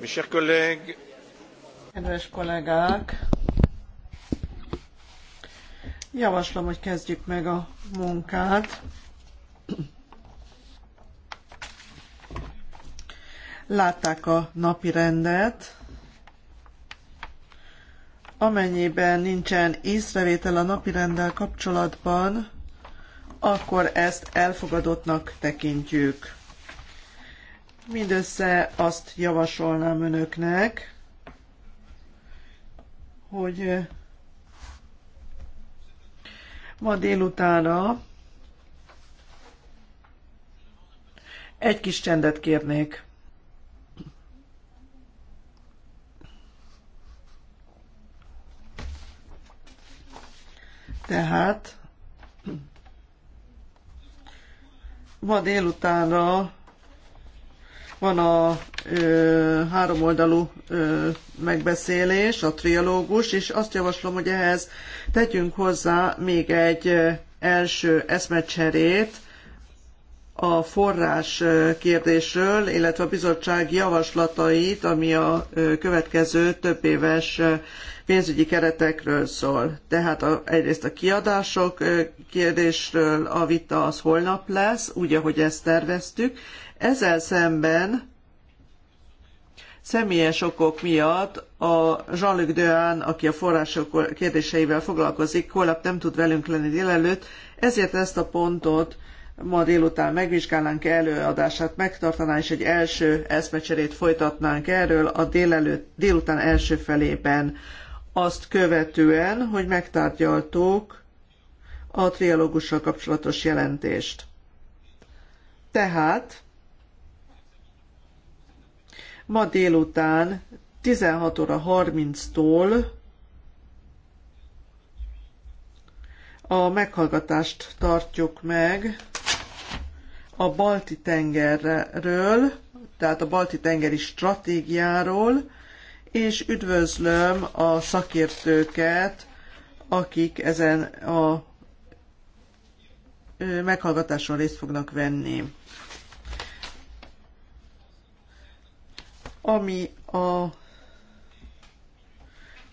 Mes chers collègues. Kedves kollégák, javaslom, hogy kezdjük meg a munkát. Látták a napi rendet. Amennyiben nincsen észrevétel a napi rendel kapcsolatban, akkor ezt elfogadottnak tekintjük. Mindössze azt javasolnám önöknek, hogy ma délutána egy kis csendet kérnék. Tehát ma délutánra van a ö, háromoldalú ö, megbeszélés, a trialógus, és azt javaslom, hogy ehhez tegyünk hozzá még egy első eszmecserét, a forrás kérdésről, illetve a bizottság javaslatait, ami a következő többéves pénzügyi keretekről szól. Tehát a, egyrészt a kiadások kérdésről a vita az holnap lesz, úgy, ahogy ezt terveztük, ezzel szemben személyes okok miatt a Jean-Luc Dehaene, aki a források kérdéseivel foglalkozik, holnap nem tud velünk lenni délelőtt, ezért ezt a pontot ma délután megvizsgálnánk előadását, megtartaná és egy első eszmecserét folytatnánk erről a délelőtt, délután első felében. Azt követően, hogy megtárgyaltuk a trialógussal kapcsolatos jelentést. Tehát ma délután 16 óra 30-tól a meghallgatást tartjuk meg a Balti tengerről, tehát a Balti tengeri stratégiáról, és üdvözlöm a szakértőket, akik ezen a meghallgatáson részt fognak venni. ami a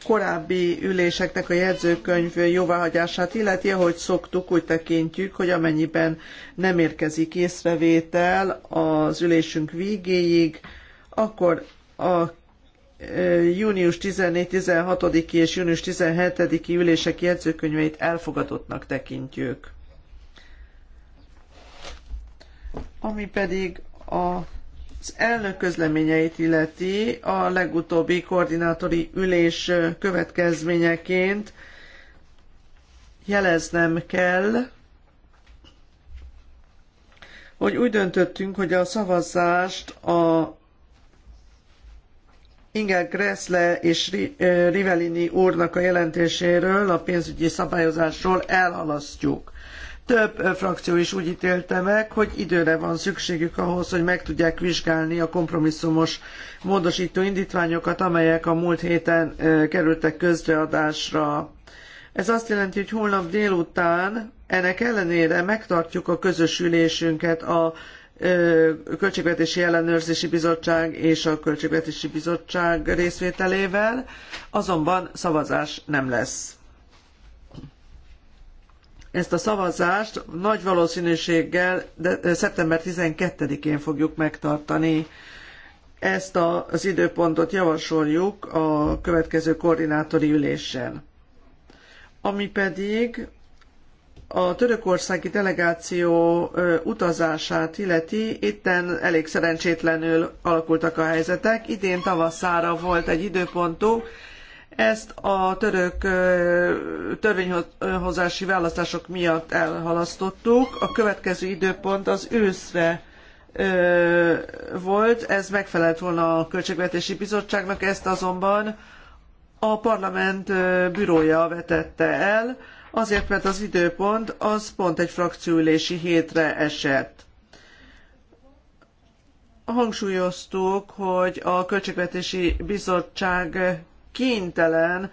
korábbi üléseknek a jegyzőkönyv jóváhagyását illeti, ahogy szoktuk, úgy tekintjük, hogy amennyiben nem érkezik észrevétel az ülésünk végéig, akkor a e, június 14-16-i és június 17-i ülések jegyzőkönyveit elfogadottnak tekintjük. Ami pedig a az elnök közleményeit illeti a legutóbbi koordinátori ülés következményeként jeleznem kell, hogy úgy döntöttünk, hogy a szavazást a Inger Gressle és Rivellini úrnak a jelentéséről, a pénzügyi szabályozásról elhalasztjuk. Több frakció is úgy ítélte meg, hogy időre van szükségük ahhoz, hogy meg tudják vizsgálni a kompromisszumos módosító indítványokat, amelyek a múlt héten kerültek közreadásra. Ez azt jelenti, hogy holnap délután ennek ellenére megtartjuk a közös ülésünket a Költségvetési Ellenőrzési Bizottság és a Költségvetési Bizottság részvételével, azonban szavazás nem lesz. Ezt a szavazást nagy valószínűséggel de szeptember 12-én fogjuk megtartani. Ezt az időpontot javasoljuk a következő koordinátori ülésen. Ami pedig a törökországi delegáció utazását illeti, itten elég szerencsétlenül alakultak a helyzetek. Idén tavaszára volt egy időpontunk, ezt a török törvényhozási választások miatt elhalasztottuk. A következő időpont az őszre volt, ez megfelelt volna a Költségvetési Bizottságnak, ezt azonban a parlament bürója vetette el, azért, mert az időpont az pont egy frakcióülési hétre esett. Hangsúlyoztuk, hogy a Költségvetési Bizottság kénytelen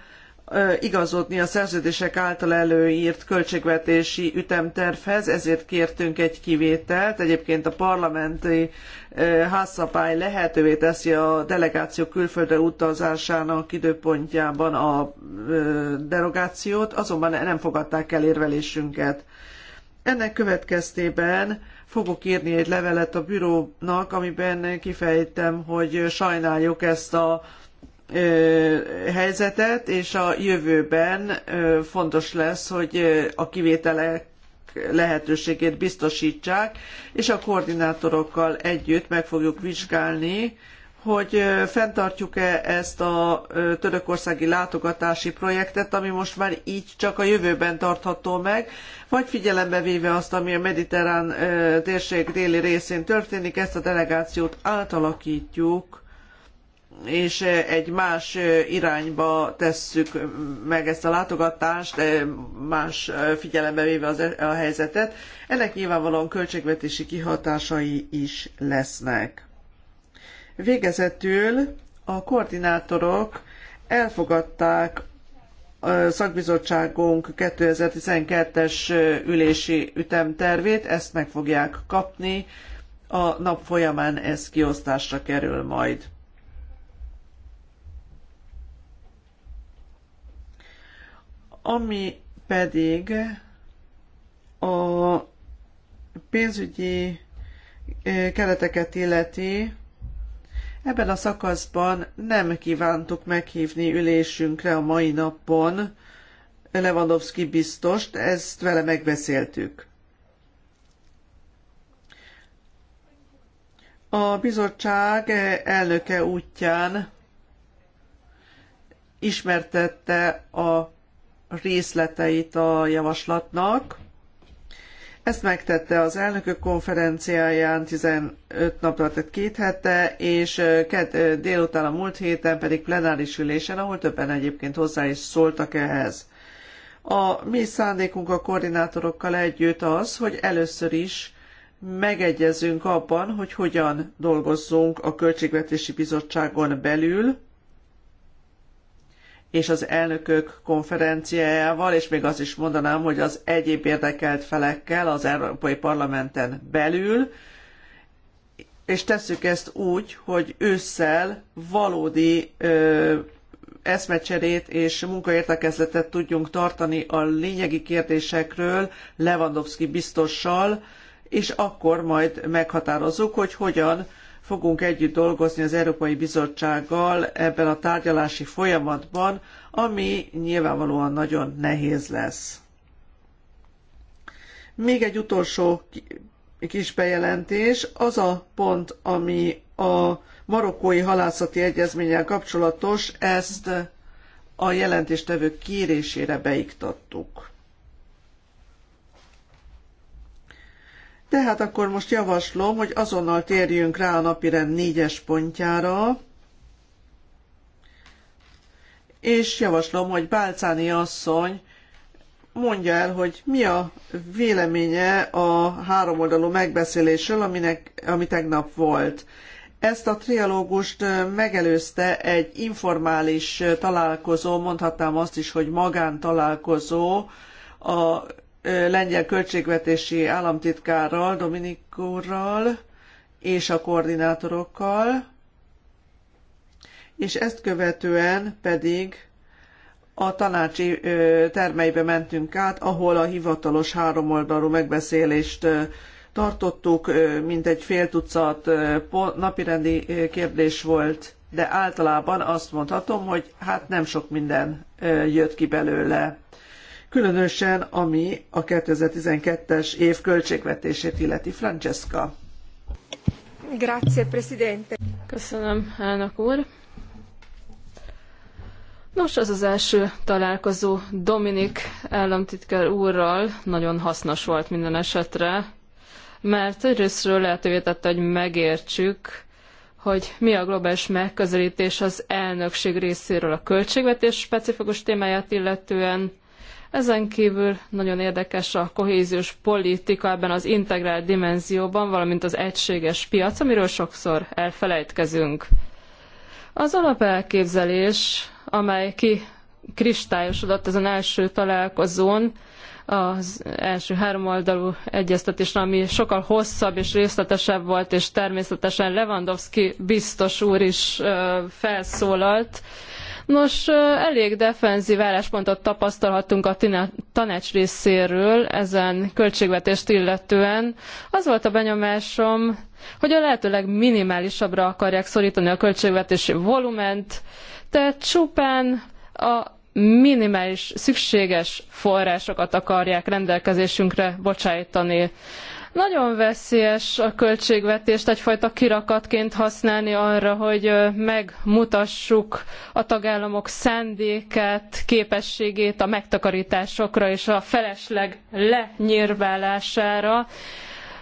igazodni a szerződések által előírt költségvetési ütemtervhez, ezért kértünk egy kivételt. Egyébként a parlamenti házszabály lehetővé teszi a delegáció külföldre utazásának időpontjában a derogációt, azonban nem fogadták el érvelésünket. Ennek következtében fogok írni egy levelet a bürónak, amiben kifejtem, hogy sajnáljuk ezt a helyzetet, és a jövőben fontos lesz, hogy a kivételek lehetőségét biztosítsák, és a koordinátorokkal együtt meg fogjuk vizsgálni, hogy fenntartjuk-e ezt a törökországi látogatási projektet, ami most már így csak a jövőben tartható meg, vagy figyelembe véve azt, ami a mediterrán térség déli részén történik, ezt a delegációt átalakítjuk és eh, egy más eh, irányba tesszük mm, meg ezt a látogatást, eh, más figyelembe véve az, e, a helyzetet. Ennek nyilvánvalóan költségvetési kihatásai is lesznek. Végezetül a koordinátorok elfogadták a szakbizottságunk 2012-es ülési ütemtervét, ezt meg fogják kapni, a nap folyamán ez kiosztásra kerül majd. Ami pedig a pénzügyi kereteket illeti, ebben a szakaszban nem kívántuk meghívni ülésünkre a mai napon Lewandowski biztost, ezt vele megbeszéltük. A bizottság elnöke útján ismertette a részleteit a javaslatnak. Ezt megtette az elnökök konferenciáján 15 napra, tehát két hete, és ked, délután a múlt héten pedig plenáris ülésen, ahol többen egyébként hozzá is szóltak ehhez. A mi szándékunk a koordinátorokkal együtt az, hogy először is megegyezünk abban, hogy hogyan dolgozzunk a Költségvetési Bizottságon belül, és az elnökök konferenciájával, és még azt is mondanám, hogy az egyéb érdekelt felekkel az Európai Parlamenten belül, és tesszük ezt úgy, hogy ősszel valódi ö, eszmecserét és munkaértekezletet tudjunk tartani a lényegi kérdésekről Lewandowski biztossal, és akkor majd meghatározzuk, hogy hogyan fogunk együtt dolgozni az Európai Bizottsággal ebben a tárgyalási folyamatban, ami nyilvánvalóan nagyon nehéz lesz. Még egy utolsó kis bejelentés, az a pont, ami a marokkói halászati egyezménnyel kapcsolatos, ezt a jelentéstevő kérésére beiktattuk. Tehát akkor most javaslom, hogy azonnal térjünk rá a napirend négyes pontjára, és javaslom, hogy Bálcáni asszony mondja el, hogy mi a véleménye a háromoldalú megbeszélésről, aminek, ami tegnap volt. Ezt a trialógust megelőzte egy informális találkozó, mondhatnám azt is, hogy magántalálkozó a lengyel költségvetési államtitkárral, Dominikóral és a koordinátorokkal, és ezt követően pedig a tanácsi termeibe mentünk át, ahol a hivatalos háromoldalú megbeszélést tartottuk, mintegy fél tucat napirendi kérdés volt, de általában azt mondhatom, hogy hát nem sok minden jött ki belőle különösen ami a 2012-es év költségvetését illeti. Francesca. Grazie, Presidente. Köszönöm, elnök úr. Nos, az az első találkozó Dominik államtitkár úrral nagyon hasznos volt minden esetre, mert egyrésztről lehetővé tette, hogy megértsük, hogy mi a globális megközelítés az elnökség részéről a költségvetés specifikus témáját illetően, ezen kívül nagyon érdekes a kohéziós politika ebben az integrált dimenzióban, valamint az egységes piac, amiről sokszor elfelejtkezünk. Az alapelképzelés, amely ki kristályosodott ezen első találkozón, az első háromoldalú egyeztetésre, ami sokkal hosszabb és részletesebb volt, és természetesen Lewandowski biztos úr is felszólalt. Nos, elég defenzív álláspontot tapasztalhattunk a tanács részéről ezen költségvetést illetően. Az volt a benyomásom, hogy a lehetőleg minimálisabbra akarják szorítani a költségvetési volument, tehát csupán a minimális szükséges forrásokat akarják rendelkezésünkre bocsájtani. Nagyon veszélyes a költségvetést egyfajta kirakatként használni arra, hogy megmutassuk a tagállamok szándékát, képességét a megtakarításokra és a felesleg lenyírválására.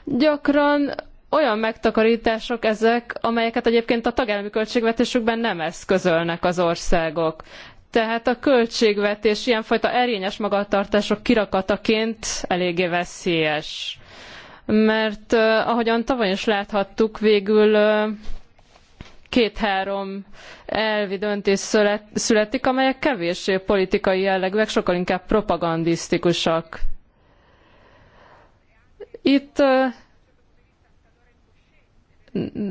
Gyakran olyan megtakarítások ezek, amelyeket egyébként a tagállami költségvetésükben nem eszközölnek az országok. Tehát a költségvetés ilyenfajta erényes magatartások kirakataként eléggé veszélyes mert ahogyan tavaly is láthattuk, végül két-három elvi döntés születik, amelyek kevéssé politikai jellegűek, sokkal inkább propagandisztikusak. Itt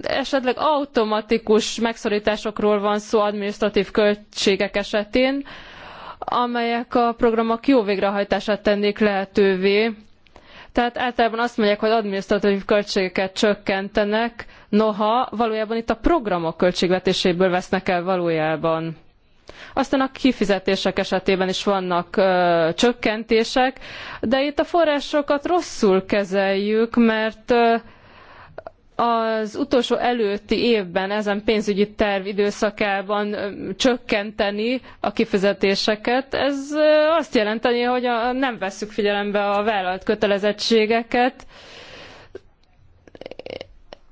esetleg automatikus megszorításokról van szó administratív költségek esetén, amelyek a programok jó végrehajtását tennék lehetővé, tehát általában azt mondják, hogy adminisztratív költségeket csökkentenek, noha valójában itt a programok költségvetéséből vesznek el valójában. Aztán a kifizetések esetében is vannak ö, csökkentések, de itt a forrásokat rosszul kezeljük, mert ö, az utolsó előtti évben, ezen pénzügyi terv időszakában csökkenteni a kifizetéseket, ez azt jelenteni, hogy a, nem vesszük figyelembe a vállalt kötelezettségeket,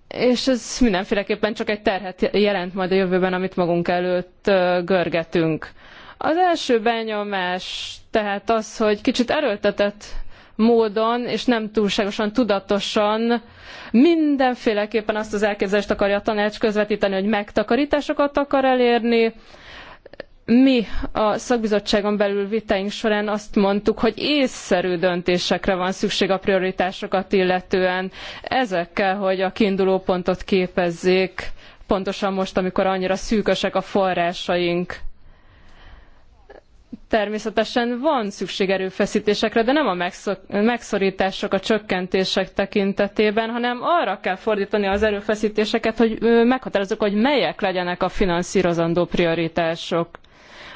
és ez mindenféleképpen csak egy terhet jelent majd a jövőben, amit magunk előtt görgetünk. Az első benyomás tehát az, hogy kicsit erőltetett módon és nem túlságosan tudatosan mindenféleképpen azt az elképzelést akarja a tanács közvetíteni, hogy megtakarításokat akar elérni, mi a szakbizottságon belül vitáink során azt mondtuk, hogy észszerű döntésekre van szükség a prioritásokat illetően. Ezekkel, hogy a kiinduló pontot képezzék, pontosan most, amikor annyira szűkösek a forrásaink. Természetesen van szükség erőfeszítésekre, de nem a megszorítások, a csökkentések tekintetében, hanem arra kell fordítani az erőfeszítéseket, hogy meghatározzuk, hogy melyek legyenek a finanszírozandó prioritások.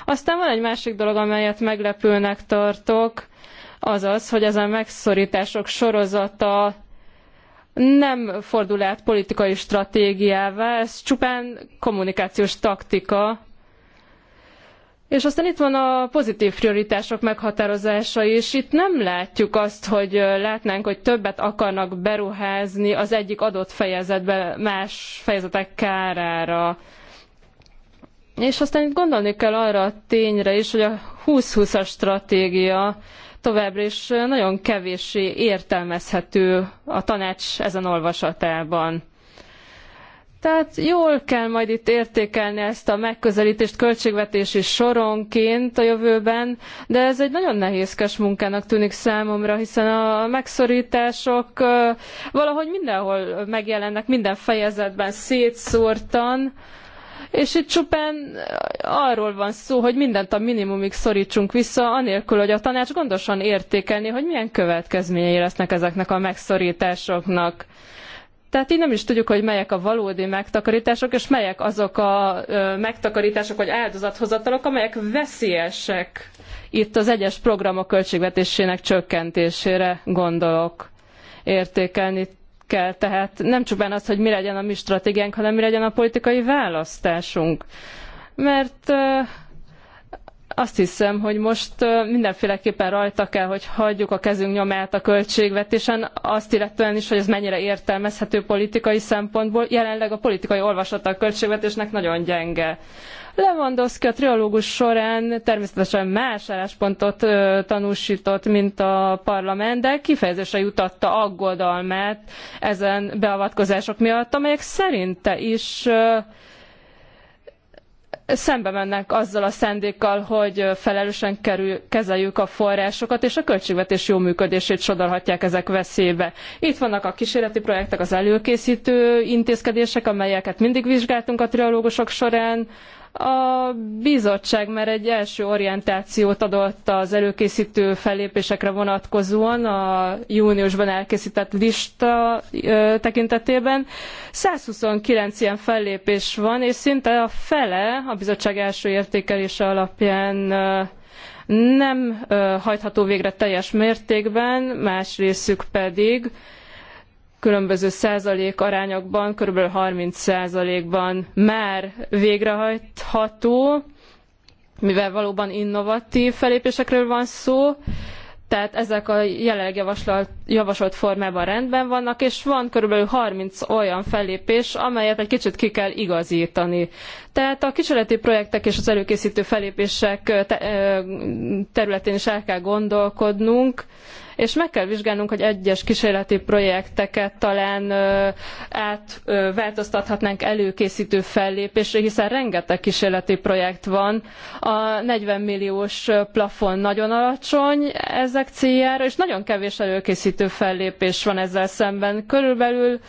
Aztán van egy másik dolog, amelyet meglepőnek tartok, az az, hogy a megszorítások sorozata nem fordul át politikai stratégiává, ez csupán kommunikációs taktika, és aztán itt van a pozitív prioritások meghatározása is. Itt nem látjuk azt, hogy látnánk, hogy többet akarnak beruházni az egyik adott fejezetbe más fejezetek kárára. És aztán itt gondolni kell arra a tényre is, hogy a 2020-as stratégia továbbra is nagyon kevéssé értelmezhető a tanács ezen olvasatában. Tehát jól kell majd itt értékelni ezt a megközelítést költségvetési soronként a jövőben, de ez egy nagyon nehézkes munkának tűnik számomra, hiszen a megszorítások valahogy mindenhol megjelennek, minden fejezetben szétszórtan, és itt csupán arról van szó, hogy mindent a minimumig szorítsunk vissza, anélkül, hogy a tanács gondosan értékelni, hogy milyen következményei lesznek ezeknek a megszorításoknak. Tehát így nem is tudjuk, hogy melyek a valódi megtakarítások, és melyek azok a megtakarítások vagy áldozathozatalok, amelyek veszélyesek. Itt az egyes programok költségvetésének csökkentésére gondolok. Értékelni kell. Tehát nem csupán az, hogy mi legyen a mi stratégiánk, hanem mi legyen a politikai választásunk. Mert azt hiszem, hogy most mindenféleképpen rajta kell, hogy hagyjuk a kezünk nyomát a költségvetésen, azt illetően is, hogy ez mennyire értelmezhető politikai szempontból. Jelenleg a politikai olvasata a költségvetésnek nagyon gyenge. Lewandowski a triológus során természetesen más álláspontot ö, tanúsított, mint a parlament, de kifejezésre jutatta aggodalmát ezen beavatkozások miatt, amelyek szerinte is ö, szembe mennek azzal a szándékkal, hogy felelősen kerül, kezeljük a forrásokat, és a költségvetés jó működését sodorhatják ezek veszélybe. Itt vannak a kísérleti projektek, az előkészítő intézkedések, amelyeket mindig vizsgáltunk a trialógusok során, a bizottság már egy első orientációt adott az előkészítő fellépésekre vonatkozóan a júniusban elkészített lista tekintetében. 129 ilyen fellépés van, és szinte a fele a bizottság első értékelése alapján nem hajtható végre teljes mértékben, más részük pedig különböző százalék arányokban, kb. 30 százalékban már végrehajtható, mivel valóban innovatív felépésekről van szó, tehát ezek a jelenleg javasolt, formában rendben vannak, és van körülbelül 30 olyan fellépés, amelyet egy kicsit ki kell igazítani. Tehát a kísérleti projektek és az előkészítő fellépések területén is el kell gondolkodnunk, és meg kell vizsgálnunk, hogy egyes kísérleti projekteket talán átváltoztathatnánk előkészítő fellépésre, hiszen rengeteg kísérleti projekt van. A 40 milliós plafon nagyon alacsony ezek céljára, és nagyon kevés előkészítő fellépés van ezzel szemben. Körülbelül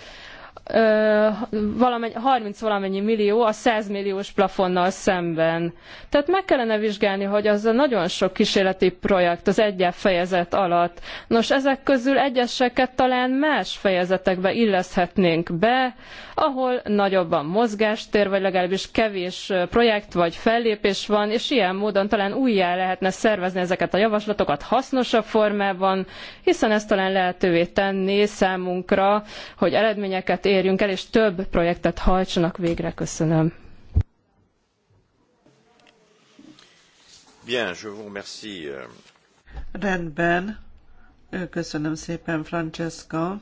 valamennyi, 30 valamennyi millió a 100 milliós plafonnal szemben. Tehát meg kellene vizsgálni, hogy az a nagyon sok kísérleti projekt az egyel fejezet alatt. Nos, ezek közül egyeseket talán más fejezetekbe illeszhetnénk be, ahol nagyobb a mozgástér, vagy legalábbis kevés projekt vagy fellépés van, és ilyen módon talán újjá lehetne szervezni ezeket a javaslatokat hasznosabb formában, hiszen ez talán lehetővé tenné számunkra, hogy eredményeket érjünk érjünk el, és több projektet hajtsanak végre. Köszönöm. Bien, je vous remercie. Euh. Rendben. Köszönöm szépen, Francesca.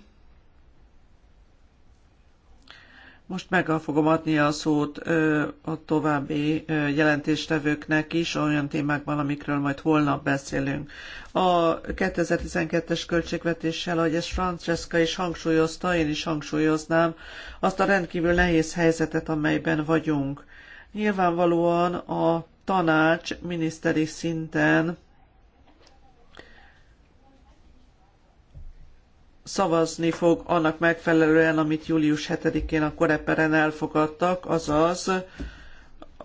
Most meg fogom adni a szót a további jelentéstevőknek is, olyan témákban, amikről majd holnap beszélünk a 2012-es költségvetéssel, ahogy ezt Francesca is hangsúlyozta, én is hangsúlyoznám, azt a rendkívül nehéz helyzetet, amelyben vagyunk. Nyilvánvalóan a tanács miniszteri szinten szavazni fog annak megfelelően, amit július 7-én a Koreperen elfogadtak, azaz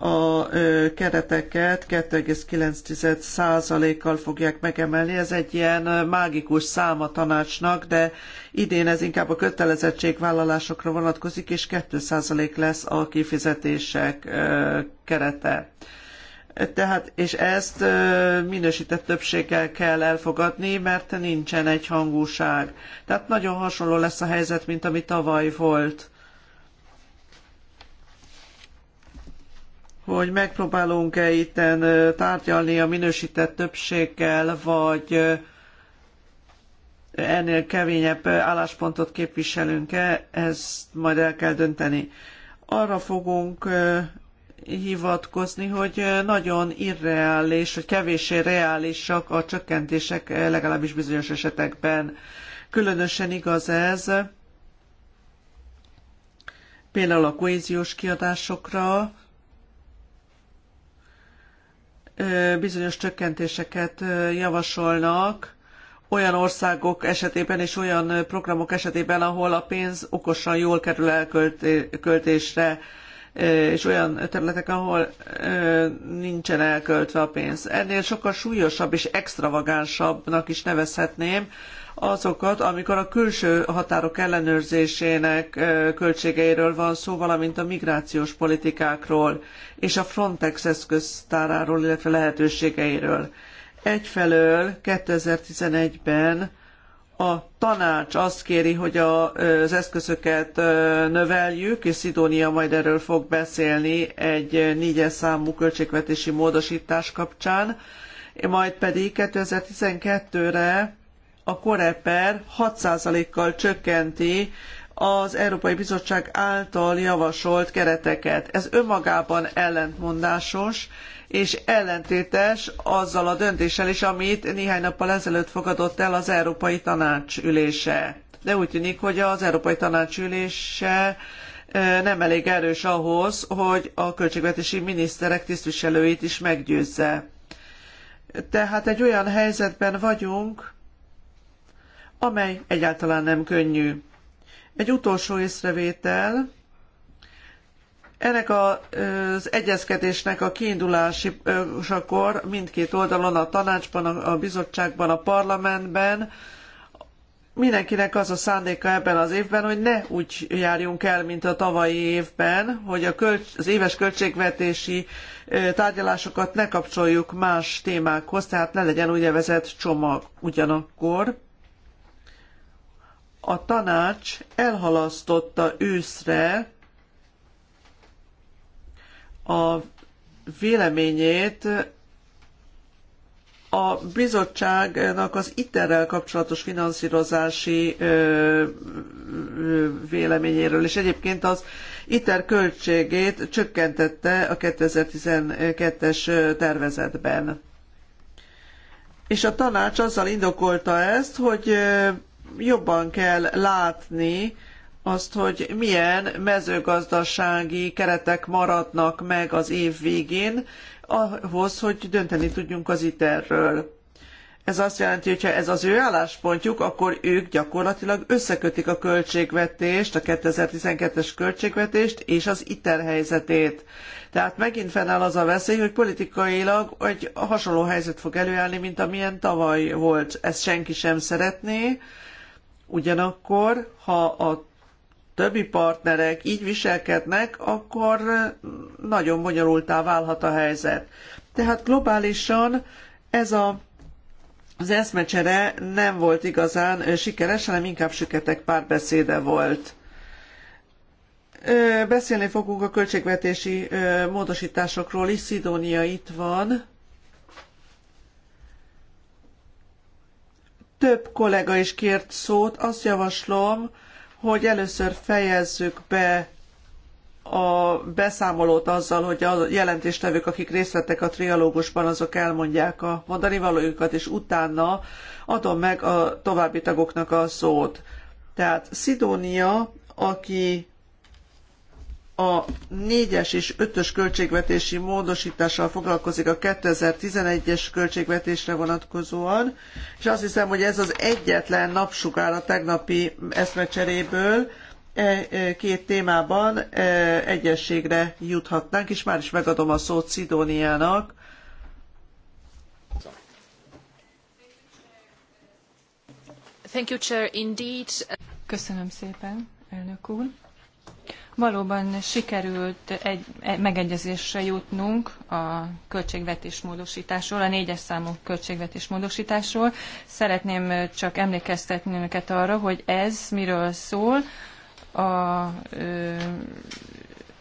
a kereteket 2,9%-kal fogják megemelni. Ez egy ilyen mágikus szám a tanácsnak, de idén ez inkább a kötelezettségvállalásokra vonatkozik, és 2% lesz a kifizetések kerete. Tehát, és ezt minősített többséggel kell elfogadni, mert nincsen egyhangúság. Tehát nagyon hasonló lesz a helyzet, mint ami tavaly volt hogy megpróbálunk-e itten tárgyalni a minősített többséggel, vagy ennél kevényebb álláspontot képviselünk-e, ezt majd el kell dönteni. Arra fogunk hivatkozni, hogy nagyon irreális, vagy kevéssé reálisak a csökkentések legalábbis bizonyos esetekben. Különösen igaz ez például a kohéziós kiadásokra, bizonyos csökkentéseket javasolnak olyan országok esetében és olyan programok esetében, ahol a pénz okosan jól kerül elköltésre, és olyan területek, ahol nincsen elköltve a pénz. Ennél sokkal súlyosabb és extravagánsabbnak is nevezhetném, azokat, amikor a külső határok ellenőrzésének költségeiről van szó, valamint a migrációs politikákról és a Frontex eszköztáráról, illetve lehetőségeiről. Egyfelől 2011-ben a tanács azt kéri, hogy a, az eszközöket növeljük, és Szidónia majd erről fog beszélni egy négyes számú költségvetési módosítás kapcsán, majd pedig 2012-re a Koreper 6%-kal csökkenti az Európai Bizottság által javasolt kereteket. Ez önmagában ellentmondásos, és ellentétes azzal a döntéssel is, amit néhány nappal ezelőtt fogadott el az Európai Tanács ülése. De úgy tűnik, hogy az Európai Tanács ülése nem elég erős ahhoz, hogy a költségvetési miniszterek tisztviselőit is meggyőzze. Tehát egy olyan helyzetben vagyunk, amely egyáltalán nem könnyű. Egy utolsó észrevétel. Ennek az egyezkedésnek a kiindulási sakor mindkét oldalon, a tanácsban, a bizottságban, a parlamentben mindenkinek az a szándéka ebben az évben, hogy ne úgy járjunk el, mint a tavalyi évben, hogy a költs- az éves költségvetési tárgyalásokat ne kapcsoljuk más témákhoz, tehát ne legyen úgynevezett csomag ugyanakkor a tanács elhalasztotta őszre a véleményét a bizottságnak az ITER-rel kapcsolatos finanszírozási véleményéről, és egyébként az iter költségét csökkentette a 2012-es tervezetben. És a tanács azzal indokolta ezt, hogy jobban kell látni azt, hogy milyen mezőgazdasági keretek maradnak meg az év végén, ahhoz, hogy dönteni tudjunk az iterről. Ez azt jelenti, hogy ha ez az ő álláspontjuk, akkor ők gyakorlatilag összekötik a költségvetést, a 2012-es költségvetést és az ITER helyzetét. Tehát megint fennáll az a veszély, hogy politikailag egy hasonló helyzet fog előállni, mint amilyen tavaly volt. Ezt senki sem szeretné, Ugyanakkor, ha a többi partnerek így viselkednek, akkor nagyon bonyolultá válhat a helyzet. Tehát globálisan ez a az eszmecsere nem volt igazán sikeres, hanem inkább süketek párbeszéde volt. Beszélni fogunk a költségvetési módosításokról is, Szidónia itt van. több kollega is kért szót, azt javaslom, hogy először fejezzük be a beszámolót azzal, hogy a jelentéstevők, akik részt vettek a trialógusban, azok elmondják a mondani valójukat, és utána adom meg a további tagoknak a szót. Tehát Szidónia, aki a 4-es és 5-ös költségvetési módosítással foglalkozik a 2011-es költségvetésre vonatkozóan, és azt hiszem, hogy ez az egyetlen napsugár a tegnapi eszmecseréből e, e, két témában e, egyességre juthatnánk, és már is megadom a szót Szidóniának. Uh, Köszönöm szépen, elnök úr. Valóban sikerült egy, megegyezésre jutnunk a költségvetés módosításról, a négyes számú költségvetés módosításról. Szeretném csak emlékeztetni önöket arra, hogy ez miről szól. A,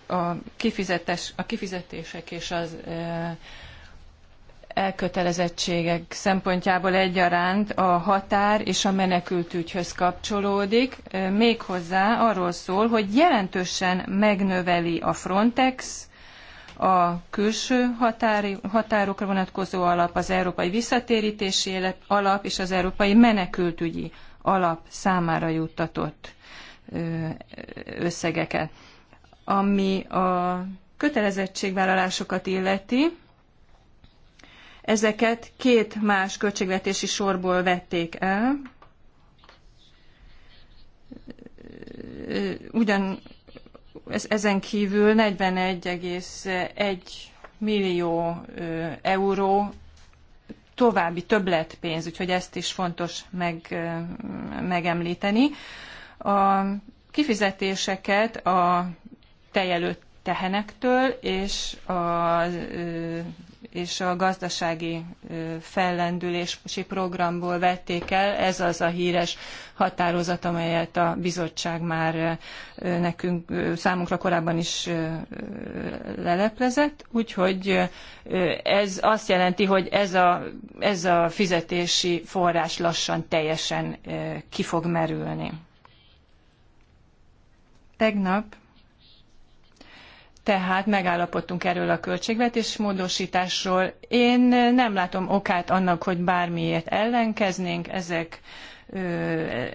a, kifizetés, a kifizetések és az elkötelezettségek szempontjából egyaránt a határ és a menekültügyhöz kapcsolódik, méghozzá arról szól, hogy jelentősen megnöveli a Frontex, a külső határi, határokra vonatkozó alap, az Európai Visszatérítési Alap és az Európai Menekültügyi Alap számára juttatott összegeket. Ami a kötelezettségvállalásokat illeti, Ezeket két más költségvetési sorból vették el. Ugyan ezen kívül 41,1 millió euró további többletpénz, úgyhogy ezt is fontos meg, megemlíteni. A kifizetéseket a tejelőtt tehenektől és a és a gazdasági fellendülési programból vették el. Ez az a híres határozat, amelyet a bizottság már nekünk, számunkra korábban is leleplezett. Úgyhogy ez azt jelenti, hogy ez a, ez a fizetési forrás lassan teljesen ki fog merülni. Tegnap tehát megállapodtunk erről a költségvetés módosításról. Én nem látom okát annak, hogy bármiért ellenkeznénk, ezek,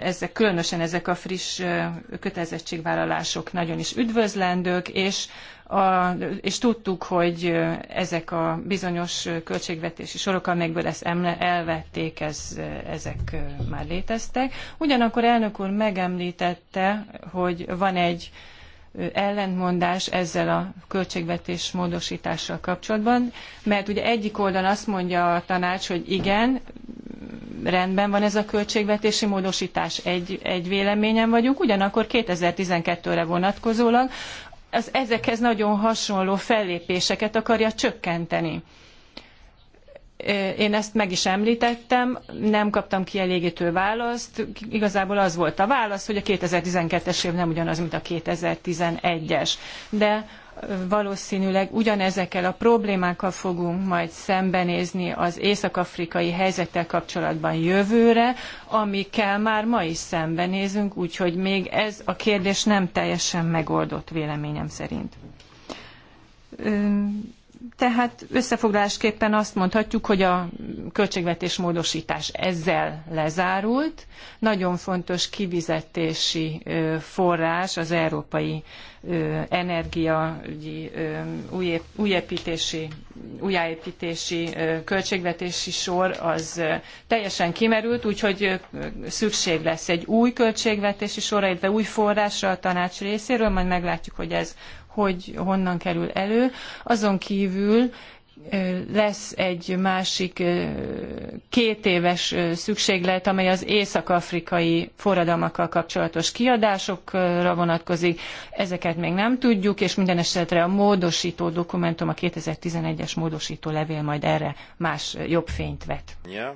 ezek különösen ezek a friss kötelezettségvállalások nagyon is üdvözlendők, és, a, és tudtuk, hogy ezek a bizonyos költségvetési sorok, amelyekből ezt elvették, ez, ezek már léteztek. Ugyanakkor elnök úr megemlítette, hogy van egy ellentmondás ezzel a költségvetés módosítással kapcsolatban, mert ugye egyik oldal azt mondja a tanács, hogy igen, rendben van ez a költségvetési módosítás, egy, egy véleményen vagyunk, ugyanakkor 2012-re vonatkozólag az ezekhez nagyon hasonló fellépéseket akarja csökkenteni én ezt meg is említettem, nem kaptam kielégítő választ. Igazából az volt a válasz, hogy a 2012-es év nem ugyanaz, mint a 2011-es. De valószínűleg ugyanezekkel a problémákkal fogunk majd szembenézni az észak-afrikai helyzettel kapcsolatban jövőre, amikkel már ma is szembenézünk, úgyhogy még ez a kérdés nem teljesen megoldott véleményem szerint tehát összefoglalásképpen azt mondhatjuk, hogy a költségvetés módosítás ezzel lezárult. Nagyon fontos kivizetési forrás az Európai Energiaügyi újépítési, újjáépítési költségvetési sor az teljesen kimerült, úgyhogy szükség lesz egy új költségvetési sorra, illetve új forrásra a tanács részéről, majd meglátjuk, hogy ez hogy honnan kerül elő. Azon kívül lesz egy másik két éves szükséglet, amely az észak-afrikai forradalmakkal kapcsolatos kiadásokra vonatkozik. Ezeket még nem tudjuk, és minden esetre a módosító dokumentum, a 2011-es módosító levél majd erre más jobb fényt vet. Ja.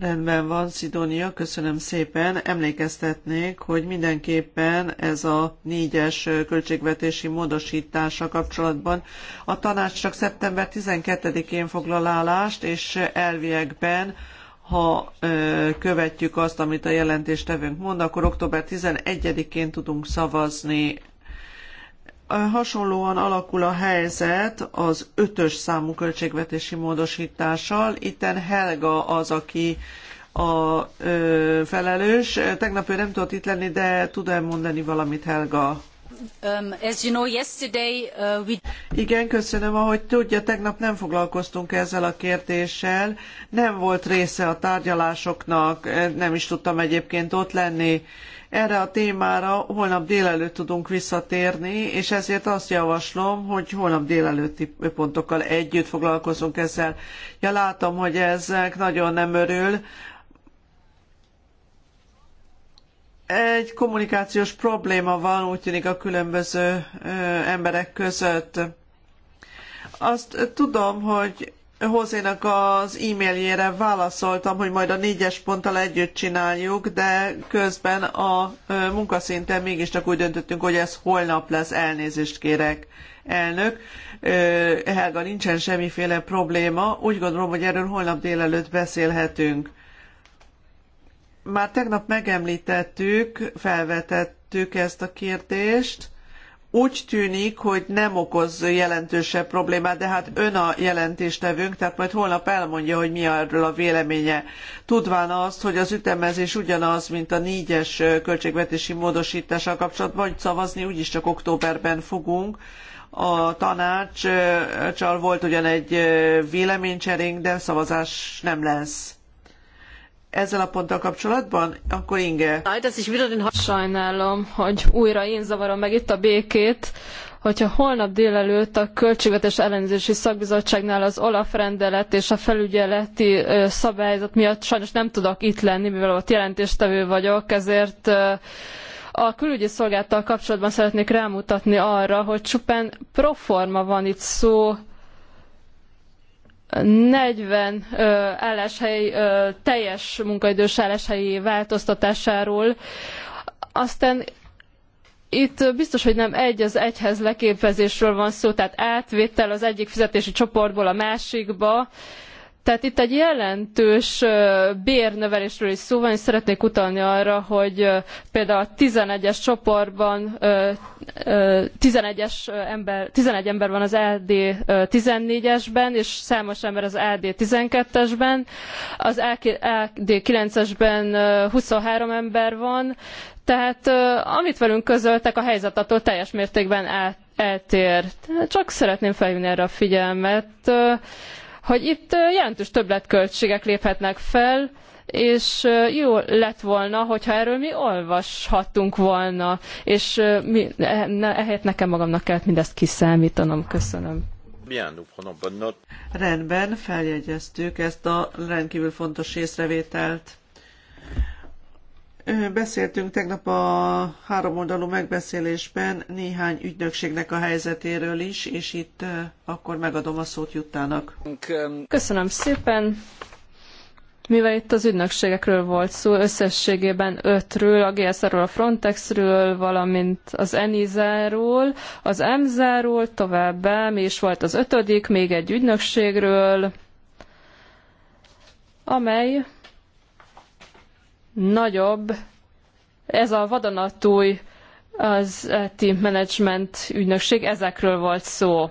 Rendben van, Szidónia, köszönöm szépen. Emlékeztetnék, hogy mindenképpen ez a négyes költségvetési módosítása kapcsolatban a tanács csak szeptember 12-én foglal állást, és elviekben ha ö, követjük azt, amit a jelentéstevőnk mond, akkor október 11-én tudunk szavazni Hasonlóan alakul a helyzet az ötös számú költségvetési módosítással. Itten Helga az, aki a ö, felelős. Tegnap ő nem tudott itt lenni, de tud-e mondani valamit, Helga? Um, as you know, yesterday, uh, we... Igen, köszönöm. Ahogy tudja, tegnap nem foglalkoztunk ezzel a kérdéssel. Nem volt része a tárgyalásoknak, nem is tudtam egyébként ott lenni. Uh, erre a témára holnap délelőtt tudunk visszatérni, és ezért azt javaslom, hogy holnap délelőtti pontokkal együtt foglalkozunk ezzel. Ja, látom, hogy ezek nagyon nem örül. Egy kommunikációs probléma van, úgy tűnik a különböző emberek között. Azt tudom, hogy Hozénak az e-mailjére válaszoltam, hogy majd a négyes ponttal együtt csináljuk, de közben a munkaszinten mégiscsak úgy döntöttünk, hogy ez holnap lesz, elnézést kérek elnök. Helga, nincsen semmiféle probléma, úgy gondolom, hogy erről holnap délelőtt beszélhetünk. Már tegnap megemlítettük, felvetettük ezt a kérdést, úgy tűnik, hogy nem okoz jelentősebb problémát, de hát ön a jelentéstevőnk, tehát majd holnap elmondja, hogy mi erről a véleménye. Tudván azt, hogy az ütemezés ugyanaz, mint a négyes költségvetési módosítással kapcsolatban, hogy szavazni úgyis csak októberben fogunk, a tanácssal volt ugyan egy véleménycserénk, de szavazás nem lesz ezzel a ponttal kapcsolatban? Akkor Inge. Sajnálom, hogy újra én zavarom meg itt a békét hogyha holnap délelőtt a Költségvetés Ellenzési Szakbizottságnál az OLAF rendelet és a felügyeleti szabályzat miatt sajnos nem tudok itt lenni, mivel ott jelentéstevő vagyok, ezért a külügyi szolgáltal kapcsolatban szeretnék rámutatni arra, hogy csupán proforma van itt szó 40 ö, álláshely, ö, teljes munkaidős álláshelyi változtatásáról. Aztán itt biztos, hogy nem egy az egyhez leképezésről van szó, tehát átvétel az egyik fizetési csoportból a másikba, ö, tehát itt egy jelentős bérnövelésről is szó van, és szeretnék utalni arra, hogy például a 11-es csoportban 11-es ember, 11 ember van az AD 14-esben, és számos ember az AD 12-esben, az AD 9-esben 23 ember van, tehát amit velünk közöltek, a helyzet attól teljes mértékben eltér. Csak szeretném felhívni erre a figyelmet hogy itt jelentős többletköltségek léphetnek fel, és jó lett volna, hogyha erről mi olvashattunk volna, és mi, e, ehelyett nekem magamnak kellett mindezt kiszámítanom. Köszönöm. Rendben, feljegyeztük ezt a rendkívül fontos észrevételt. Beszéltünk tegnap a háromoldalú megbeszélésben néhány ügynökségnek a helyzetéről is, és itt akkor megadom a szót Juttának. Köszönöm szépen! Mivel itt az ügynökségekről volt szó, összességében ötről, a GSZ-ről, a Frontex-ről, valamint az ENISA-ról, az EMSA-ról, továbbá mi is volt az ötödik, még egy ügynökségről, amely nagyobb, ez a vadonatúj az IT Management ügynökség, ezekről volt szó.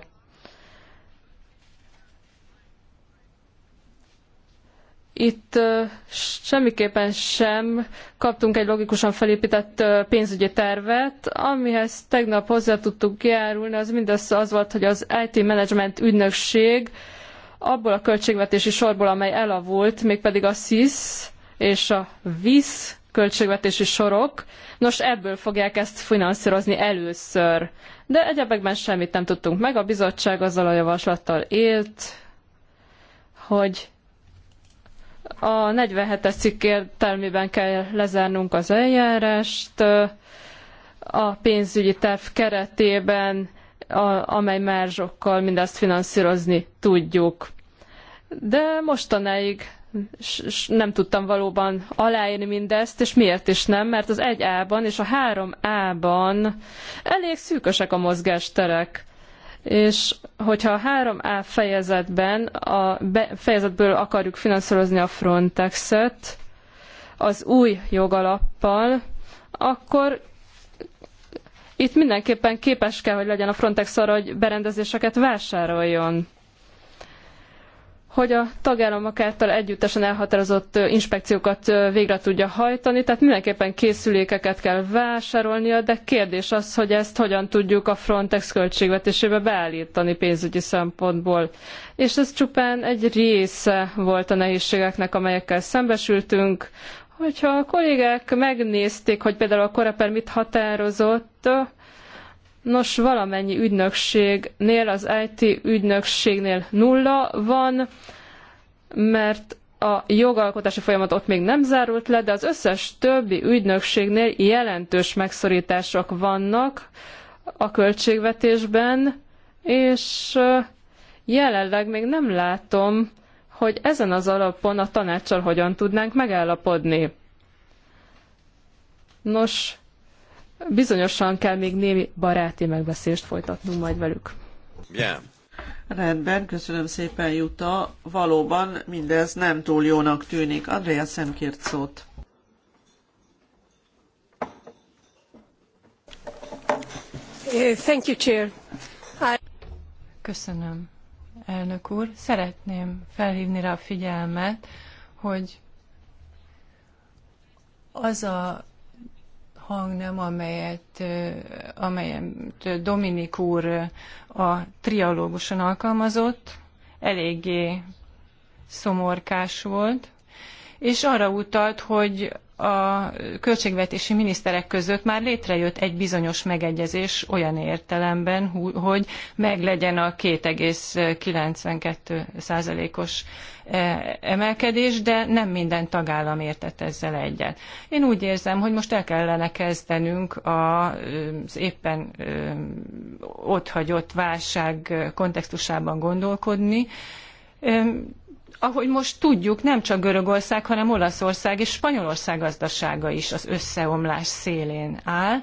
Itt semmiképpen sem kaptunk egy logikusan felépített pénzügyi tervet, amihez tegnap hozzá tudtuk járulni, az mindössze az volt, hogy az IT Management ügynökség abból a költségvetési sorból, amely elavult, mégpedig a SIS, és a víz költségvetési sorok, nos ebből fogják ezt finanszírozni először. De egyebekben semmit nem tudtunk meg, a bizottság azzal a javaslattal élt, hogy a 47-es cikk értelmében kell lezárnunk az eljárást, a pénzügyi terv keretében, a, amely márzsokkal mindezt finanszírozni tudjuk. De mostanáig nem tudtam valóban aláírni mindezt, és miért is nem, mert az 1A-ban és a 3A-ban elég szűkösek a mozgásterek. És hogyha a 3A fejezetben, a be, fejezetből akarjuk finanszírozni a Frontexet az új jogalappal, akkor itt mindenképpen képes kell, hogy legyen a Frontex arra, hogy berendezéseket vásároljon hogy a tagállamok által együttesen elhatározott inspekciókat végre tudja hajtani, tehát mindenképpen készülékeket kell vásárolnia, de kérdés az, hogy ezt hogyan tudjuk a Frontex költségvetésébe beállítani pénzügyi szempontból. És ez csupán egy része volt a nehézségeknek, amelyekkel szembesültünk. Hogyha a kollégák megnézték, hogy például a Koreper mit határozott, Nos, valamennyi ügynökségnél, az IT ügynökségnél nulla van, mert a jogalkotási folyamat ott még nem zárult le, de az összes többi ügynökségnél jelentős megszorítások vannak a költségvetésben, és jelenleg még nem látom, hogy ezen az alapon a tanácssal hogyan tudnánk megállapodni. Nos, Bizonyosan kell még némi baráti megbeszélést folytatnunk majd velük. Yeah. Rendben, köszönöm szépen, Juta. Valóban mindez nem túl jónak tűnik. Andrea szemkért szót. Eh, thank you, Chair. I... Köszönöm, elnök úr. Szeretném felhívni rá a figyelmet, hogy az a hangnem, amelyet, amelyet Dominik úr a trialóguson alkalmazott, eléggé szomorkás volt, és arra utalt, hogy a költségvetési miniszterek között már létrejött egy bizonyos megegyezés olyan értelemben, hogy meglegyen a 2,92 os e, emelkedés, de nem minden tagállam értett ezzel egyet. Én úgy érzem, hogy most el kellene kezdenünk az éppen e, otthagyott válság kontextusában gondolkodni, e, ahogy most tudjuk, nem csak Görögország, hanem Olaszország és Spanyolország gazdasága is az összeomlás szélén áll.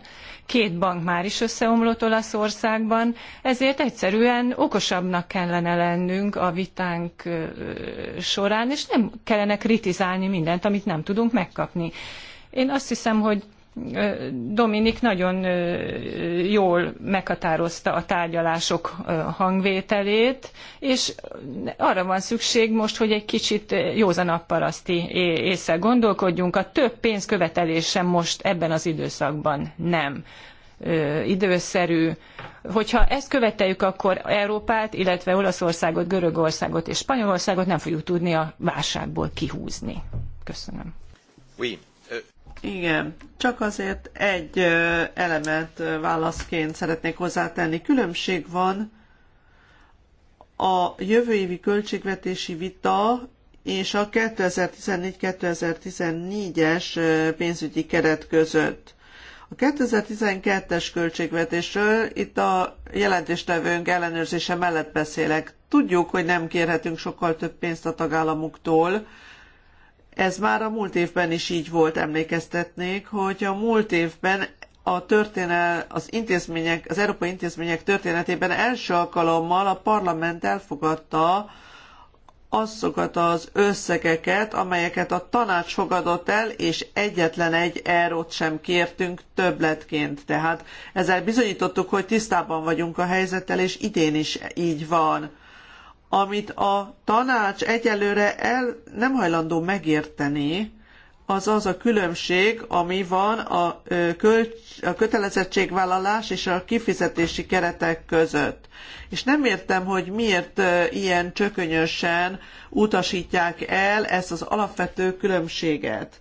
Két bank már is összeomlott Olaszországban, ezért egyszerűen okosabbnak kellene lennünk a vitánk során, és nem kellene kritizálni mindent, amit nem tudunk megkapni. Én azt hiszem, hogy Dominik nagyon jól meghatározta a tárgyalások hangvételét, és arra van szükség most, hogy egy kicsit józan apparaszti észre gondolkodjunk. A több pénzkövetelés sem most ebben az időszakban nem időszerű. Hogyha ezt követeljük, akkor Európát, illetve Olaszországot, Görögországot és Spanyolországot nem fogjuk tudni a válságból kihúzni. Köszönöm. Oui. Igen, csak azért egy elemet válaszként szeretnék hozzátenni. Különbség van a jövő évi költségvetési vita és a 2014-2014-es pénzügyi keret között. A 2012-es költségvetésről itt a jelentéstevőnk ellenőrzése mellett beszélek. Tudjuk, hogy nem kérhetünk sokkal több pénzt a tagállamoktól, ez már a múlt évben is így volt, emlékeztetnék, hogy a múlt évben a történel, az intézmények, az európai intézmények történetében első alkalommal a parlament elfogadta azokat az összegeket, amelyeket a tanács fogadott el, és egyetlen egy eurót sem kértünk többletként. Tehát ezzel bizonyítottuk, hogy tisztában vagyunk a helyzettel, és idén is így van. Amit a tanács egyelőre el nem hajlandó megérteni, az az a különbség, ami van a, a kötelezettségvállalás és a kifizetési keretek között. És nem értem, hogy miért ilyen csökönyösen utasítják el ezt az alapvető különbséget.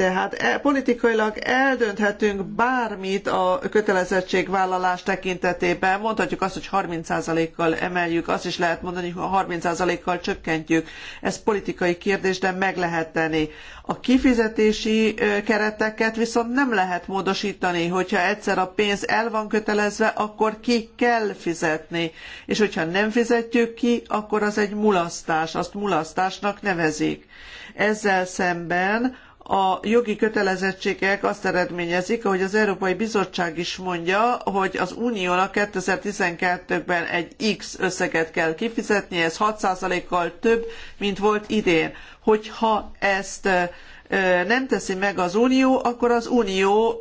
Tehát e, politikailag eldönthetünk bármit a kötelezettségvállalás tekintetében. Mondhatjuk azt, hogy 30%-kal emeljük, azt is lehet mondani, hogy 30%-kal csökkentjük. Ez politikai kérdés, de meg lehet tenni. A kifizetési e, kereteket viszont nem lehet módosítani, hogyha egyszer a pénz el van kötelezve, akkor ki kell fizetni. És hogyha nem fizetjük ki, akkor az egy mulasztás, azt mulasztásnak nevezik. Ezzel szemben a jogi kötelezettségek azt eredményezik, ahogy az Európai Bizottság is mondja, hogy az Uniónak 2012-ben egy X összeget kell kifizetnie, ez 6%-kal több, mint volt idén. Hogyha ezt nem teszi meg az Unió, akkor az Unió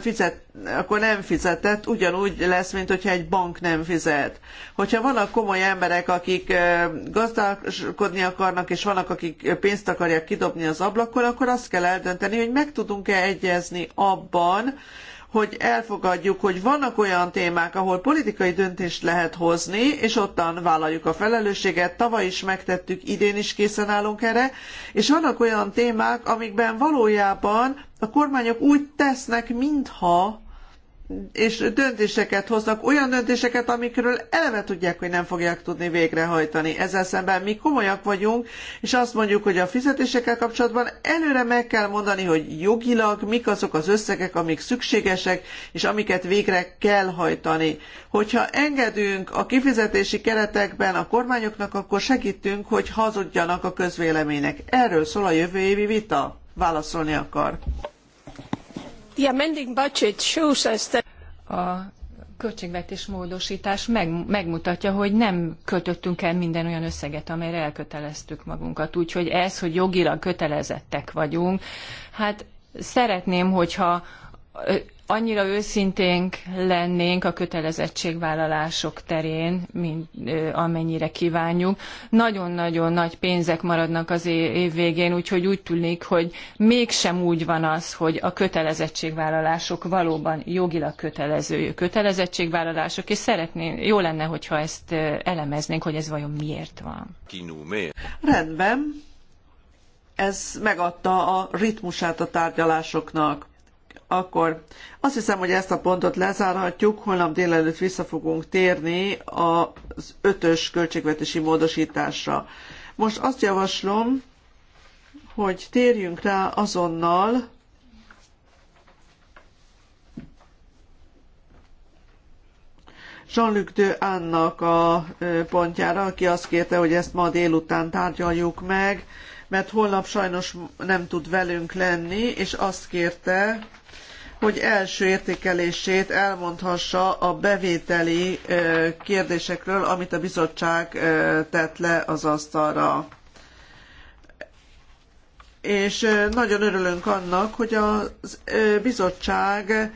fizet, akkor nem fizetett, ugyanúgy lesz, mint hogyha egy bank nem fizet. Hogyha vannak komoly emberek, akik gazdálkodni akarnak, és vannak, akik pénzt akarják kidobni az ablakon, akkor azt kell eldönteni, hogy meg tudunk-e egyezni abban, hogy elfogadjuk, hogy vannak olyan témák, ahol politikai döntést lehet hozni, és ottan vállaljuk a felelősséget. Tavaly is megtettük, idén is készen állunk erre, és vannak olyan témák, amikben valójában a kormányok úgy tesznek, mintha és döntéseket hoznak, olyan döntéseket, amikről eleve tudják, hogy nem fogják tudni végrehajtani. Ezzel szemben mi komolyak vagyunk, és azt mondjuk, hogy a fizetésekkel kapcsolatban előre meg kell mondani, hogy jogilag mik azok az összegek, amik szükségesek, és amiket végre kell hajtani. Hogyha engedünk a kifizetési keretekben a kormányoknak, akkor segítünk, hogy hazudjanak a közvéleménynek. Erről szól a jövő évi vita. Válaszolni akar budget shows a költségvetés módosítás meg, megmutatja, hogy nem költöttünk el minden olyan összeget, amelyre elköteleztük magunkat. Úgyhogy ez, hogy jogilag kötelezettek vagyunk, hát szeretném, hogyha annyira őszinténk lennénk a kötelezettségvállalások terén, mint amennyire kívánjuk. Nagyon-nagyon nagy pénzek maradnak az év végén, úgyhogy úgy tűnik, hogy mégsem úgy van az, hogy a kötelezettségvállalások valóban jogilag kötelező kötelezettségvállalások, és szeretné, jó lenne, hogyha ezt elemeznénk, hogy ez vajon miért van. Rendben. Ez megadta a ritmusát a tárgyalásoknak akkor azt hiszem, hogy ezt a pontot lezárhatjuk, holnap délelőtt vissza fogunk térni az ötös költségvetési módosításra. Most azt javaslom, hogy térjünk rá azonnal Jean-Luc de Annak a pontjára, aki azt kérte, hogy ezt ma délután tárgyaljuk meg, mert holnap sajnos nem tud velünk lenni, és azt kérte, hogy első értékelését elmondhassa a bevételi kérdésekről, amit a bizottság tett le az asztalra és nagyon örülünk annak, hogy a bizottság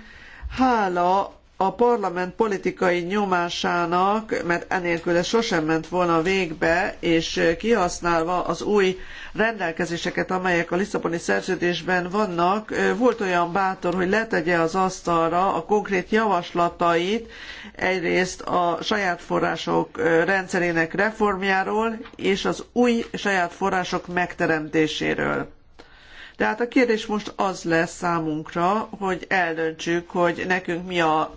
hála a parlament politikai nyomásának, mert enélkül ez sosem ment volna végbe, és kihasználva az új rendelkezéseket, amelyek a Lisszaboni szerződésben vannak, volt olyan bátor, hogy letegye az asztalra a konkrét javaslatait egyrészt a saját források rendszerének reformjáról és az új saját források megteremtéséről. Tehát a kérdés most az lesz számunkra, hogy eldöntsük, hogy nekünk mi a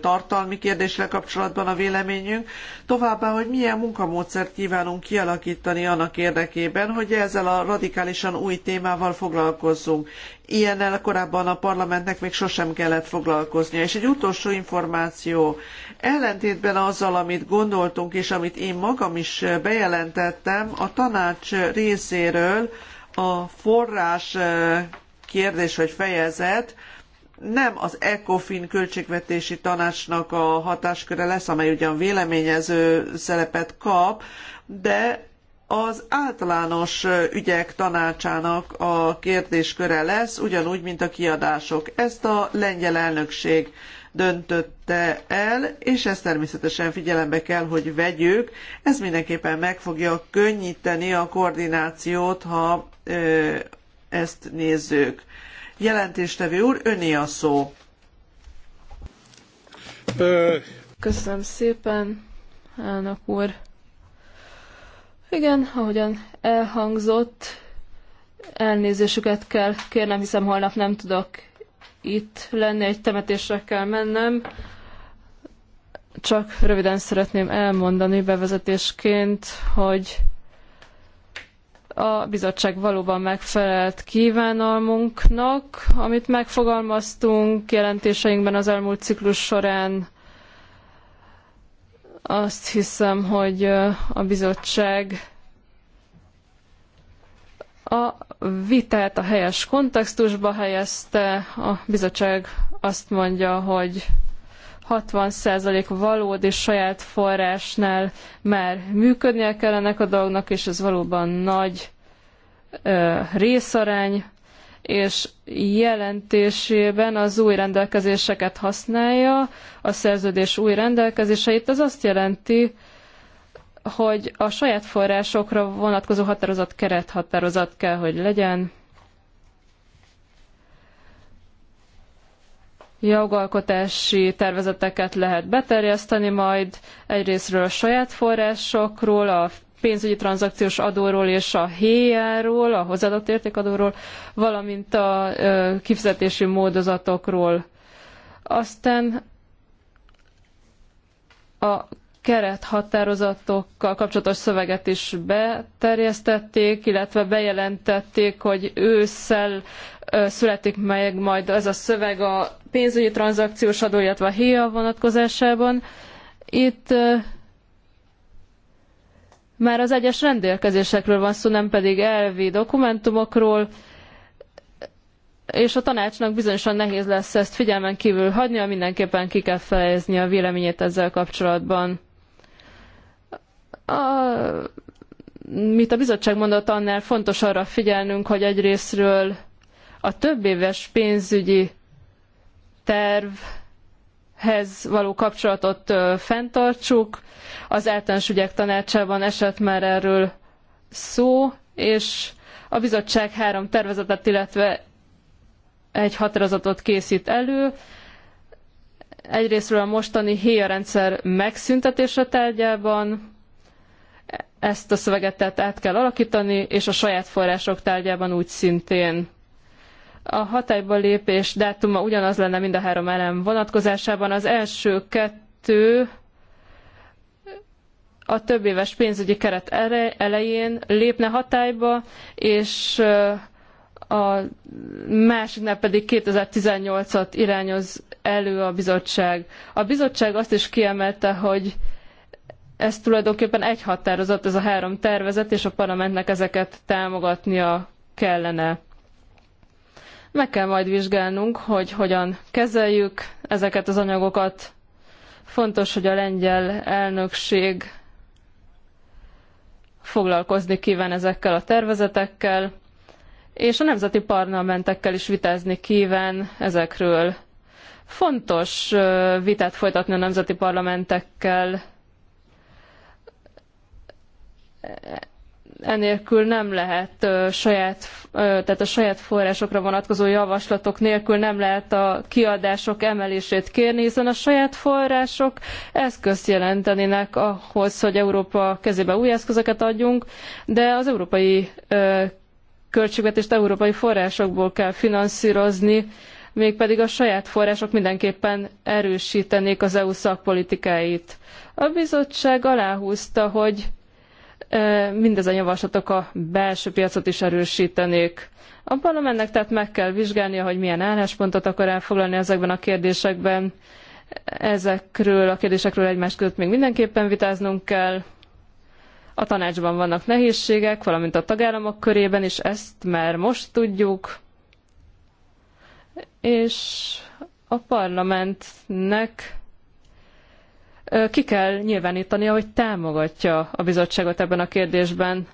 tartalmi kérdéssel kapcsolatban a véleményünk, továbbá, hogy milyen munkamódszert kívánunk kialakítani annak érdekében, hogy ezzel a radikálisan új témával foglalkozzunk. Ilyennel korábban a parlamentnek még sosem kellett foglalkoznia. És egy utolsó információ. Ellentétben azzal, amit gondoltunk, és amit én magam is bejelentettem, a tanács részéről, a forrás kérdés vagy fejezet nem az ECOFIN költségvetési tanácsnak a hatásköre lesz, amely ugyan véleményező szerepet kap, de az általános ügyek tanácsának a kérdésköre lesz, ugyanúgy, mint a kiadások. Ezt a lengyel elnökség döntötte el, és ezt természetesen figyelembe kell, hogy vegyük. Ez mindenképpen meg fogja könnyíteni a koordinációt, ha ö, ezt nézzük. Jelentéstevő úr, öné a szó. Köszönöm szépen, elnök úr. Igen, ahogyan elhangzott, elnézésüket kell kérnem, hiszem holnap nem tudok itt lenni, egy temetésre kell mennem. Csak röviden szeretném elmondani bevezetésként, hogy a bizottság valóban megfelelt kívánalmunknak, amit megfogalmaztunk jelentéseinkben az elmúlt ciklus során. Azt hiszem, hogy a bizottság a vitát a helyes kontextusba helyezte. A bizottság azt mondja, hogy 60% valódi saját forrásnál már működnie kell ennek a dolognak, és ez valóban nagy ö, részarány, és jelentésében az új rendelkezéseket használja, a szerződés új rendelkezéseit. Ez azt jelenti, hogy a saját forrásokra vonatkozó határozat kerethatározat kell, hogy legyen. jogalkotási tervezeteket lehet beterjeszteni majd, egyrésztről a saját forrásokról, a pénzügyi tranzakciós adóról és a héjáról, a hozzáadott értékadóról, valamint a kifizetési módozatokról. Aztán a kerethatározatokkal kapcsolatos szöveget is beterjesztették, illetve bejelentették, hogy ősszel születik meg majd ez a szöveg a pénzügyi tranzakciós adó, illetve a héja vonatkozásában. Itt már az egyes rendelkezésekről van szó, nem pedig elvi dokumentumokról, és a tanácsnak bizonyosan nehéz lesz ezt figyelmen kívül hagynia, mindenképpen ki kell fejezni a véleményét ezzel kapcsolatban. A, a bizottság mondott, annál fontos arra figyelnünk, hogy egyrésztről a több éves pénzügyi tervhez való kapcsolatot ö, fenntartsuk. Az általános ügyek tanácsában esett már erről szó, és a bizottság három tervezetet, illetve egy határozatot készít elő. Egyrésztről a mostani héja rendszer megszüntetése tárgyában, ezt a szöveget tehát át kell alakítani, és a saját források tárgyában úgy szintén. A hatályba lépés dátuma ugyanaz lenne mind a három elem vonatkozásában. Az első kettő a több éves pénzügyi keret elején lépne hatályba, és a másiknál pedig 2018-at irányoz elő a bizottság. A bizottság azt is kiemelte, hogy ez tulajdonképpen egy határozat, ez a három tervezet, és a parlamentnek ezeket támogatnia kellene. Meg kell majd vizsgálnunk, hogy hogyan kezeljük ezeket az anyagokat. Fontos, hogy a lengyel elnökség foglalkozni kíván ezekkel a tervezetekkel, és a nemzeti parlamentekkel is vitázni kíván ezekről. Fontos vitát folytatni a nemzeti parlamentekkel enélkül nem lehet saját, tehát a saját forrásokra vonatkozó javaslatok nélkül nem lehet a kiadások emelését kérni, hiszen a saját források eszközt jelentenének ahhoz, hogy Európa kezébe új eszközöket adjunk, de az európai költségvetést európai forrásokból kell finanszírozni, mégpedig a saját források mindenképpen erősítenék az EU szakpolitikáit. A bizottság aláhúzta, hogy a javaslatok a belső piacot is erősítenék. A parlamentnek tehát meg kell vizsgálnia, hogy milyen álláspontot akar elfoglalni ezekben a kérdésekben. Ezekről a kérdésekről egymás között még mindenképpen vitáznunk kell. A tanácsban vannak nehézségek, valamint a tagállamok körében is, ezt már most tudjuk. És a parlamentnek ki kell nyilvánítania, hogy támogatja a bizottságot ebben a kérdésben,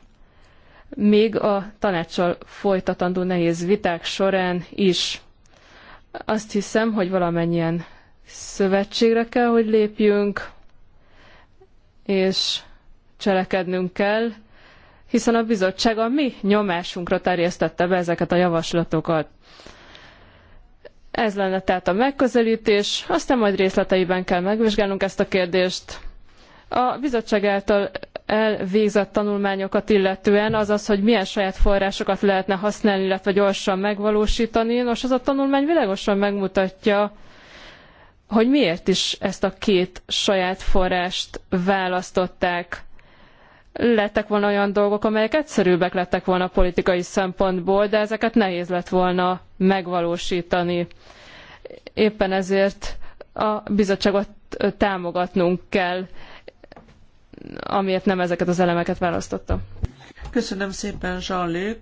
még a tanácssal folytatandó nehéz viták során is. Azt hiszem, hogy valamennyien szövetségre kell, hogy lépjünk, és cselekednünk kell, hiszen a bizottság a mi nyomásunkra terjesztette be ezeket a javaslatokat. Ez lenne tehát a megközelítés, aztán majd részleteiben kell megvizsgálnunk ezt a kérdést. A bizottság által elvégzett tanulmányokat illetően, azaz, hogy milyen saját forrásokat lehetne használni, illetve gyorsan megvalósítani. Nos, az a tanulmány világosan megmutatja, hogy miért is ezt a két saját forrást választották lettek volna olyan dolgok, amelyek egyszerűbbek lettek volna politikai szempontból, de ezeket nehéz lett volna megvalósítani. Éppen ezért a bizottságot támogatnunk kell, amiért nem ezeket az elemeket választotta. Köszönöm szépen, Jean-Luc.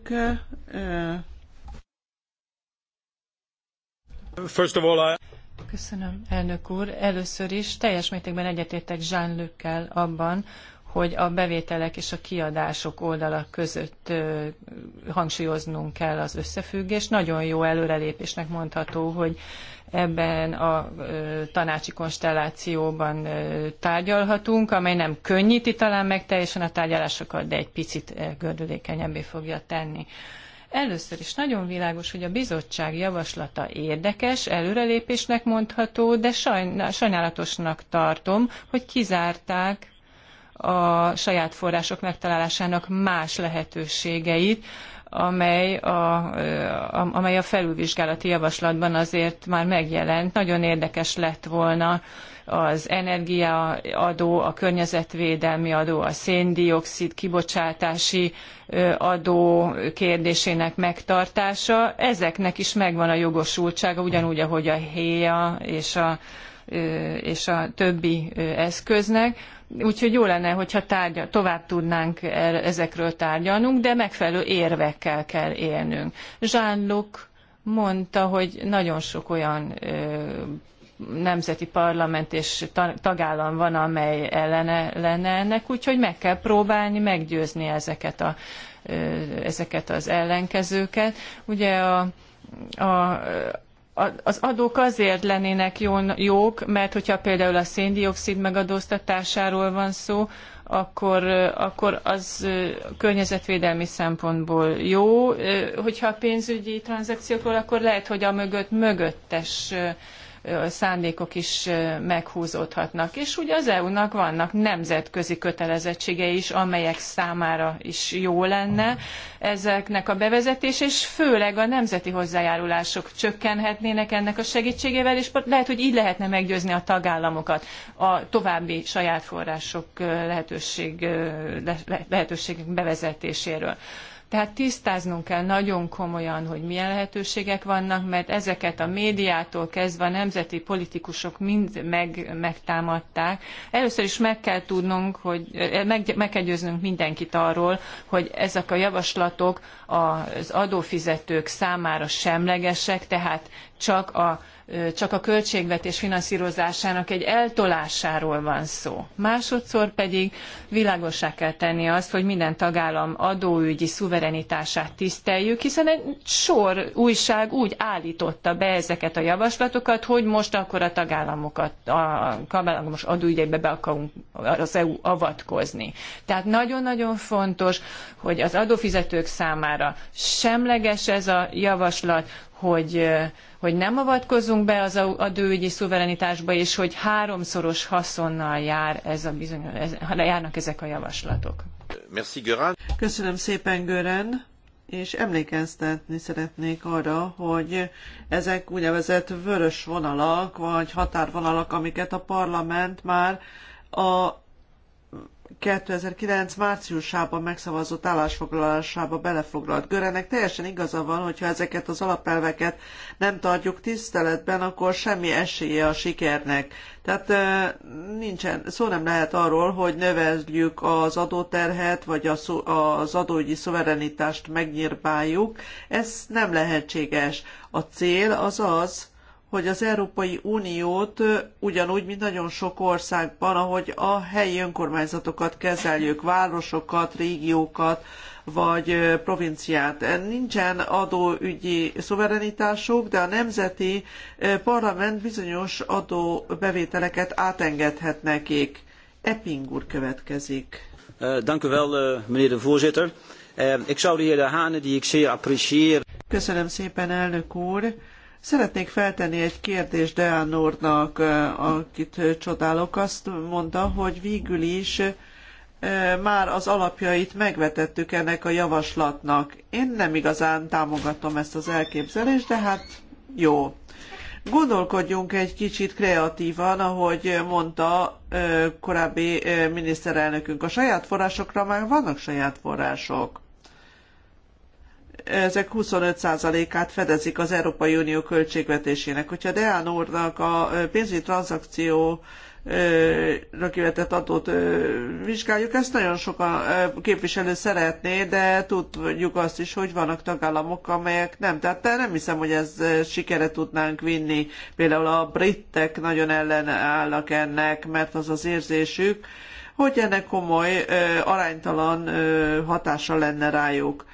First of all, I... Köszönöm, elnök úr. Először is teljes mértékben egyetértek Jean-Luc-kel abban, hogy a bevételek és a kiadások oldala között hangsúlyoznunk kell az összefüggés. Nagyon jó előrelépésnek mondható, hogy ebben a tanácsi konstellációban tárgyalhatunk, amely nem könnyíti talán meg teljesen a tárgyalásokat, de egy picit gördülékenyebbé fogja tenni. Először is nagyon világos, hogy a bizottság javaslata érdekes, előrelépésnek mondható, de sajnálatosnak tartom, hogy kizárták a saját források megtalálásának más lehetőségeit, amely a, amely a felülvizsgálati javaslatban azért már megjelent. Nagyon érdekes lett volna az energiaadó, a környezetvédelmi adó, a széndiokszid kibocsátási adó kérdésének megtartása. Ezeknek is megvan a jogosultsága, ugyanúgy, ahogy a héja és a, és a többi eszköznek Úgyhogy jó lenne, hogyha tárgya, tovább tudnánk er, ezekről tárgyalnunk, de megfelelő érvekkel kell élnünk. Zsánluk mondta, hogy nagyon sok olyan ö, nemzeti parlament és tagállam van, amely ellene lenne ennek, úgyhogy meg kell próbálni meggyőzni ezeket, a, ö, ezeket az ellenkezőket. Ugye a, a az adók azért lennének jók, mert hogyha például a széndiokszid megadóztatásáról van szó, akkor, akkor az környezetvédelmi szempontból jó. Hogyha a pénzügyi tranzakciókról, akkor lehet, hogy a mögött mögöttes szándékok is meghúzódhatnak. És ugye az EU-nak vannak nemzetközi kötelezettségei is, amelyek számára is jó lenne ezeknek a bevezetés, és főleg a nemzeti hozzájárulások csökkenhetnének ennek a segítségével, és lehet, hogy így lehetne meggyőzni a tagállamokat a további saját források lehetőség, lehetőségek bevezetéséről. Tehát tisztáznunk kell nagyon komolyan, hogy milyen lehetőségek vannak, mert ezeket a médiától kezdve a nemzeti politikusok mind meg, megtámadták. Először is meg kell tudnunk, hogy eh, meg, meg kell győznünk mindenkit arról, hogy ezek a javaslatok az adófizetők számára semlegesek, tehát csak a csak a költségvetés finanszírozásának egy eltolásáról van szó. Másodszor pedig világossá kell tenni azt, hogy minden tagállam adóügyi szuverenitását tiszteljük, hiszen egy sor újság úgy állította be ezeket a javaslatokat, hogy most akkor a tagállamokat, a tagállamos adóügyekbe be akarunk az EU avatkozni. Tehát nagyon-nagyon fontos, hogy az adófizetők számára semleges ez a javaslat, hogy, hogy nem avatkozunk be az adóügyi szuverenitásba, és hogy háromszoros haszonnal jár ez a bizonyos, ez, járnak ezek a javaslatok. Merci, Göran. Köszönöm szépen, Gören és emlékeztetni szeretnék arra, hogy ezek úgynevezett vörös vonalak, vagy határvonalak, amiket a parlament már a 2009 márciusában megszavazott állásfoglalásába belefoglalt Görenek teljesen igaza van, hogyha ezeket az alapelveket nem tartjuk tiszteletben, akkor semmi esélye a sikernek. Tehát nincsen, szó nem lehet arról, hogy növeljük az adóterhet, vagy a az adóügyi szuverenitást megnyírbáljuk. Ez nem lehetséges. A cél az az, hogy az Európai Uniót ugyanúgy, mint nagyon sok országban, ahogy a helyi önkormányzatokat kezeljük, városokat, régiókat, vagy provinciát. Nincsen adóügyi szuverenitásuk, de a nemzeti parlament bizonyos adóbevételeket átengedhet nekik. Epping úr következik. Eh, dank u wel, eh, meneer de voorzitter. Eh, ik zou de heer De Hane, die ik zeer apprecieer. Köszönöm szépen, elnök úr. Szeretnék feltenni egy kérdést Deán úrnak, akit csodálok. Azt mondta, hogy végül is már az alapjait megvetettük ennek a javaslatnak. Én nem igazán támogatom ezt az elképzelést, de hát jó. Gondolkodjunk egy kicsit kreatívan, ahogy mondta korábbi miniszterelnökünk. A saját forrásokra már vannak saját források ezek 25%-át fedezik az Európai Unió költségvetésének. Hogyha Deán úrnak a pénzügyi tranzakció kivetett adót vizsgáljuk. Ezt nagyon sok képviselő szeretné, de tudjuk azt is, hogy vannak tagállamok, amelyek nem. Tehát nem hiszem, hogy ez sikere tudnánk vinni. Például a britek nagyon ellen állnak ennek, mert az az érzésük, hogy ennek komoly, aránytalan hatása lenne rájuk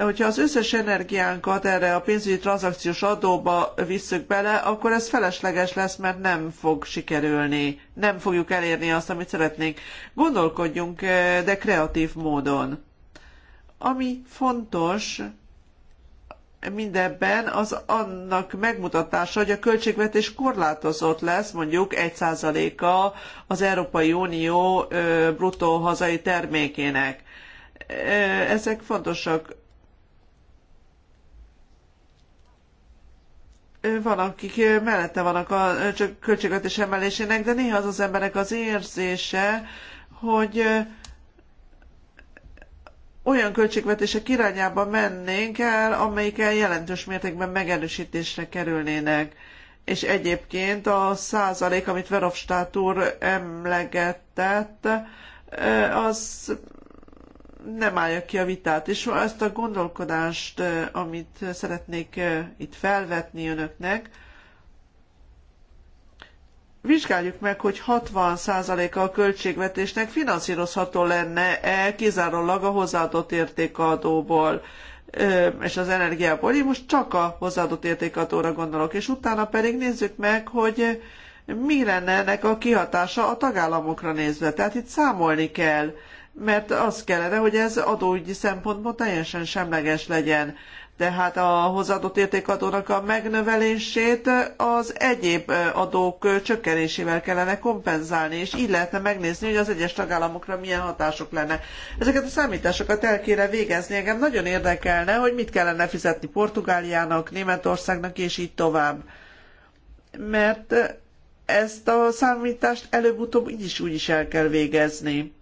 hogyha az összes energiánkat erre a pénzügyi tranzakciós adóba visszük bele, akkor ez felesleges lesz, mert nem fog sikerülni, nem fogjuk elérni azt, amit szeretnénk. Gondolkodjunk, eh, de kreatív módon. Ami fontos mindebben, az annak megmutatása, hogy a költségvetés korlátozott lesz, mondjuk 1%-a az Európai Unió eh, bruttó hazai termékének eh, ezek fontosak. van, akik mellette vannak a költségvetés emelésének, de néha az az emberek az érzése, hogy olyan költségvetések irányába mennénk el, amelyikkel jelentős mértékben megerősítésre kerülnének. És egyébként a százalék, amit Verhofstadt úr emlegetett, az nem állja ki a vitát. És ezt a gondolkodást, amit szeretnék itt felvetni önöknek, vizsgáljuk meg, hogy 60%-a a költségvetésnek finanszírozható lenne-e kizárólag a hozzáadott értékadóból és az energiából. Én most csak a hozzáadott értékadóra gondolok, és utána pedig nézzük meg, hogy mi lenne ennek a kihatása a tagállamokra nézve. Tehát itt számolni kell mert az kellene, hogy ez adóügyi szempontból teljesen semleges legyen. Tehát a hozzáadott értékadónak a megnövelését az egyéb adók csökkenésével kellene kompenzálni, és így lehetne megnézni, hogy az egyes tagállamokra milyen hatások lenne. Ezeket a számításokat el kéne végezni. Engem nagyon érdekelne, hogy mit kellene fizetni Portugáliának, Németországnak, és így tovább. Mert ezt a számítást előbb-utóbb így is úgy is el kell végezni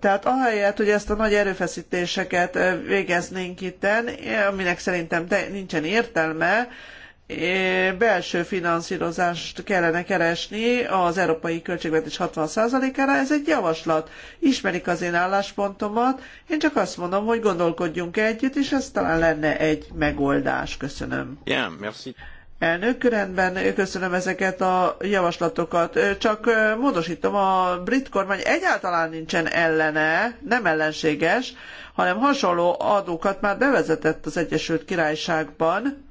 tehát ahelyett, hogy ezt a nagy erőfeszítéseket végeznénk itten, aminek szerintem nincsen értelme, belső finanszírozást kellene keresni az európai költségvetés 60%-ára, ez egy javaslat. Ismerik az én álláspontomat, én csak azt mondom, hogy gondolkodjunk együtt, és ez talán lenne egy megoldás. Köszönöm. Yeah, Elnök, rendben, köszönöm ezeket a javaslatokat. Csak módosítom, a brit kormány egyáltalán nincsen ellene, nem ellenséges, hanem hasonló adókat már bevezetett az Egyesült Királyságban,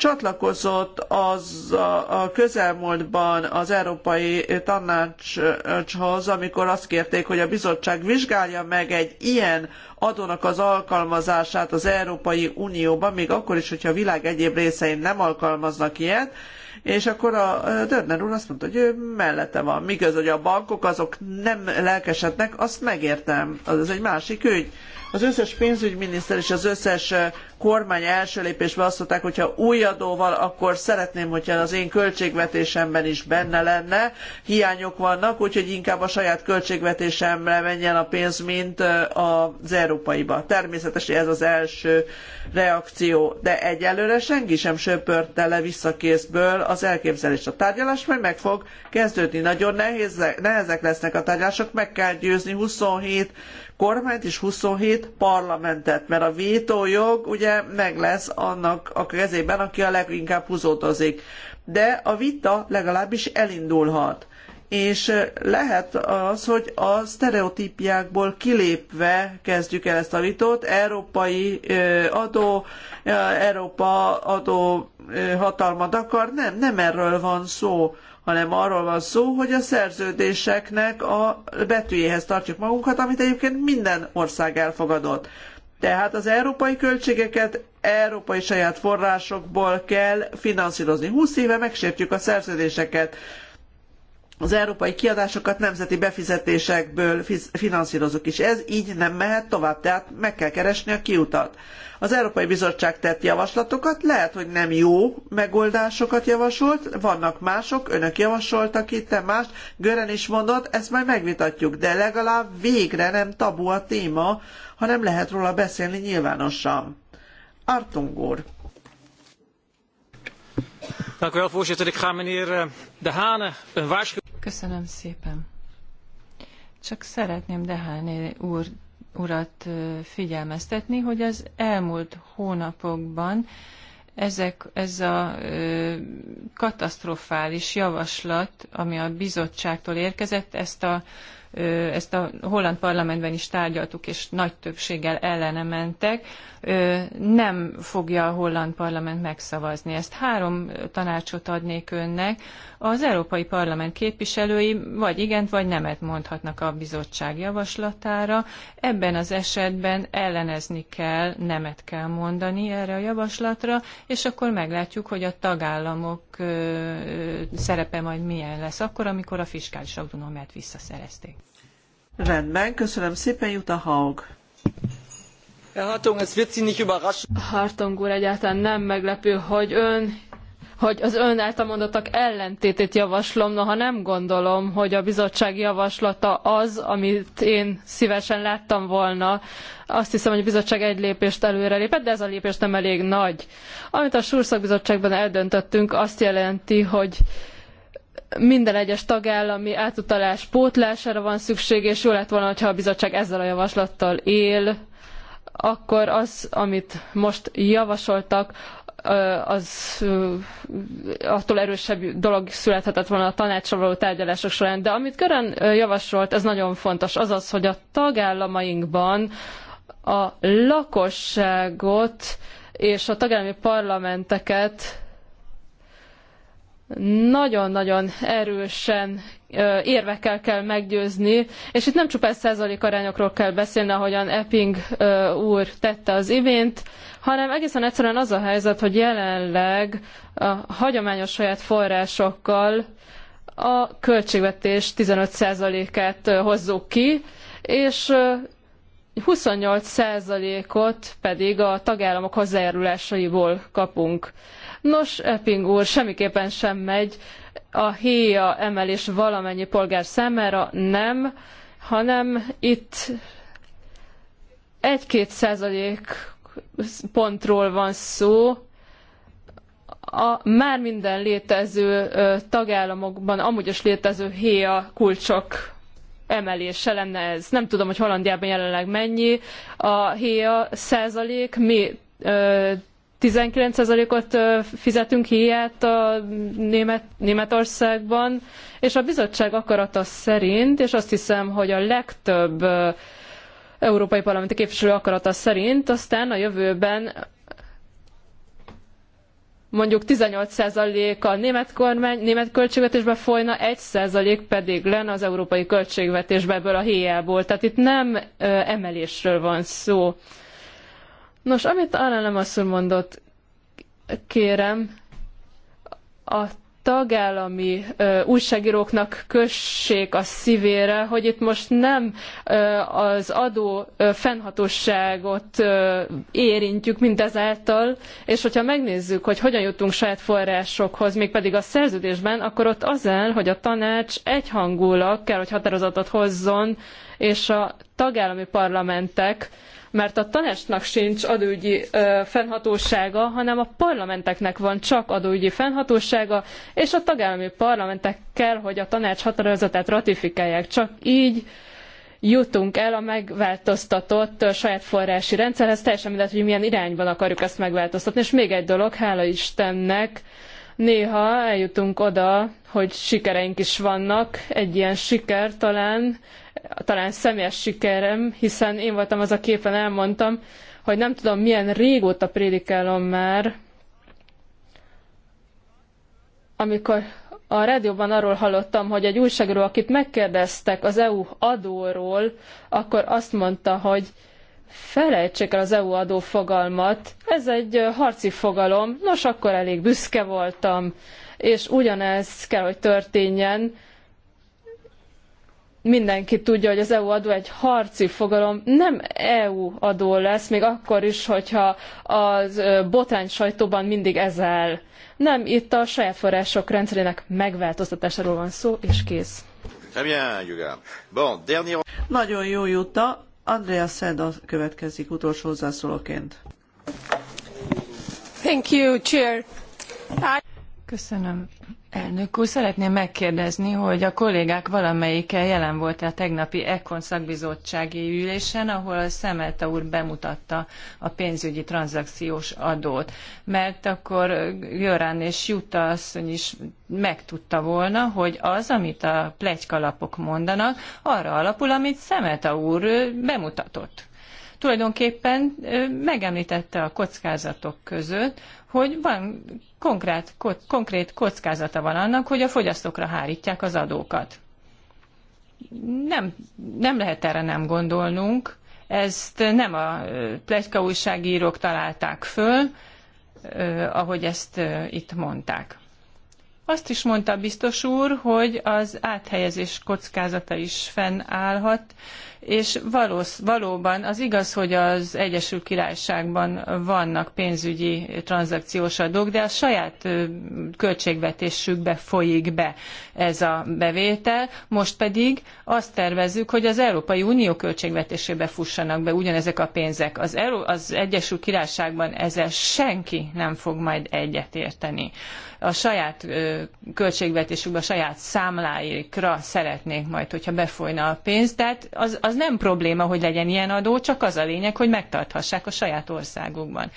csatlakozott az a, a közelmúltban az Európai Tanácshoz, amikor azt kérték, hogy a bizottság vizsgálja meg egy ilyen adónak az alkalmazását az Európai Unióban, még akkor is, hogyha a világ egyéb részein nem alkalmaznak ilyet, és akkor a Dörner úr azt mondta, hogy ő mellette van, miközben hogy a bankok azok nem lelkesednek, azt megértem, az egy másik ügy. Az összes pénzügyminiszter és az összes eh, kormány első lépésben azt mondták, hogyha új adóval, akkor szeretném, hogyha az én költségvetésemben is benne lenne. Hiányok vannak, úgyhogy inkább a saját költségvetésemre menjen a pénz, mint eh, az európaiba. Természetesen ez az első reakció, de egyelőre senki sem söpörte le visszakészből az elképzelést. A tárgyalás majd meg fog kezdődni. Nagyon nehéz, nehezek lesznek a tárgyalások, meg kell győzni 27 kormányt és 27 parlamentet, mert a vétójog ugye meg lesz annak a kezében, aki a leginkább húzódozik. De a vita legalábbis elindulhat. És lehet az, hogy a sztereotípiákból kilépve kezdjük el ezt a vitót, európai adó, Európa adó hatalmat akar, nem, nem erről van szó hanem arról van szó, hogy a szerződéseknek a betűjéhez tartjuk magunkat, amit egyébként minden ország elfogadott. Tehát az európai költségeket európai saját forrásokból kell finanszírozni. 20 éve megsértjük a szerződéseket az európai kiadásokat nemzeti befizetésekből finanszírozunk is. Ez így nem mehet tovább, tehát meg kell keresni a kiutat. Az Európai Bizottság tett javaslatokat, lehet, hogy nem jó megoldásokat javasolt, vannak mások, önök javasoltak itt mást, Gören is mondott, ezt majd megvitatjuk, de legalább végre nem tabu a téma, hanem lehet róla beszélni nyilvánosan. Artung úr. Dank u wel, voorzitter. Ik ga meneer eh, De Hane een eh, waarschuwing. Köszönöm szépen. Csak szeretném Deháné úr urat figyelmeztetni, hogy az elmúlt hónapokban ezek, ez a ö, katasztrofális javaslat, ami a bizottságtól érkezett, ezt a, ö, ezt a holland parlamentben is tárgyaltuk, és nagy többséggel ellene mentek nem fogja a holland parlament megszavazni. Ezt három tanácsot adnék önnek. Az Európai Parlament képviselői vagy igent, vagy nemet mondhatnak a bizottság javaslatára. Ebben az esetben ellenezni kell, nemet kell mondani erre a javaslatra, és akkor meglátjuk, hogy a tagállamok szerepe majd milyen lesz akkor, amikor a fiskális autonómiát visszaszerezték. Rendben, köszönöm szépen, Jutta Haug hartong úr, egyáltalán nem meglepő, hogy ön hogy az ön által mondottak ellentétét javaslom, noha nem gondolom, hogy a bizottság javaslata az, amit én szívesen láttam volna. Azt hiszem, hogy a bizottság egy lépést előrelépett, de ez a lépés nem elég nagy. Amit a Surszak Bizottságban eldöntöttünk, azt jelenti, hogy minden egyes tagállami átutalás pótlására van szükség, és jó lett volna, ha a bizottság ezzel a javaslattal él, akkor az, amit most javasoltak, az attól erősebb dolog születhetett volna a tanácsra való tárgyalások során. De amit Gören javasolt, ez nagyon fontos, az az, hogy a tagállamainkban a lakosságot és a tagállami parlamenteket nagyon-nagyon erősen érvekkel kell meggyőzni, és itt nem csupán százalék arányokról kell beszélni, ahogyan Epping úr tette az imént, hanem egészen egyszerűen az a helyzet, hogy jelenleg a hagyományos saját forrásokkal a költségvetés 15%-át hozzuk ki, és 28%-ot pedig a tagállamok hozzájárulásaiból kapunk. Nos, Epping úr semmiképpen sem megy a héja emelés valamennyi polgár számára nem, hanem itt egy-két százalék pontról van szó, a már minden létező tagállamokban amúgy is létező héja kulcsok emelése lenne ez. Nem tudom, hogy Hollandiában jelenleg mennyi a héja százalék, mi 19%-ot fizetünk hiát a Német, Németországban, és a bizottság akarata szerint, és azt hiszem, hogy a legtöbb európai parlamenti képviselő akarata szerint, aztán a jövőben mondjuk 18% a német kormány, német költségvetésbe folyna, 1% pedig len az európai költségvetésbe ebből a héjából. Tehát itt nem emelésről van szó. Nos, amit nem azt mondott, kérem, a tagállami ö, újságíróknak kössék a szívére, hogy itt most nem ö, az adó ö, fennhatóságot ö, érintjük mindezáltal, és hogyha megnézzük, hogy hogyan jutunk saját forrásokhoz, mégpedig a szerződésben, akkor ott az el, hogy a tanács egyhangulag kell, hogy határozatot hozzon, és a tagállami parlamentek, mert a tanácsnak sincs adóügyi fennhatósága, hanem a parlamenteknek van csak adóügyi fennhatósága, és a tagállami parlamentek kell, hogy a tanács határozatát ratifikálják. Csak így jutunk el a megváltoztatott saját forrási rendszerhez, teljesen mindegy, hogy milyen irányban akarjuk ezt megváltoztatni. És még egy dolog, hála Istennek, Néha eljutunk oda, hogy sikereink is vannak. Egy ilyen siker talán, talán személyes sikerem, hiszen én voltam az a képen, elmondtam, hogy nem tudom milyen régóta prédikálom már, amikor a rádióban arról hallottam, hogy egy újságról, akit megkérdeztek az EU adóról, akkor azt mondta, hogy Felejtsék el az EU adó fogalmat, ez egy harci fogalom, nos akkor elég büszke voltam, és ugyanez kell, hogy történjen. Mindenki tudja, hogy az EU adó egy harci fogalom, nem EU adó lesz, még akkor is, hogyha az botrány sajtóban mindig ezzel Nem, itt a saját források rendszerének megváltoztatásáról van szó, és kész. Très bien, Yuga. Bon, dernier... Nagyon jó Jutta. Andrea Szeda következik utolsó hozzászólóként. Thank you, Chair. I... Köszönöm, Elnök úr, szeretném megkérdezni, hogy a kollégák valamelyike jelen volt-e a tegnapi Econ szakbizottsági ülésen, ahol a Szemelta úr bemutatta a pénzügyi tranzakciós adót. Mert akkor Jörán és Jutta asszony is megtudta volna, hogy az, amit a plegykalapok mondanak, arra alapul, amit Szemelta úr bemutatott tulajdonképpen megemlítette a kockázatok között, hogy van konkrét, konkrét kockázata van annak, hogy a fogyasztókra hárítják az adókat. Nem, nem lehet erre nem gondolnunk, ezt nem a plegyka újságírók találták föl, ahogy ezt itt mondták. Azt is mondta a biztos úr, hogy az áthelyezés kockázata is fennállhat, és valósz, valóban az igaz, hogy az Egyesült Királyságban vannak pénzügyi tranzakciós adók, de a saját költségvetésükbe folyik be ez a bevétel, most pedig azt tervezzük, hogy az Európai Unió költségvetésébe fussanak be ugyanezek a pénzek. Az, Euró- az Egyesült Királyságban ezzel senki nem fog majd egyetérteni. A saját ö, költségvetésükbe a saját számláikra szeretnék majd, hogyha befolyna a pénz. Tehát az, az nem probléma, hogy legyen ilyen adó, csak az a lényeg, hogy megtarthassák a saját országukban.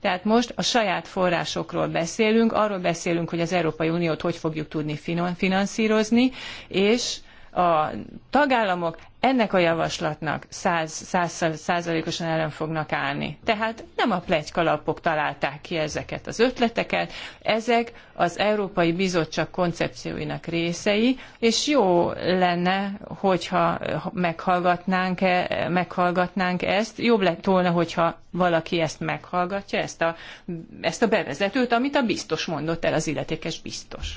Tehát most a saját forrásokról beszélünk, arról beszélünk, hogy az Európai Uniót hogy fogjuk tudni finanszírozni, és a tagállamok ennek a javaslatnak százszázalékosan ellen fognak állni. Tehát nem a plegykalapok találták ki ezeket az ötleteket, ezek az Európai Bizottság koncepcióinak részei, és jó lenne, hogyha meghallgatnánk, -e, meghallgatnánk ezt, jobb lett volna, hogyha valaki ezt meghallgatja, ezt a, ezt a bevezetőt, amit a biztos mondott el, az illetékes biztos.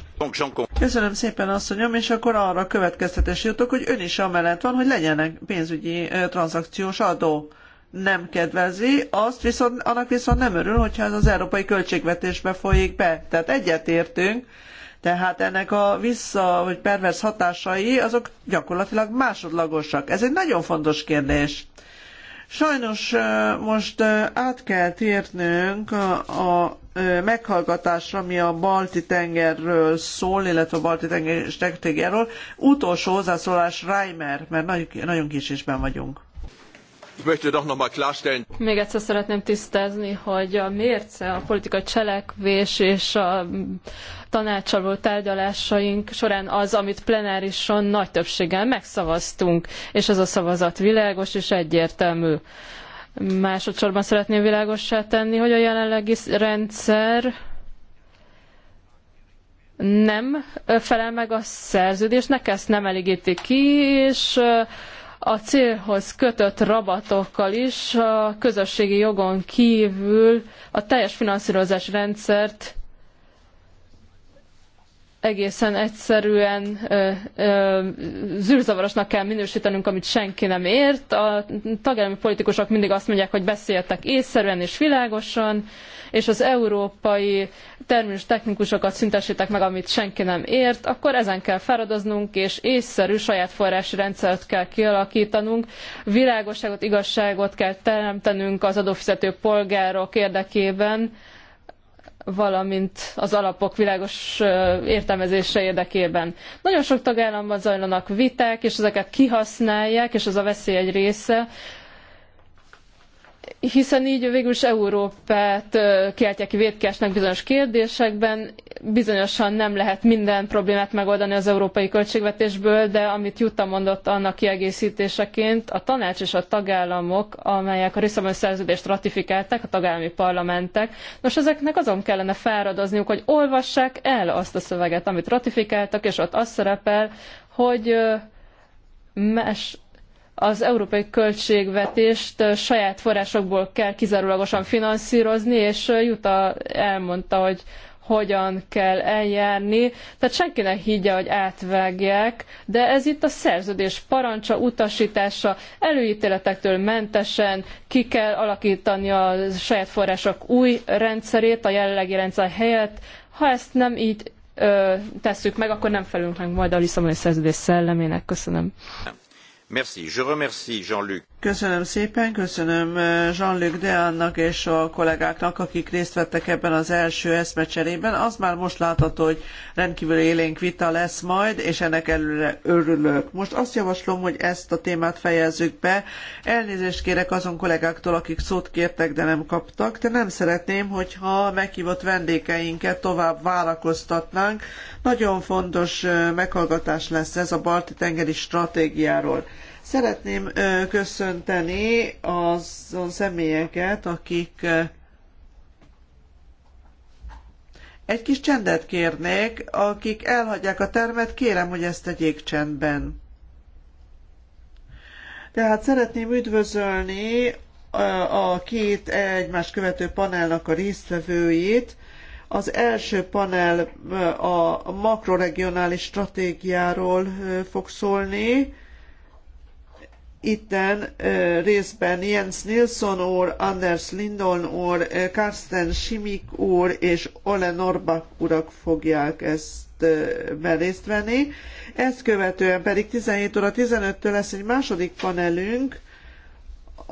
Köszönöm szépen, asszonyom, és akkor arra következtetés jutok, hogy ön is amellett van, hogy legyenek pénzügyi tranzakciós adó. Nem kedvezi, azt viszont, annak viszont nem örül, hogyha ez az európai költségvetésbe folyik be. Tehát egyetértünk, tehát ennek a vissza vagy pervers hatásai azok gyakorlatilag másodlagosak. Ez egy nagyon fontos kérdés. Sajnos most át kell térnünk a, meghallgatásra, ami a balti tengerről szól, illetve a balti tenger stratégiáról. Utolsó hozzászólás Reimer, mert nagyon kisésben vagyunk. Ich möchte doch noch mal klarstellen. Még egyszer szeretném tisztázni, hogy a mérce, a politikai cselekvés és a tanácsal volt tárgyalásaink során az, amit plenárison nagy többséggel megszavaztunk, és ez a szavazat világos és egyértelmű. Másodszorban szeretném világossá tenni, hogy a jelenlegi rendszer nem felel meg a szerződésnek, ezt nem elégíti ki, és a célhoz kötött rabatokkal is a közösségi jogon kívül a teljes finanszírozás rendszert egészen egyszerűen ö, ö, zűrzavarosnak kell minősítenünk, amit senki nem ért. A tagállami politikusok mindig azt mondják, hogy beszéltek észszerűen és világosan, és az európai terminus technikusokat szüntessétek meg, amit senki nem ért, akkor ezen kell feladoznunk, és észszerű saját forrási rendszert kell kialakítanunk, világosságot, igazságot kell teremtenünk az adófizető polgárok érdekében, valamint az alapok világos értelmezése érdekében. Nagyon sok tagállamban zajlanak viták, és ezeket kihasználják, és ez a veszély egy része, hiszen így végül is Európát kiáltják védkesnek bizonyos kérdésekben. Bizonyosan nem lehet minden problémát megoldani az európai költségvetésből, de amit Jutta mondott annak kiegészítéseként, a tanács és a tagállamok, amelyek a Lisszaboni szerződést ratifikálták, a tagállami parlamentek, nos ezeknek azon kellene fáradozniuk, hogy olvassák el azt a szöveget, amit ratifikáltak, és ott az szerepel, hogy mes az európai költségvetést saját forrásokból kell kizárólagosan finanszírozni, és Juta elmondta, hogy hogyan kell eljárni. Tehát senki ne higgye, hogy átvágják, de ez itt a szerződés parancsa, utasítása, előítéletektől mentesen ki kell alakítani a saját források új rendszerét, a jelenlegi rendszer helyett. Ha ezt nem így ö, tesszük meg, akkor nem felülünk meg majd a Lisszaboni szerződés szellemének. Köszönöm. Nem. Merci. Je remercie Jean-Luc Köszönöm szépen, köszönöm eh, Jean-Luc Deannak és a kollégáknak, akik részt vettek ebben az első eszmecserében. Az már most látható, hogy rendkívül élénk vita lesz majd, és ennek előre örülök. Most azt javaslom, hogy ezt a témát fejezzük be. Elnézést kérek azon kollégáktól, akik szót kértek, de nem kaptak, de nem szeretném, hogyha meghívott vendégeinket tovább várakoztatnánk. Nagyon fontos eh, meghallgatás lesz ez a Balti-tengeri stratégiáról. Szeretném köszönteni azon személyeket, akik egy kis csendet kérnék, akik elhagyják a termet, kérem, hogy ezt tegyék csendben. Tehát szeretném üdvözölni a két egymást követő panelnak a résztvevőit. Az első panel a makroregionális stratégiáról fog szólni, Itten részben Jens Nilsson úr, Anders Lindon úr, Karsten Simik úr és Ole Norbak urak fogják ezt részt venni. Ezt követően pedig 17 óra 15-től lesz egy második panelünk,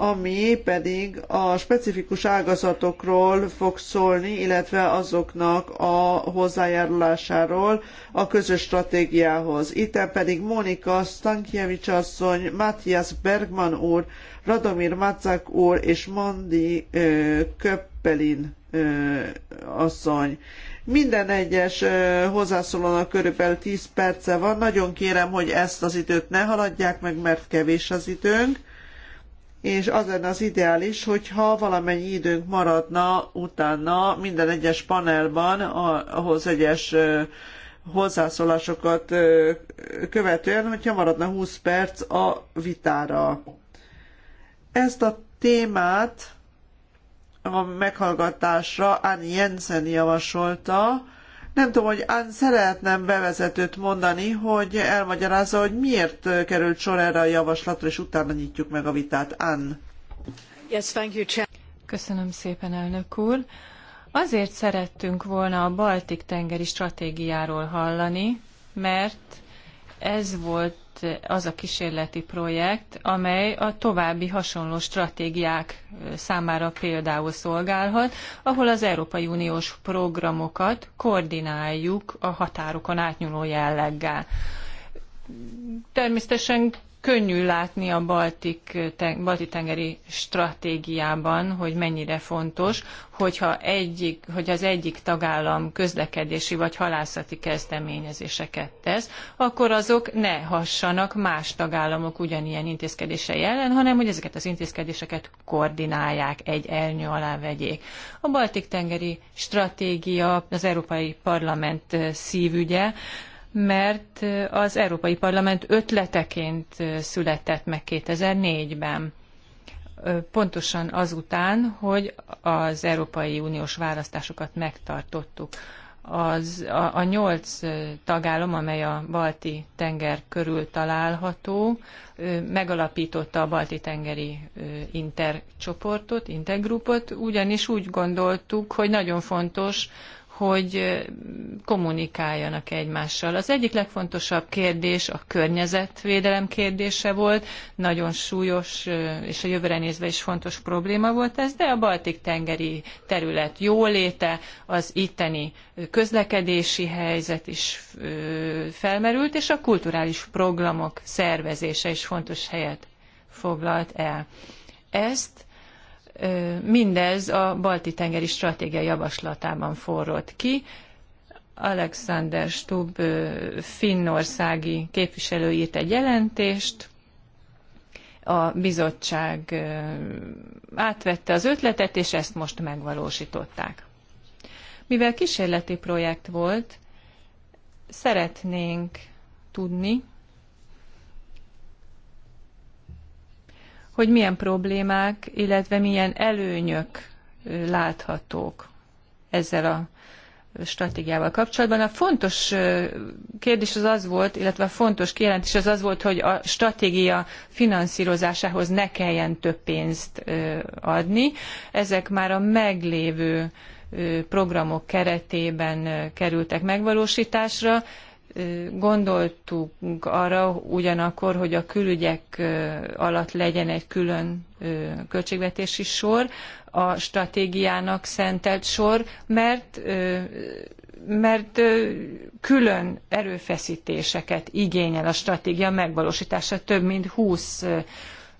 ami pedig a specifikus ágazatokról fog szólni, illetve azoknak a hozzájárulásáról a közös stratégiához. Itten pedig Monika Stankiewicz asszony, Matthias Bergman úr, Radomir Macak úr és Mandi ö, Köppelin ö, asszony. Minden egyes ö, hozzászólónak körülbelül 10 perce van. Nagyon kérem, hogy ezt az időt ne haladják meg, mert kevés az időnk és az lenne az ideális, hogyha valamennyi időnk maradna utána minden egyes panelban ahhoz egyes hozzászólásokat követően, hogyha maradna 20 perc a vitára. Ezt a témát a meghallgatásra Ann Jensen javasolta, nem tudom, hogy Ann szeretném bevezetőt mondani, hogy elmagyarázza, hogy miért került sor erre a javaslatra, és utána nyitjuk meg a vitát. Ann. Yes, thank you, Köszönöm szépen, elnök úr. Azért szerettünk volna a Baltik tengeri stratégiáról hallani, mert ez volt az a kísérleti projekt, amely a további hasonló stratégiák számára például szolgálhat, ahol az Európai Uniós programokat koordináljuk a határokon átnyúló jelleggel. Természetesen könnyű látni a Baltik, balti tengeri stratégiában, hogy mennyire fontos, hogyha egyik, hogy az egyik tagállam közlekedési vagy halászati kezdeményezéseket tesz, akkor azok ne hassanak más tagállamok ugyanilyen intézkedései ellen, hanem hogy ezeket az intézkedéseket koordinálják, egy elnyő alá vegyék. A Baltik tengeri stratégia az Európai Parlament szívügye, mert az Európai Parlament ötleteként született meg 2004-ben. Pontosan azután, hogy az Európai Uniós választásokat megtartottuk. Az, a, a nyolc tagállam, amely a Balti tenger körül található, megalapította a Balti tengeri intercsoportot, intergrupot, ugyanis úgy gondoltuk, hogy nagyon fontos, hogy kommunikáljanak egymással. Az egyik legfontosabb kérdés a környezetvédelem kérdése volt, nagyon súlyos és a jövőre nézve is fontos probléma volt ez, de a baltik tengeri terület jóléte, az itteni közlekedési helyzet is felmerült, és a kulturális programok szervezése is fontos helyet foglalt el. Ezt Mindez a Balti-tengeri stratégia javaslatában forrott ki. Alexander Stubb finnországi képviselő írt egy jelentést, a bizottság átvette az ötletet, és ezt most megvalósították. Mivel kísérleti projekt volt, szeretnénk tudni, hogy milyen problémák, illetve milyen előnyök láthatók ezzel a stratégiával kapcsolatban. A fontos kérdés az az volt, illetve a fontos kijelentés az az volt, hogy a stratégia finanszírozásához ne kelljen több pénzt adni. Ezek már a meglévő programok keretében kerültek megvalósításra, gondoltunk arra ugyanakkor, hogy a külügyek alatt legyen egy külön költségvetési sor, a stratégiának szentelt sor, mert mert külön erőfeszítéseket igényel a stratégia megvalósítása, több mint 20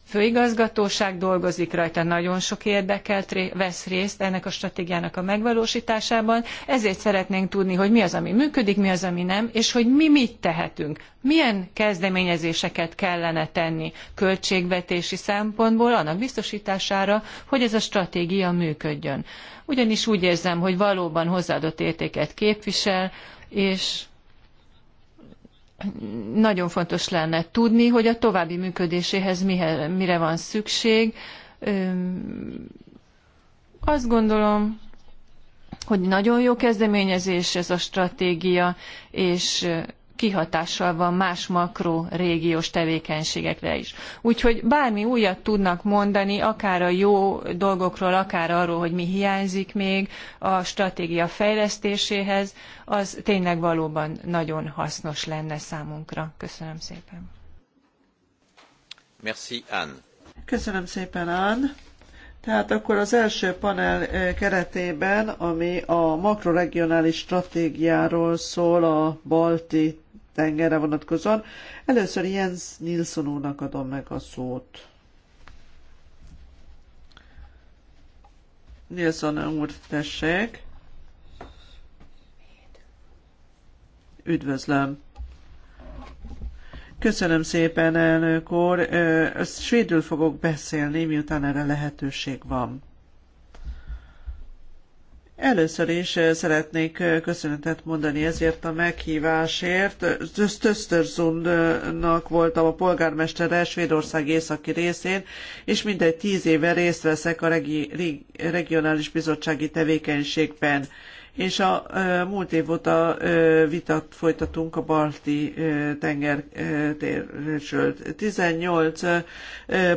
főigazgatóság dolgozik rajta, nagyon sok érdekelt vesz részt ennek a stratégiának a megvalósításában, ezért szeretnénk tudni, hogy mi az, ami működik, mi az, ami nem, és hogy mi mit tehetünk. Milyen kezdeményezéseket kellene tenni költségvetési szempontból annak biztosítására, hogy ez a stratégia működjön. Ugyanis úgy érzem, hogy valóban hozzáadott értéket képvisel, és nagyon fontos lenne tudni, hogy a további működéséhez mire van szükség. Azt gondolom, hogy nagyon jó kezdeményezés ez a stratégia, és kihatással van más makro régiós tevékenységekre is. Úgyhogy bármi újat tudnak mondani, akár a jó dolgokról, akár arról, hogy mi hiányzik még a stratégia fejlesztéséhez, az tényleg valóban nagyon hasznos lenne számunkra. Köszönöm szépen. Merci, Anne. Köszönöm szépen, Anne. Tehát akkor az első panel eh, keretében, ami a makroregionális stratégiáról szól a balti tengerre vonatkozóan. Először Jens Nilsson úrnak adom meg a szót. Nilsson úr, tessék. Üdvözlöm. Köszönöm szépen, elnök úr. Svédül fogok beszélni, miután erre lehetőség van. Először is eh, szeretnék eh, köszönetet mondani ezért a meghívásért. Tösterzundnak voltam a polgármestere Svédország északi részén, és mintegy tíz éve részt veszek a regi, regionális bizottsági tevékenységben és a múlt év óta vitat folytatunk a balti tenger térről. 18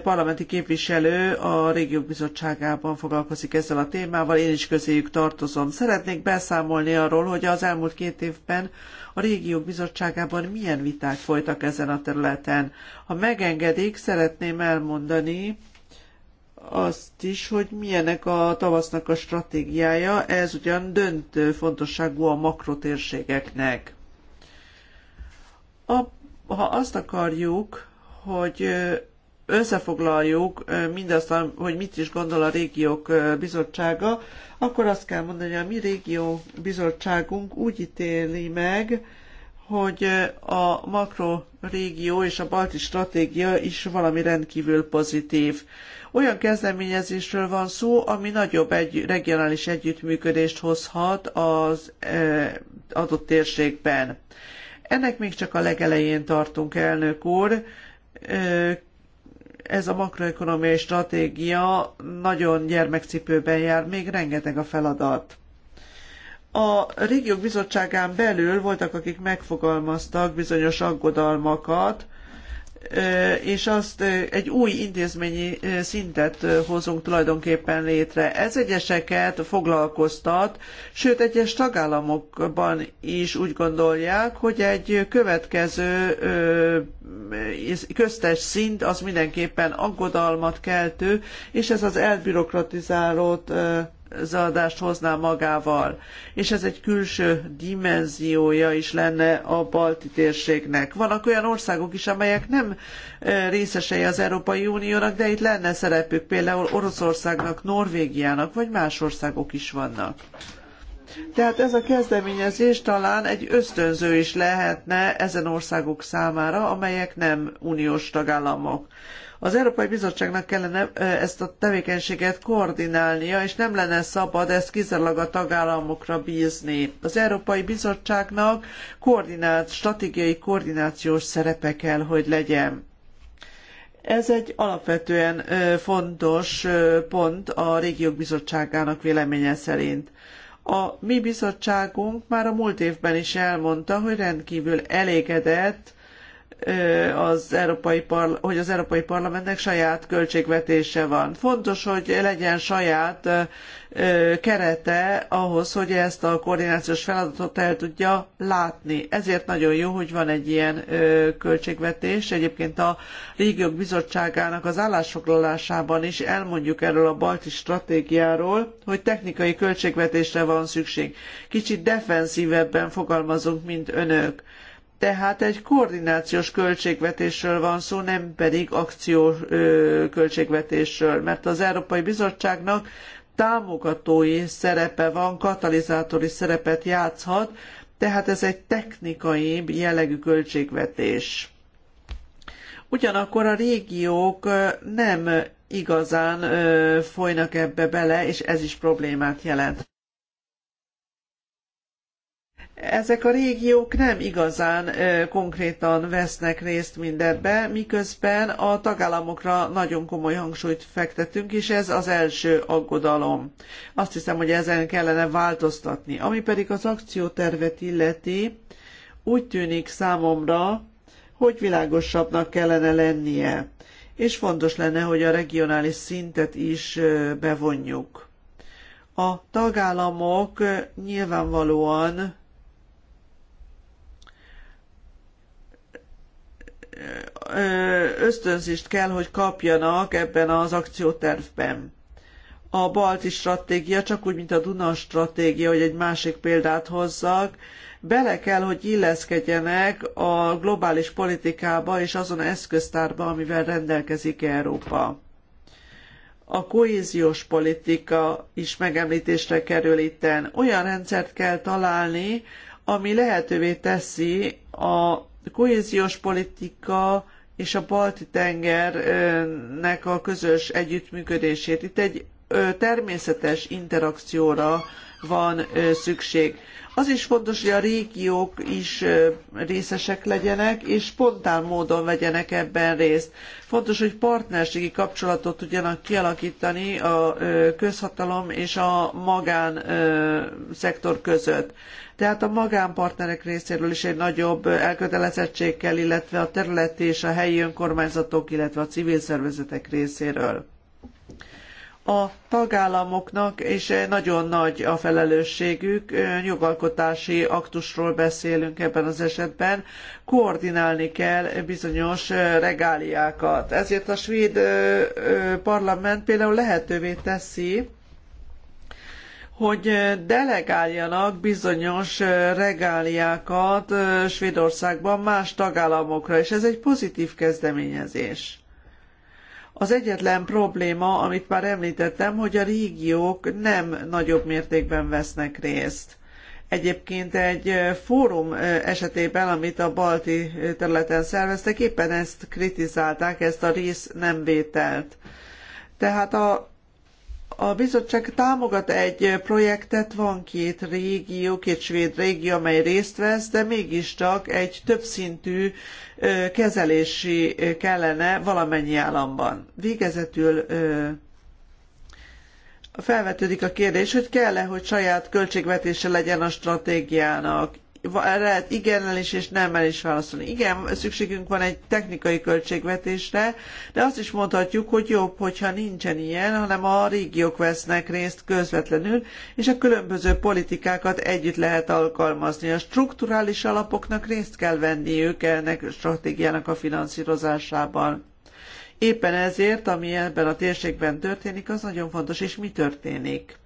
parlamenti képviselő a régiók bizottságában foglalkozik ezzel a témával, én is közéjük tartozom. Szeretnék beszámolni arról, hogy az elmúlt két évben a régiók bizottságában milyen viták folytak ezen a területen. Ha megengedik, szeretném elmondani, azt is, hogy milyenek a tavasznak a stratégiája, ez ugyan döntő fontosságú a makrotérségeknek. A, ha azt akarjuk, hogy összefoglaljuk mindazt, hogy mit is gondol a régiók bizottsága, akkor azt kell mondani, hogy a mi régió bizottságunk úgy ítéli meg, hogy a makrorégió és a balti stratégia is valami rendkívül pozitív. Olyan kezdeményezésről van szó, ami nagyobb egy regionális együttműködést hozhat az e, adott térségben. Ennek még csak a legelején tartunk, elnök úr. E, ez a makroökonómiai stratégia nagyon gyermekcipőben jár, még rengeteg a feladat. A régiók bizottságán belül voltak, akik megfogalmaztak bizonyos aggodalmakat, és azt egy új intézményi szintet hozunk tulajdonképpen létre. Ez egyeseket foglalkoztat, sőt egyes tagállamokban is úgy gondolják, hogy egy következő köztes szint az mindenképpen aggodalmat keltő, és ez az elbürokratizálót globalizálást hozná magával. És ez egy külső dimenziója is lenne a balti térségnek. Vannak olyan országok is, amelyek nem részesei az Európai Uniónak, de itt lenne szerepük, például Oroszországnak, Norvégiának, vagy más országok is vannak. Tehát ez a kezdeményezés talán egy ösztönző is lehetne ezen országok számára, amelyek nem uniós tagállamok. Az Európai Bizottságnak kellene ezt a tevékenységet koordinálnia, és nem lenne szabad ezt kizárólag a tagállamokra bízni. Az Európai Bizottságnak koordinált, stratégiai koordinációs szerepe kell, hogy legyen. Ez egy alapvetően fontos pont a régiók bizottságának véleménye szerint. A mi bizottságunk már a múlt évben is elmondta, hogy rendkívül elégedett az Európai Parla- hogy az Európai Parlamentnek saját költségvetése van. Fontos, hogy legyen saját kerete ahhoz, hogy ezt a koordinációs feladatot el tudja látni. Ezért nagyon jó, hogy van egy ilyen költségvetés. Egyébként a Régiók Bizottságának az állásfoglalásában is elmondjuk erről a balti stratégiáról, hogy technikai költségvetésre van szükség. Kicsit defenszívebben fogalmazunk, mint önök tehát egy koordinációs költségvetésről van szó, nem pedig akció költségvetésről, mert az Európai Bizottságnak támogatói szerepe van, katalizátori szerepet játszhat, tehát ez egy technikai jellegű költségvetés. Ugyanakkor a régiók nem igazán folynak ebbe bele, és ez is problémát jelent ezek a régiók nem igazán konkrétan vesznek részt mindebbe, miközben a tagállamokra nagyon komoly hangsúlyt fektetünk, és ez az első aggodalom. Azt hiszem, hogy ezen kellene változtatni. Ami pedig az akciótervet illeti, úgy tűnik számomra, hogy világosabbnak kellene lennie, és fontos lenne, hogy a regionális szintet is bevonjuk. A tagállamok nyilvánvalóan ösztönzést kell, hogy kapjanak ebben az akciótervben. A balti stratégia, csak úgy, mint a Duna stratégia, hogy egy másik példát hozzak, bele kell, hogy illeszkedjenek a globális politikába és azon eszköztárba, amivel rendelkezik Európa. A kohéziós politika is megemlítésre kerül itten. Olyan rendszert kell találni, ami lehetővé teszi a kohéziós politika és a balti tengernek a közös együttműködését. Itt egy természetes interakcióra van szükség. Az is fontos, hogy a régiók is részesek legyenek, és spontán módon vegyenek ebben részt. Fontos, hogy partnerségi kapcsolatot tudjanak kialakítani a közhatalom és a magán szektor között. Tehát a magánpartnerek részéről is egy nagyobb kell, illetve a területi és a helyi önkormányzatok, illetve a civil szervezetek részéről a tagállamoknak és nagyon nagy a felelősségük, jogalkotási aktusról beszélünk ebben az esetben, koordinálni kell bizonyos regáliákat. Ezért a svéd parlament például lehetővé teszi, hogy delegáljanak bizonyos regáliákat Svédországban más tagállamokra, és ez egy pozitív kezdeményezés. Az egyetlen probléma, amit már említettem, hogy a régiók nem nagyobb mértékben vesznek részt. Egyébként egy fórum esetében, amit a balti területen szerveztek, éppen ezt kritizálták, ezt a rész nem vételt. Tehát a a bizottság támogat egy projektet, van két régió, két svéd régió, amely részt vesz, de mégiscsak egy többszintű kezelési kellene valamennyi államban. Végezetül felvetődik a kérdés, hogy kell-e, hogy saját költségvetése legyen a stratégiának lehet igennel is és nemmel is válaszolni. Igen, szükségünk van egy technikai költségvetésre, de azt is mondhatjuk, hogy jobb, hogyha nincsen ilyen, hanem a régiók vesznek részt közvetlenül, és a különböző politikákat együtt lehet alkalmazni. A strukturális alapoknak részt kell venniük ennek a stratégiának a finanszírozásában. Éppen ezért, ami ebben a térségben történik, az nagyon fontos, és mi történik.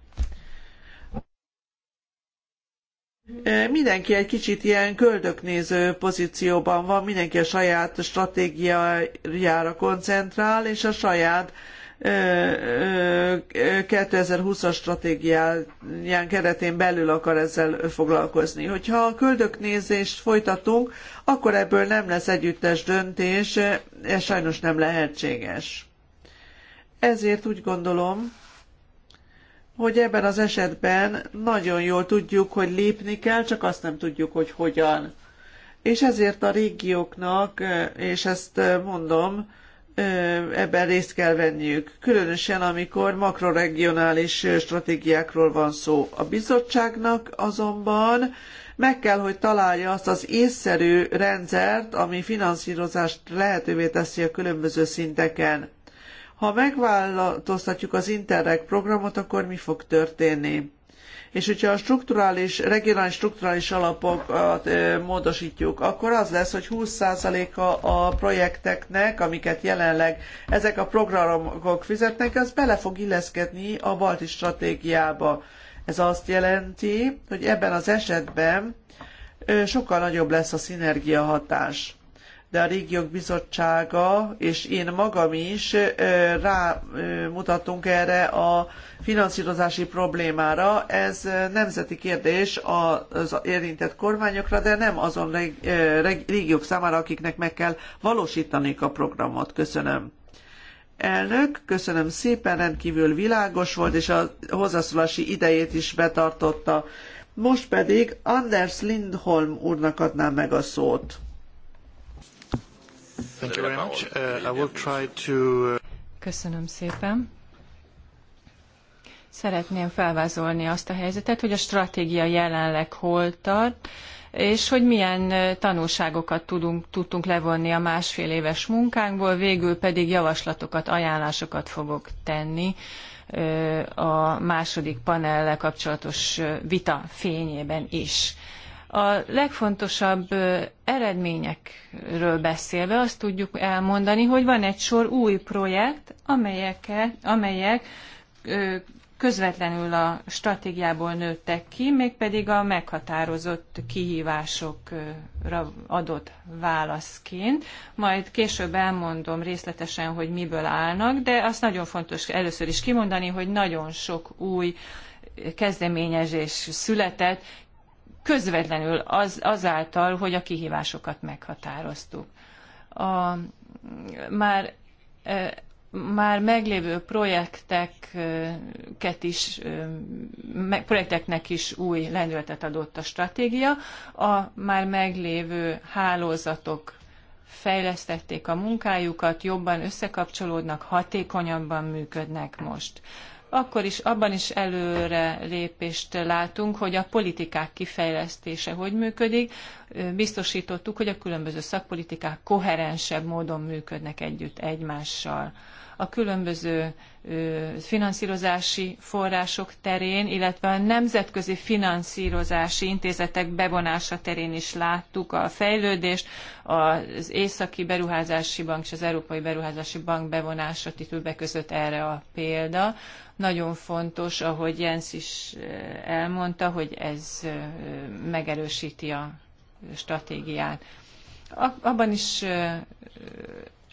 Mindenki egy kicsit ilyen köldöknéző pozícióban van, mindenki a saját stratégiájára koncentrál, és a saját 2020-as stratégiáján keretén belül akar ezzel foglalkozni. Hogyha a köldöknézést folytatunk, akkor ebből nem lesz együttes döntés, ez sajnos nem lehetséges. Ezért úgy gondolom, hogy ebben az esetben nagyon jól tudjuk, hogy lépni kell, csak azt nem tudjuk, hogy hogyan. És ezért a régióknak, és ezt mondom, ebben részt kell venniük, különösen amikor makroregionális stratégiákról van szó. A bizottságnak azonban meg kell, hogy találja azt az észszerű rendszert, ami finanszírozást lehetővé teszi a különböző szinteken. Ha megváltoztatjuk az Interreg programot, akkor mi fog történni? És hogyha a strukturális, regionális strukturális alapokat módosítjuk, akkor az lesz, hogy 20%-a a projekteknek, amiket jelenleg ezek a programok fizetnek, az bele fog illeszkedni a balti stratégiába. Ez azt jelenti, hogy ebben az esetben sokkal nagyobb lesz a szinergia hatás de a Régiók Bizottsága és én magam is rámutatunk erre a finanszírozási problémára. Ez nemzeti kérdés az érintett kormányokra, de nem azon régiók számára, akiknek meg kell valósítaniuk a programot. Köszönöm. Elnök, köszönöm szépen, rendkívül világos volt, és a hozzászólási idejét is betartotta. Most pedig Anders Lindholm úrnak adnám meg a szót. Thank you very much. Uh, I will try to... Uh, Köszönöm szépen. Szeretném felvázolni azt a helyzetet, hogy a stratégia jelenleg hol tart, és hogy milyen uh, tanulságokat tudunk, tudtunk levonni a másfél éves munkánkból, végül pedig javaslatokat, ajánlásokat fogok tenni a második panellel kapcsolatos vita fényében is. A legfontosabb eredményekről beszélve azt tudjuk elmondani, hogy van egy sor új projekt, amelyek közvetlenül a stratégiából nőttek ki, mégpedig a meghatározott kihívásokra adott válaszként. Majd később elmondom részletesen, hogy miből állnak, de azt nagyon fontos először is kimondani, hogy nagyon sok új kezdeményezés született, közvetlenül az, azáltal, hogy a kihívásokat meghatároztuk. A, már e, már meglévő projekteket is, e, projekteknek is új lendületet adott a stratégia. A már meglévő hálózatok fejlesztették a munkájukat, jobban összekapcsolódnak, hatékonyabban működnek most akkor is, abban is előre lépést látunk, hogy a politikák kifejlesztése hogy működik. Biztosítottuk, hogy a különböző szakpolitikák koherensebb módon működnek együtt egymással a különböző finanszírozási források terén, illetve a nemzetközi finanszírozási intézetek bevonása terén is láttuk a fejlődést, az Északi Beruházási Bank és az Európai Beruházási Bank bevonása titülbe között erre a példa. Nagyon fontos, ahogy Jens is elmondta, hogy ez megerősíti a stratégiát. Abban is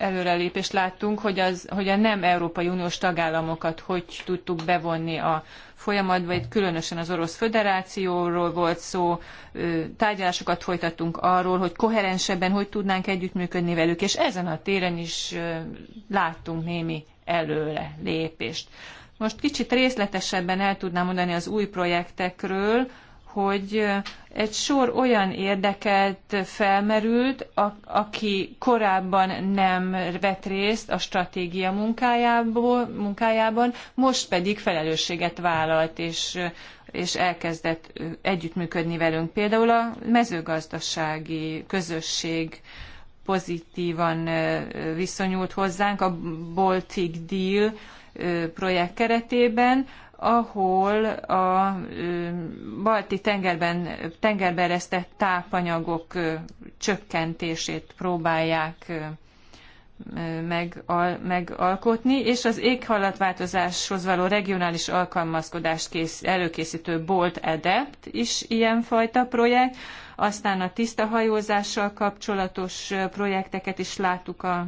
előrelépést láttunk, hogy, az, hogy a nem Európai Uniós tagállamokat hogy tudtuk bevonni a folyamatba, itt különösen az Orosz Föderációról volt szó, tárgyalásokat folytattunk arról, hogy koherensebben hogy tudnánk együttműködni velük, és ezen a téren is láttunk némi előre lépést. Most kicsit részletesebben el tudnám mondani az új projektekről, hogy egy sor olyan érdekelt felmerült, aki korábban nem vett részt a stratégia munkájából, munkájában, most pedig felelősséget vállalt, és, és elkezdett együttműködni velünk. Például a mezőgazdasági közösség pozitívan viszonyult hozzánk a Baltic Deal projekt keretében, ahol a balti tengerben, tengerben eresztett tápanyagok csökkentését próbálják meg, megalkotni, és az éghajlatváltozáshoz való regionális alkalmazkodást kész, előkészítő Bolt Adept is ilyenfajta projekt, aztán a tiszta hajózással kapcsolatos projekteket is láttuk a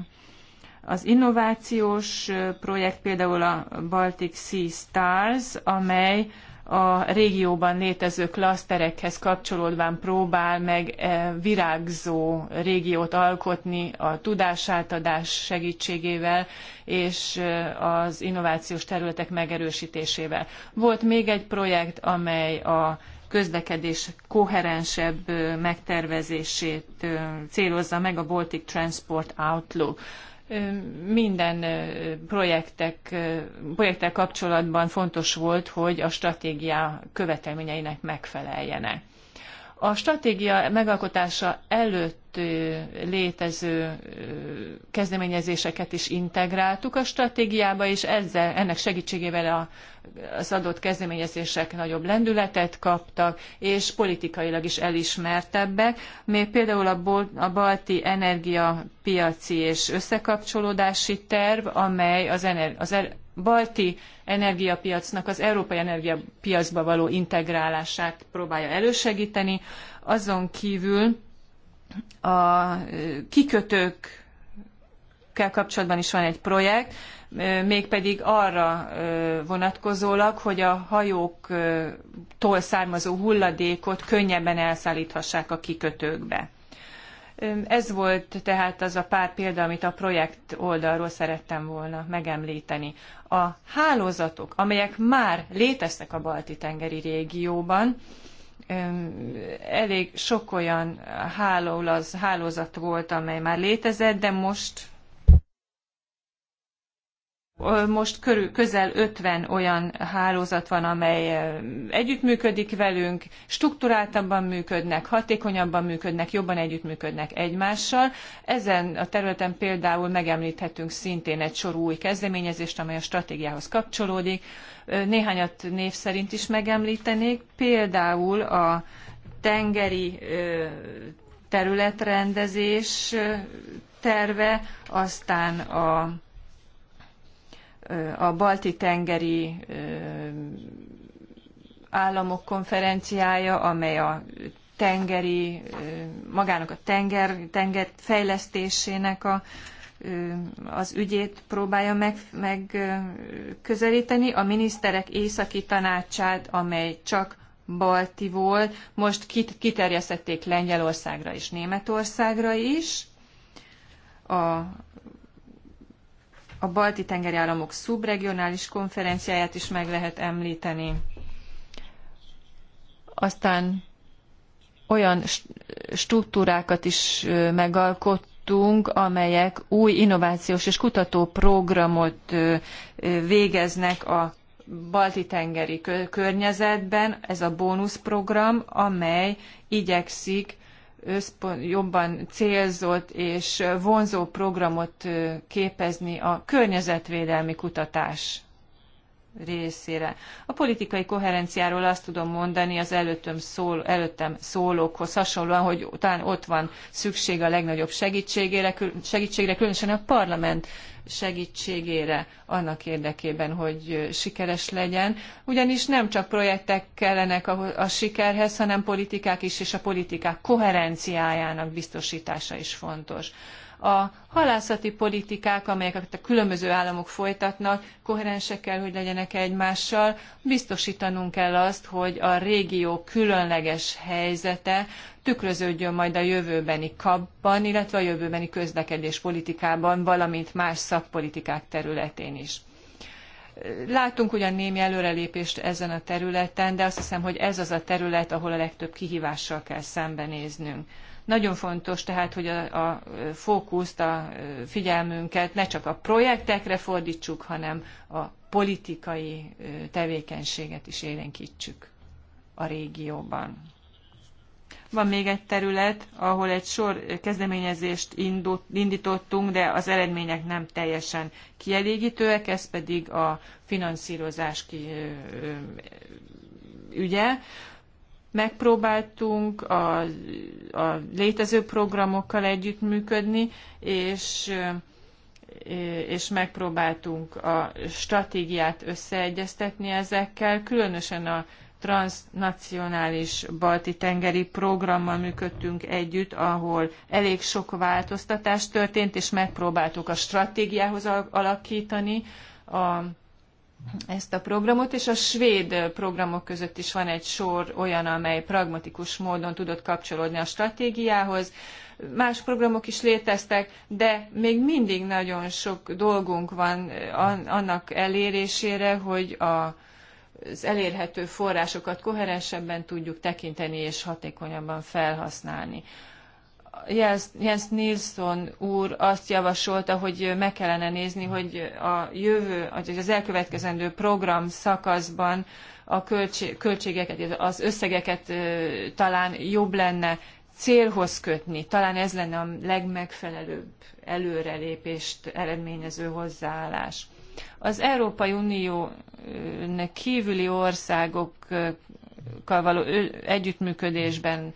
az innovációs projekt például a Baltic Sea Stars, amely a régióban létező klaszterekhez kapcsolódván próbál meg virágzó régiót alkotni a tudásátadás segítségével és az innovációs területek megerősítésével. Volt még egy projekt, amely a közlekedés koherensebb megtervezését célozza meg a Baltic Transport Outlook minden projektek, projektek kapcsolatban fontos volt, hogy a stratégia követelményeinek megfeleljenek. A stratégia megalkotása előtt együtt létező kezdeményezéseket is integráltuk a stratégiába, és ezzel, ennek segítségével a, az adott kezdeményezések nagyobb lendületet kaptak, és politikailag is elismertebbek. Még például a, Bol- a balti energiapiaci és összekapcsolódási terv, amely az, ener- az er- balti energiapiacnak az európai energiapiacba való integrálását próbálja elősegíteni. Azon kívül a kikötőkkel kapcsolatban is van egy projekt, mégpedig arra vonatkozólag, hogy a hajóktól származó hulladékot könnyebben elszállíthassák a kikötőkbe. Ez volt tehát az a pár példa, amit a projekt oldalról szerettem volna megemlíteni. A hálózatok, amelyek már léteznek a Balti-tengeri régióban, elég sok olyan hálózat volt, amely már létezett, de most most körül közel 50 olyan hálózat van, amely együttműködik velünk, struktúráltabban működnek, hatékonyabban működnek, jobban együttműködnek egymással. Ezen a területen például megemlíthetünk szintén egy sor új kezdeményezést, amely a stratégiához kapcsolódik. Néhányat név szerint is megemlítenék, például a tengeri területrendezés terve, aztán a a Balti-tengeri államok konferenciája, amely a tengeri, magának a tenger, tenger fejlesztésének a, az ügyét próbálja meg, megközelíteni. A miniszterek északi tanácsát, amely csak balti volt, most kit, kiterjesztették Lengyelországra és Németországra is. A a balti tengeri államok szubregionális konferenciáját is meg lehet említeni. Aztán olyan struktúrákat is megalkottunk, amelyek új innovációs és kutató programot végeznek a balti-tengeri környezetben, ez a bónuszprogram, amely igyekszik összpont, jobban célzott és vonzó programot képezni a környezetvédelmi kutatás részére. A politikai koherenciáról azt tudom mondani az előttem, szól, előttem szólókhoz hasonlóan, hogy talán ott van szükség a legnagyobb segítségére, segítségre, különösen a parlament segítségére annak érdekében, hogy sikeres legyen. Ugyanis nem csak projektek kellenek a, a sikerhez, hanem politikák is, és a politikák koherenciájának biztosítása is fontos a halászati politikák, amelyeket a különböző államok folytatnak, koherensek kell, hogy legyenek egymással. Biztosítanunk kell azt, hogy a régió különleges helyzete tükröződjön majd a jövőbeni kapban, illetve a jövőbeni közlekedés politikában, valamint más szakpolitikák területén is. Látunk ugyan némi előrelépést ezen a területen, de azt hiszem, hogy ez az a terület, ahol a legtöbb kihívással kell szembenéznünk nagyon fontos tehát, hogy a, a fókuszt, a figyelmünket ne csak a projektekre fordítsuk, hanem a politikai tevékenységet is élénkítsük a régióban. Van még egy terület, ahol egy sor kezdeményezést indítottunk, de az eredmények nem teljesen kielégítőek, ez pedig a finanszírozás ügye megpróbáltunk a, a létező programokkal együttműködni, és és megpróbáltunk a stratégiát összeegyeztetni ezekkel, különösen a transnacionális balti tengeri programmal működtünk együtt, ahol elég sok változtatás történt, és megpróbáltuk a stratégiához alakítani a ezt a programot, és a svéd programok között is van egy sor olyan, amely pragmatikus módon tudott kapcsolódni a stratégiához. Más programok is léteztek, de még mindig nagyon sok dolgunk van eh, annak elérésére, hogy a, az elérhető forrásokat koherensebben tudjuk tekinteni és hatékonyabban felhasználni. Jens Nilsson úr azt javasolta, hogy meg kellene nézni, hogy a jövő, vagy az elkövetkezendő program szakaszban a költségeket, az összegeket talán jobb lenne célhoz kötni. Talán ez lenne a legmegfelelőbb előrelépést eredményező hozzáállás. Az Európai Unió kívüli országokkal való együttműködésben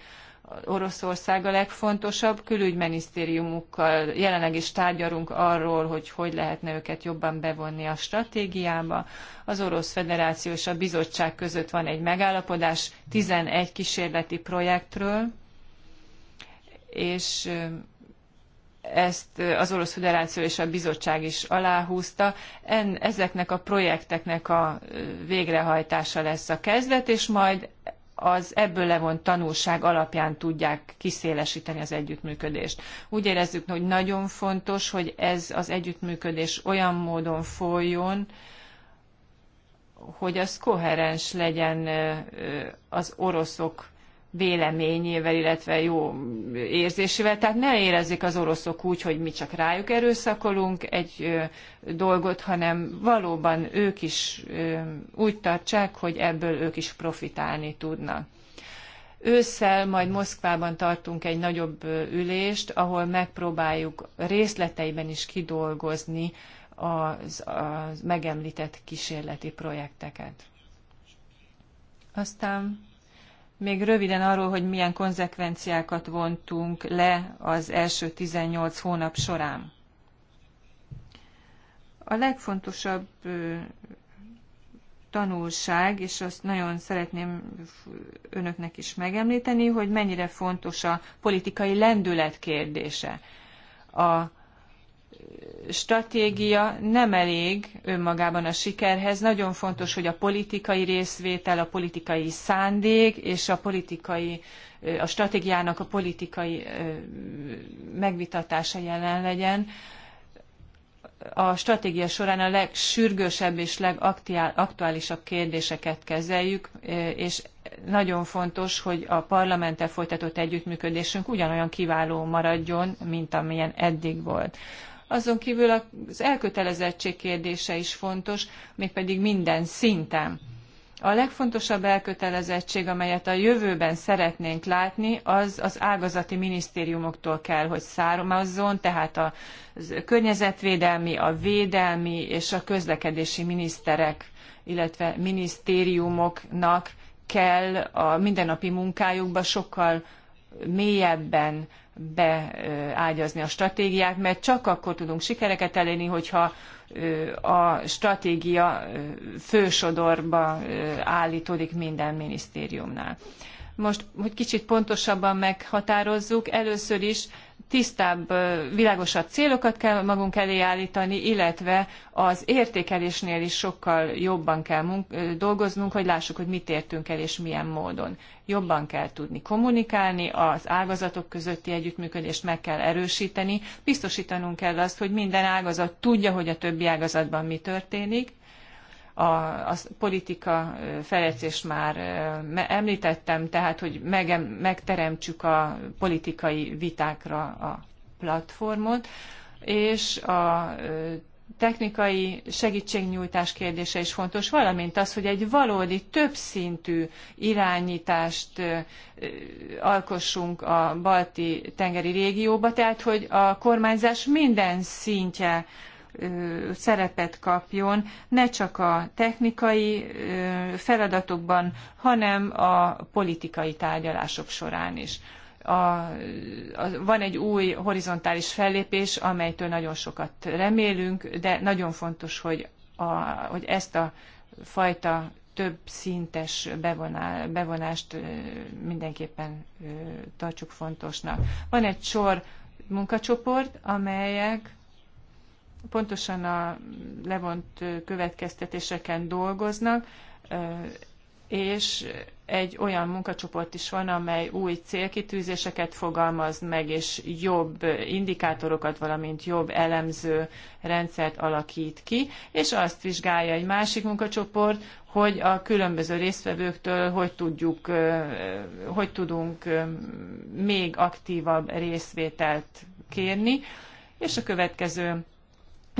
Oroszország a legfontosabb. Külügyminisztériumukkal jelenleg is tárgyalunk arról, hogy hogy lehetne őket jobban bevonni a stratégiába. Az Orosz Federáció és a bizottság között van egy megállapodás 11 kísérleti projektről, és ezt az Orosz Föderáció és a bizottság is aláhúzta. En, ezeknek a projekteknek a végrehajtása lesz a kezdet, és majd az ebből levont tanulság alapján tudják kiszélesíteni az együttműködést. Úgy érezzük, hogy nagyon fontos, hogy ez az együttműködés olyan módon folyjon, hogy az koherens legyen az oroszok véleményével, illetve jó érzésével. Tehát ne érezzék az oroszok úgy, hogy mi csak rájuk erőszakolunk egy dolgot, hanem valóban ők is úgy tartsák, hogy ebből ők is profitálni tudnak. Ősszel majd Moszkvában tartunk egy nagyobb ülést, ahol megpróbáljuk részleteiben is kidolgozni az, az megemlített kísérleti projekteket. Aztán még röviden arról, hogy milyen konzekvenciákat vontunk le az első 18 hónap során. A legfontosabb tanulság, és azt nagyon szeretném önöknek is megemlíteni, hogy mennyire fontos a politikai lendület kérdése. A stratégia nem elég önmagában a sikerhez. Nagyon fontos, hogy a politikai részvétel, a politikai szándék és a politikai, a stratégiának a politikai megvitatása jelen legyen. A stratégia során a legsürgősebb és legaktuálisabb kérdéseket kezeljük, és nagyon fontos, hogy a parlamenttel folytatott együttműködésünk ugyanolyan kiváló maradjon, mint amilyen eddig volt azon kívül az elkötelezettség kérdése is fontos, mégpedig minden szinten. A legfontosabb elkötelezettség, amelyet a jövőben szeretnénk látni, az az ágazati minisztériumoktól kell, hogy származzon, tehát a környezetvédelmi, a védelmi és a közlekedési miniszterek, illetve minisztériumoknak kell a mindennapi munkájukba sokkal mélyebben beágyazni a stratégiát, mert csak akkor tudunk sikereket elérni, hogyha a stratégia fősodorba állítódik minden minisztériumnál. Most, hogy kicsit pontosabban meghatározzuk, először is tisztább, világosabb célokat kell magunk elé állítani, illetve az értékelésnél is sokkal jobban kell dolgoznunk, hogy lássuk, hogy mit értünk el és milyen módon. Jobban kell tudni kommunikálni, az ágazatok közötti együttműködést meg kell erősíteni, biztosítanunk kell azt, hogy minden ágazat tudja, hogy a többi ágazatban mi történik, a, a politika feljegyzést már említettem, tehát hogy meg, megteremtsük a politikai vitákra a platformot, és a technikai segítségnyújtás kérdése is fontos, valamint az, hogy egy valódi többszintű irányítást alkossunk a balti tengeri régióba, tehát hogy a kormányzás minden szintje szerepet kapjon, ne csak a technikai feladatokban, hanem a politikai tárgyalások során is. A, a, van egy új horizontális fellépés, amelytől nagyon sokat remélünk, de nagyon fontos, hogy, a, hogy ezt a fajta több szintes bevonál, bevonást mindenképpen tartsuk fontosnak. Van egy sor munkacsoport, amelyek pontosan a levont következtetéseken dolgoznak, és egy olyan munkacsoport is van, amely új célkitűzéseket fogalmaz meg, és jobb indikátorokat, valamint jobb elemző rendszert alakít ki, és azt vizsgálja egy másik munkacsoport, hogy a különböző résztvevőktől hogy, tudjuk, hogy tudunk még aktívabb részvételt kérni, és a következő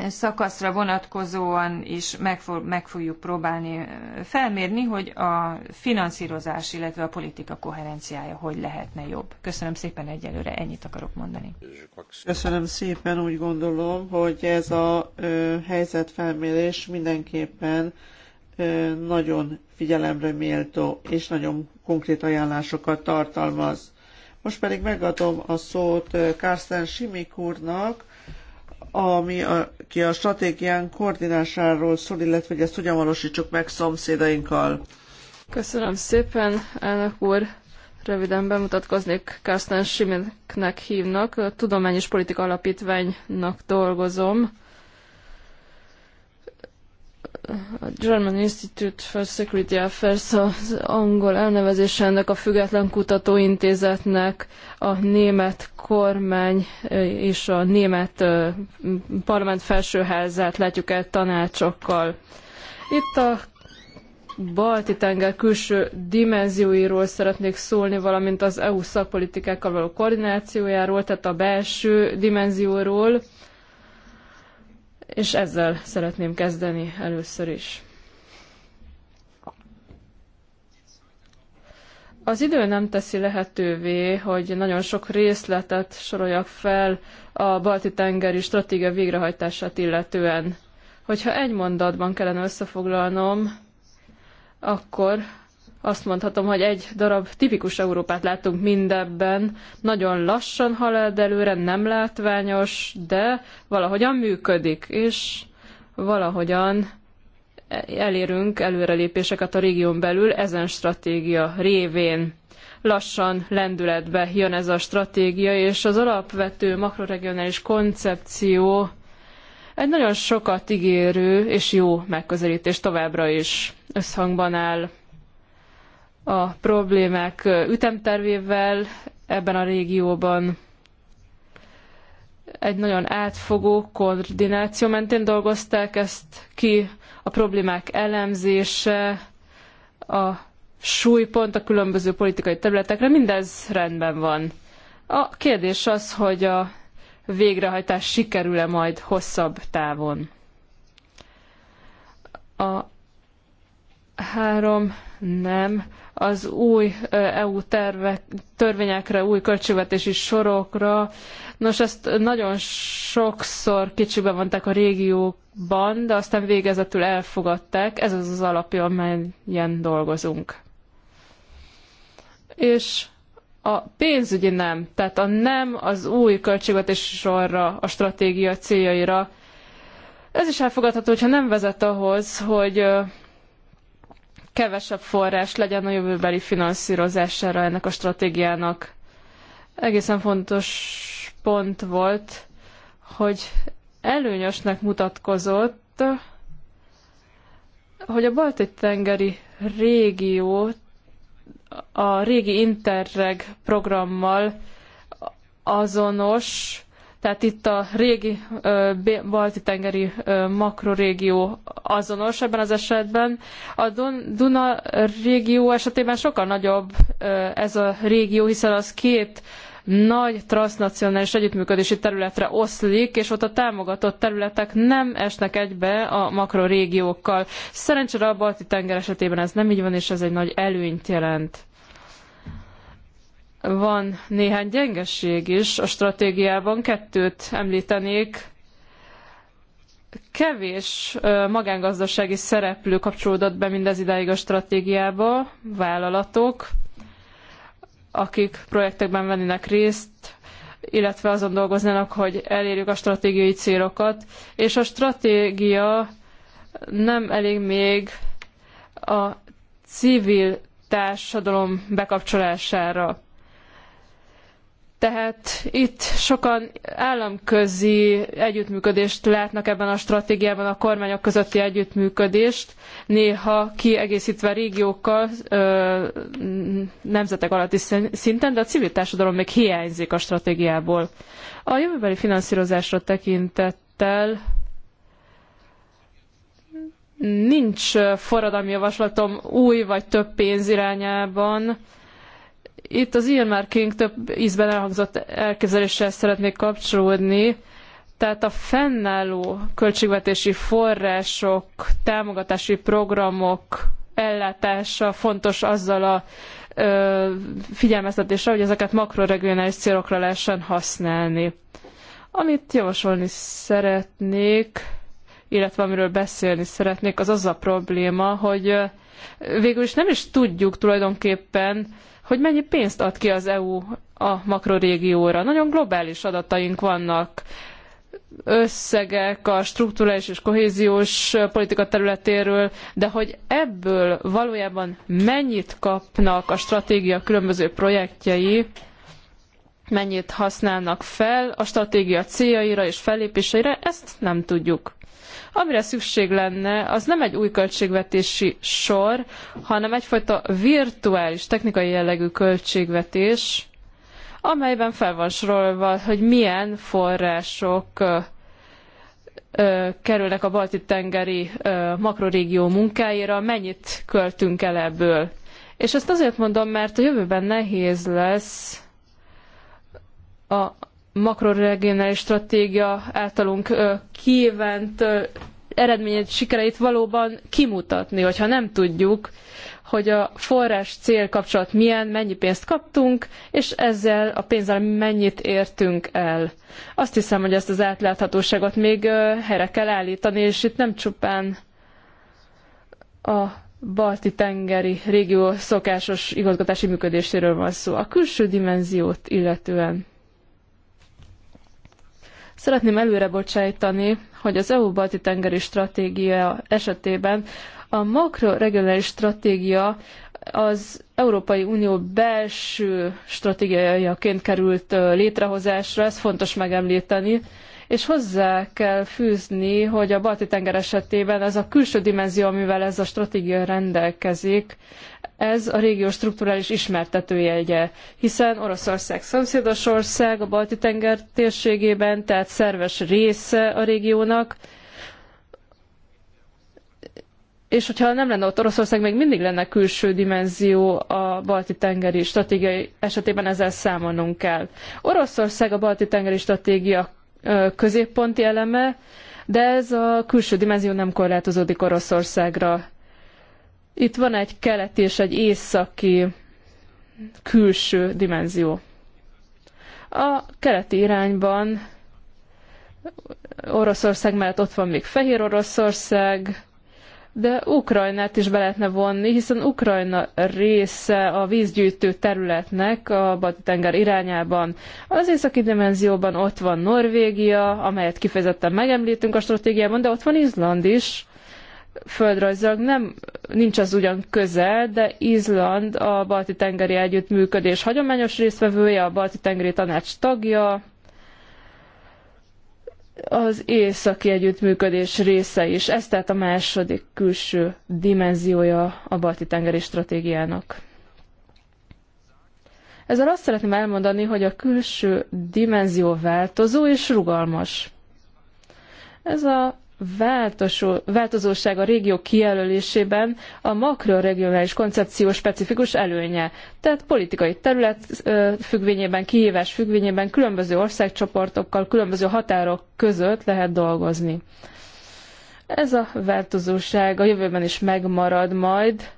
szakaszra vonatkozóan is meg, meg fogjuk próbálni felmérni, hogy a finanszírozás, illetve a politika koherenciája hogy lehetne jobb. Köszönöm szépen egyelőre, ennyit akarok mondani. Köszönöm szépen, úgy gondolom, hogy ez a ö, helyzetfelmérés mindenképpen ö, nagyon figyelemre méltó és nagyon konkrét ajánlásokat tartalmaz. Most pedig megadom a szót Kársztán Simik úrnak, ami a, ki a stratégián koordinásáról szól, illetve hogy ezt hogyan valósítsuk meg szomszédainkkal. Köszönöm szépen, elnök úr. Röviden bemutatkoznék, Karsten Siminknek hívnak, Tudományos Politika Alapítványnak dolgozom a German Institute for Security Affairs az angol elnevezése ennek a független kutatóintézetnek a német kormány és a német parlament felsőházát látjuk el tanácsokkal. Itt a balti tenger külső dimenzióiról szeretnék szólni, valamint az EU szakpolitikákkal való koordinációjáról, tehát a belső dimenzióról és ezzel szeretném kezdeni először is. Az idő nem teszi lehetővé, hogy nagyon sok részletet soroljak fel a Balti-tengeri stratégia végrehajtását illetően. Hogyha egy mondatban kellene összefoglalnom, akkor azt mondhatom, hogy egy darab tipikus Európát látunk mindebben. Nagyon lassan halad előre, nem látványos, de valahogyan működik, és valahogyan elérünk előrelépéseket a régión belül ezen stratégia révén. Lassan lendületbe jön ez a stratégia, és az alapvető makroregionális koncepció egy nagyon sokat ígérő és jó megközelítés továbbra is összhangban áll a problémák ütemtervével ebben a régióban. Egy nagyon átfogó koordináció mentén dolgozták ezt ki, a problémák elemzése, a súlypont a különböző politikai területekre, mindez rendben van. A kérdés az, hogy a végrehajtás sikerül-e majd hosszabb távon. A három nem az új EU tervek, törvényekre, új költségvetési sorokra. Nos, ezt nagyon sokszor kicsibe vonták a régiókban, de aztán végezetül elfogadták. Ez az az alapja, amelyen dolgozunk. És a pénzügyi nem, tehát a nem az új költségvetési sorra, a stratégia céljaira, ez is elfogadható, hogyha nem vezet ahhoz, hogy kevesebb forrás legyen a jövőbeli finanszírozására ennek a stratégiának. Egészen fontos pont volt, hogy előnyösnek mutatkozott, hogy a Balti-tengeri régió a régi Interreg programmal azonos tehát itt a régi balti-tengeri makrorégió azonos ebben az esetben. A Duna régió esetében sokkal nagyobb ez a régió, hiszen az két nagy transznacionális együttműködési területre oszlik, és ott a támogatott területek nem esnek egybe a makrorégiókkal. Szerencsére a Balti-tenger esetében ez nem így van, és ez egy nagy előnyt jelent. Van néhány gyengeség is a stratégiában, kettőt említenék. Kevés magángazdasági szereplő kapcsolódott be mindez idáig a stratégiába, vállalatok, akik projektekben vennének részt, illetve azon dolgoznának, hogy elérjük a stratégiai célokat, és a stratégia nem elég még a civil társadalom bekapcsolására. Tehát itt sokan államközi együttműködést látnak ebben a stratégiában, a kormányok közötti együttműködést, néha kiegészítve régiókkal, nemzetek alatti szinten, de a civil társadalom még hiányzik a stratégiából. A jövőbeli finanszírozásra tekintettel nincs forradalmi javaslatom új vagy több pénz irányában, itt az earmarking több ízben elhangzott elképzeléssel szeretnék kapcsolódni, tehát a fennálló költségvetési források, támogatási programok ellátása fontos azzal a ö, hogy ezeket makroregionális célokra lehessen használni. Amit javasolni szeretnék, illetve amiről beszélni szeretnék, az az a probléma, hogy végül is nem is tudjuk tulajdonképpen, hogy mennyi pénzt ad ki az EU a makrorégióra. Nagyon globális adataink vannak összegek a strukturális és kohéziós politika területéről, de hogy ebből valójában mennyit kapnak a stratégia különböző projektjei, mennyit használnak fel a stratégia céljaira és fellépéseire, ezt nem tudjuk. Amire szükség lenne, az nem egy új költségvetési sor, hanem egyfajta virtuális, technikai jellegű költségvetés, amelyben fel van sorolva, hogy milyen források kerülnek a balti-tengeri makrorégió munkáira, mennyit költünk el ebből. És ezt azért mondom, mert a jövőben nehéz lesz a makroregionális stratégia általunk kívánt eredményét, sikereit valóban kimutatni, hogyha nem tudjuk, hogy a forrás cél kapcsolat milyen, mennyi pénzt kaptunk, és ezzel a pénzzel mennyit értünk el. Azt hiszem, hogy ezt az átláthatóságot még helyre kell állítani, és itt nem csupán a balti tengeri régió szokásos igazgatási működéséről van szó, a külső dimenziót illetően. Szeretném előre bocsájtani, hogy az EU-balti tengeri stratégia esetében a makroregionális stratégia az Európai Unió belső stratégiajaként került létrehozásra, ez fontos megemlíteni, és hozzá kell fűzni, hogy a Balti-tenger esetében ez a külső dimenzió, amivel ez a stratégia rendelkezik, ez a régió strukturális ismertetőjegye, hiszen Oroszország szomszédos ország a Balti-tenger térségében, tehát szerves része a régiónak, és hogyha nem lenne ott Oroszország, még mindig lenne külső dimenzió a balti-tengeri stratégia esetében ezzel számolnunk kell. Oroszország a balti-tengeri stratégia középponti eleme, de ez a külső dimenzió nem korlátozódik Oroszországra. Itt van egy keleti és egy északi külső dimenzió. A keleti irányban Oroszország mellett ott van még Fehér Oroszország, de Ukrajnát is be lehetne vonni, hiszen Ukrajna része a vízgyűjtő területnek a Balti-tenger irányában. Az északi dimenzióban ott van Norvégia, amelyet kifejezetten megemlítünk a stratégiában, de ott van Izland is. Földrajzilag nem, nincs az ugyan közel, de Izland a Balti-tengeri együttműködés hagyományos résztvevője, a Balti-tengeri tanács tagja, az északi együttműködés része is. Ez tehát a második külső dimenziója a balti-tengeri stratégiának. Ezzel azt szeretném elmondani, hogy a külső dimenzió változó és rugalmas. Ez a változóság a régió kijelölésében a makroregionális koncepció specifikus előnye. Tehát politikai terület függvényében, kihívás függvényében különböző országcsoportokkal, különböző határok között lehet dolgozni. Ez a változóság a jövőben is megmarad majd,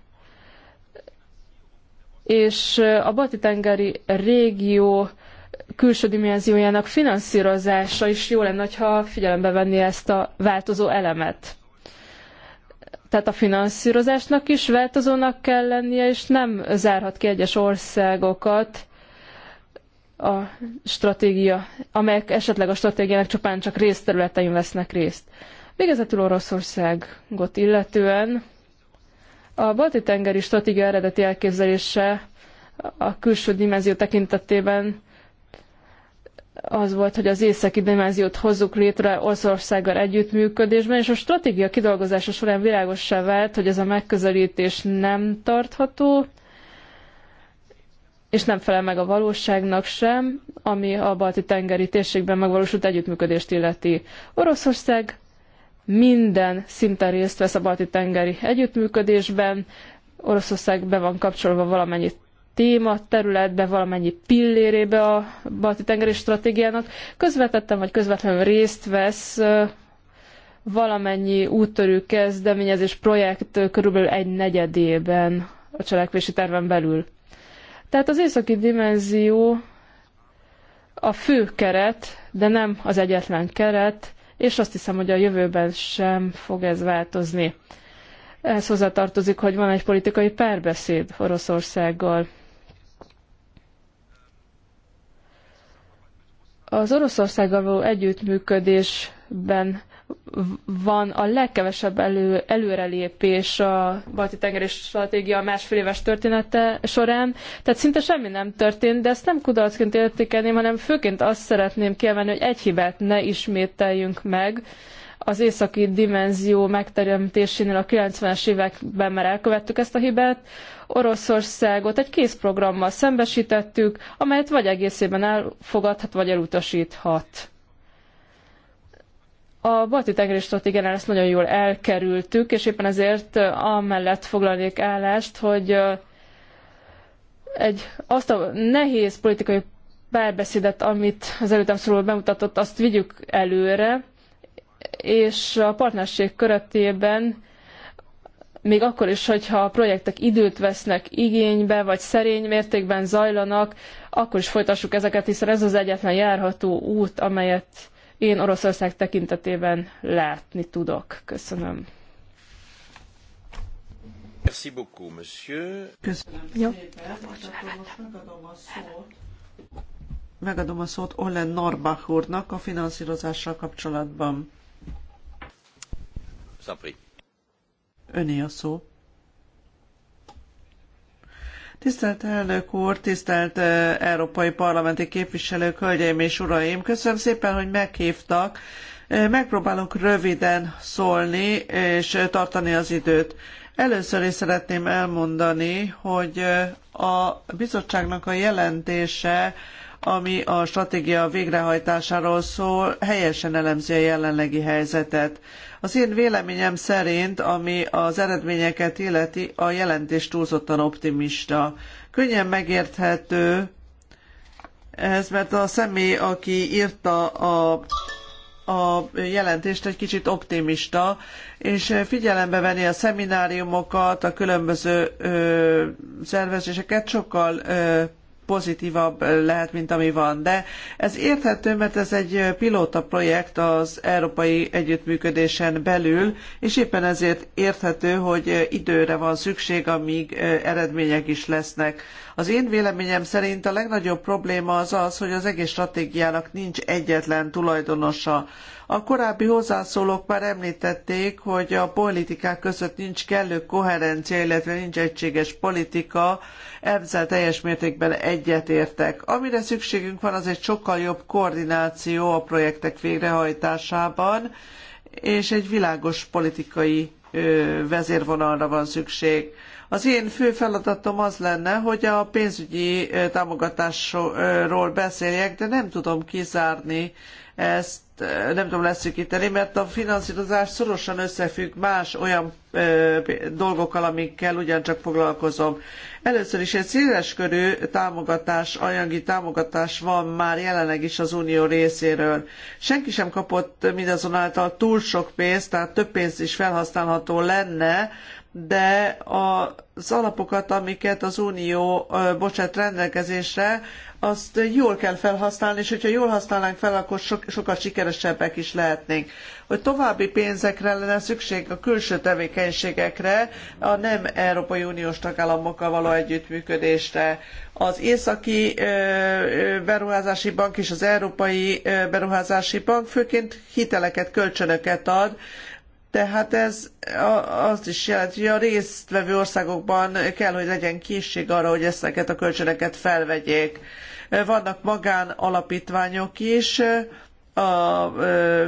és a balti tengeri régió külső dimenziójának finanszírozása is jó lenne, ha figyelembe venni ezt a változó elemet. Tehát a finanszírozásnak is változónak kell lennie, és nem zárhat ki egyes országokat a stratégia, amelyek esetleg a stratégiának csupán csak részterületein vesznek részt. Végezetül Oroszországot illetően a balti tengeri stratégia eredeti elképzelése a külső dimenzió tekintetében az volt, hogy az északi dimenziót hozzuk létre Oroszországgal együttműködésben, és a stratégia kidolgozása során világossá vált, hogy ez a megközelítés nem tartható, és nem felel meg a valóságnak sem, ami a balti tengeri térségben megvalósult együttműködést illeti. Oroszország minden szinten részt vesz a balti tengeri együttműködésben, Oroszország be van kapcsolva valamennyi téma területbe, valamennyi pillérébe a balti tengeri stratégiának, közvetetten vagy közvetlenül részt vesz valamennyi úttörő kezdeményezés projekt körülbelül egy negyedében a cselekvési terven belül. Tehát az északi dimenzió a fő keret, de nem az egyetlen keret, és azt hiszem, hogy a jövőben sem fog ez változni. Ehhez hozzátartozik, hogy van egy politikai párbeszéd Oroszországgal. Az Oroszországgal való együttműködésben van a legkevesebb elő, előrelépés a balti tengeri stratégia másfél éves története során. Tehát szinte semmi nem történt, de ezt nem kudarcként értékelném, hanem főként azt szeretném kiemelni, hogy egy hibát ne ismételjünk meg, az északi dimenzió megteremtésénél a 90-es években már elkövettük ezt a hibát. Oroszországot egy készprogrammal szembesítettük, amelyet vagy egészében elfogadhat, vagy elutasíthat. A balti tengeri stratégiánál ezt nagyon jól elkerültük, és éppen ezért amellett foglalnék állást, hogy egy azt a nehéz politikai párbeszédet, amit az előttem szóló bemutatott, azt vigyük előre, és a partnerség keretében még akkor is, hogyha a projektek időt vesznek igénybe, vagy szerény mértékben zajlanak, akkor is folytassuk ezeket, hiszen ez az egyetlen járható út, amelyet én Oroszország tekintetében látni tudok. Köszönöm. Merci beaucoup, monsieur. Köszönöm Megadom a szót Olen Norbach úrnak a finanszírozással kapcsolatban. Öné a szó. Tisztelt elnök úr, tisztelt európai parlamenti képviselők, hölgyeim és uraim! Köszönöm szépen, hogy meghívtak. Megpróbálunk röviden szólni és tartani az időt. Először is szeretném elmondani, hogy a bizottságnak a jelentése ami a stratégia végrehajtásáról szól, helyesen elemzi a jelenlegi helyzetet. Az én véleményem szerint, ami az eredményeket illeti, a jelentés túlzottan optimista. Könnyen megérthető ez, mert a személy, aki írta a a jelentést egy kicsit optimista, és figyelembe venni a szemináriumokat, a különböző ö, szervezéseket sokkal ö, pozitívabb lehet, mint ami van. De ez érthető, mert ez egy pilóta projekt az európai együttműködésen belül, és éppen ezért érthető, hogy időre van szükség, amíg eredmények is lesznek. Az én véleményem szerint a legnagyobb probléma az az, hogy az egész stratégiának nincs egyetlen tulajdonosa a korábbi hozzászólók már említették, hogy a politikák között nincs kellő koherencia, illetve nincs egységes politika, ezzel teljes mértékben egyetértek. Amire szükségünk van, az egy sokkal jobb koordináció a projektek végrehajtásában, és egy világos politikai vezérvonalra van szükség. Az én fő feladatom az lenne, hogy a pénzügyi támogatásról beszéljek, de nem tudom kizárni ezt nem tudom leszűkíteni, mert a finanszírozás szorosan összefügg más olyan ö, dolgokkal, amikkel ugyancsak foglalkozom. Először is egy széleskörű támogatás, anyagi támogatás van már jelenleg is az Unió részéről. Senki sem kapott mindazonáltal túl sok pénzt, tehát több pénz is felhasználható lenne, de az alapokat, amiket az Unió bocsát rendelkezésre, azt jól kell felhasználni, és hogyha jól használnánk fel, akkor sok, sokkal sikeresebbek is lehetnénk. Hogy további pénzekre lenne szükség a külső tevékenységekre, a nem Európai Uniós tagállamokkal való együttműködésre. Az Északi Beruházási Bank és az Európai Beruházási Bank főként hiteleket, kölcsönöket ad, tehát ez azt is jelenti, hogy a résztvevő országokban kell, hogy legyen készség arra, hogy ezeket a kölcsönöket felvegyék. Vannak magánalapítványok is, a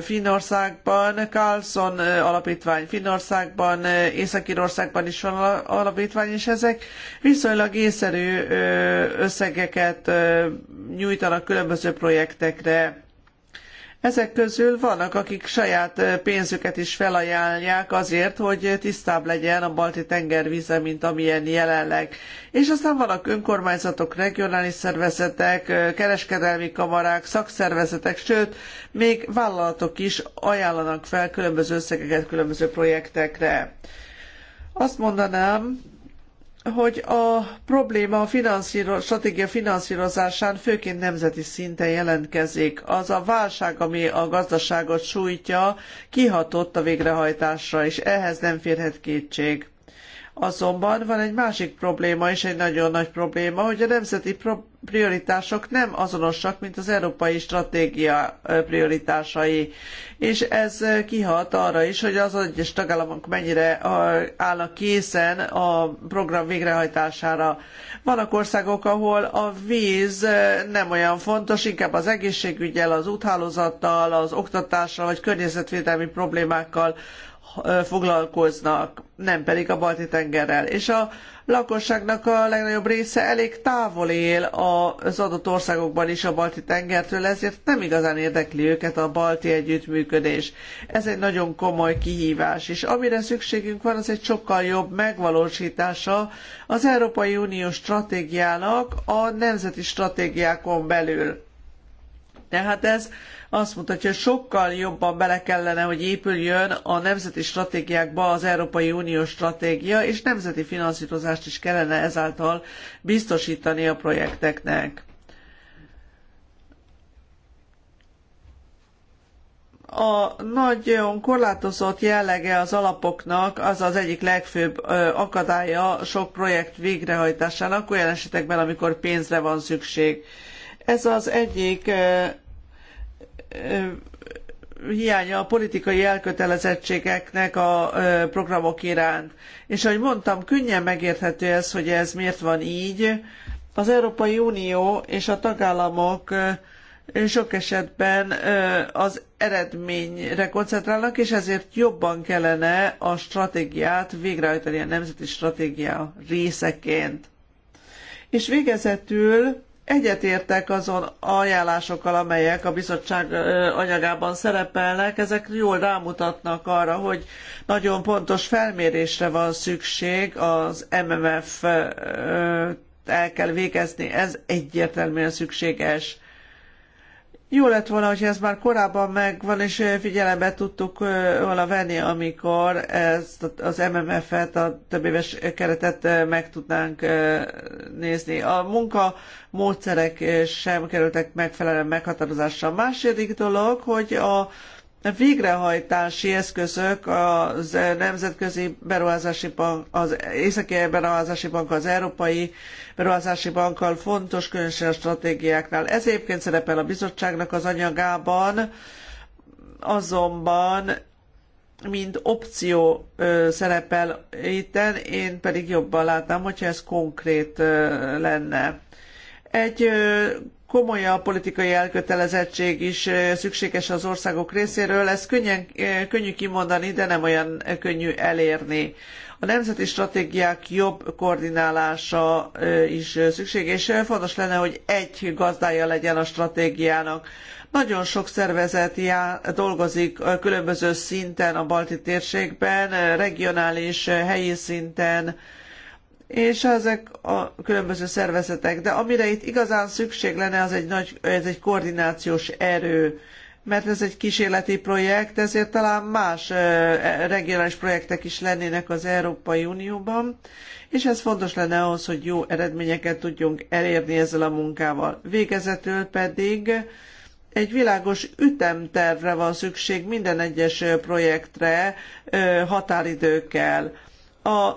Finnországban, Carlson alapítvány Finnországban, Észak-Írországban is van alapítvány, és ezek viszonylag észszerű összegeket nyújtanak különböző projektekre. Ezek közül vannak, akik saját pénzüket is felajánlják azért, hogy tisztább legyen a balti tenger víze, mint amilyen jelenleg. És aztán vannak önkormányzatok, regionális szervezetek, kereskedelmi kamarák, szakszervezetek, sőt, még vállalatok is ajánlanak fel különböző összegeket különböző projektekre. Azt mondanám, hogy a probléma a stratégia finanszírozásán főként nemzeti szinten jelentkezik. Az a válság, ami a gazdaságot sújtja, kihatott a végrehajtásra, és ehhez nem férhet kétség. Azonban van egy másik probléma is, egy nagyon nagy probléma, hogy a nemzeti prioritások nem azonosak, mint az európai stratégia prioritásai. És ez kihat arra is, hogy az egyes tagállamok mennyire állnak készen a program végrehajtására. Vannak országok, ahol a víz nem olyan fontos, inkább az egészségügyel, az úthálózattal, az oktatással vagy környezetvédelmi problémákkal foglalkoznak, nem pedig a balti tengerrel. És a lakosságnak a legnagyobb része elég távol él az adott országokban is a balti tengertől, ezért nem igazán érdekli őket a balti együttműködés. Ez egy nagyon komoly kihívás, és amire szükségünk van, az egy sokkal jobb megvalósítása az Európai Unió stratégiának a nemzeti stratégiákon belül tehát ez azt mutatja, hogy sokkal jobban bele kellene, hogy épüljön a nemzeti stratégiákba az Európai Unió stratégia, és nemzeti finanszírozást is kellene ezáltal biztosítani a projekteknek. a nagyon korlátozott jellege az alapoknak az az egyik legfőbb akadálya sok projekt végrehajtásának olyan esetekben, amikor pénzre van szükség. Ez az egyik hiánya a politikai elkötelezettségeknek a programok iránt. És ahogy mondtam, könnyen megérthető ez, hogy ez miért van így. Az Európai Unió és a tagállamok sok esetben az eredményre koncentrálnak, és ezért jobban kellene a stratégiát végrehajtani a nemzeti stratégia részeként. És végezetül Egyetértek azon ajánlásokkal, amelyek a bizottság anyagában szerepelnek. Ezek jól rámutatnak arra, hogy nagyon pontos felmérésre van szükség az MMF el kell végezni, ez egyértelműen szükséges. Jó lett volna, hogy ez már korábban megvan, és eh, figyelembe tudtuk eh, volna venni, amikor ezt az MMF-et, a többéves keretet eh, meg tudnánk nézni. A munka módszerek sem kerültek megfelelően meghatározásra. második dolog, hogy a végrehajtási eszközök az Nemzetközi Beruházási Bank, az Északi Beruházási Bank, az Európai Beruházási Bankkal fontos, különösen a stratégiáknál. Ez egyébként szerepel a bizottságnak az anyagában, azonban mint opció szerepel itten, én pedig jobban látnám, hogyha ez konkrét lenne. Egy komolyabb politikai elkötelezettség is szükséges az országok részéről. Ez könnyen, könnyű kimondani, de nem olyan könnyű elérni. A nemzeti stratégiák jobb koordinálása is szükséges. Fontos lenne, hogy egy gazdája legyen a stratégiának. Nagyon sok szervezet dolgozik különböző szinten a balti térségben, regionális, helyi szinten, és ezek a különböző szervezetek. De amire itt igazán szükség lenne, az egy nagy, ez egy koordinációs erő, mert ez egy kísérleti projekt, ezért talán más e, regionális projektek is lennének az Európai Unióban, és ez fontos lenne ahhoz, hogy jó eredményeket tudjunk elérni ezzel a munkával. Végezetül pedig egy világos ütemtervre van szükség minden egyes projektre határidőkkel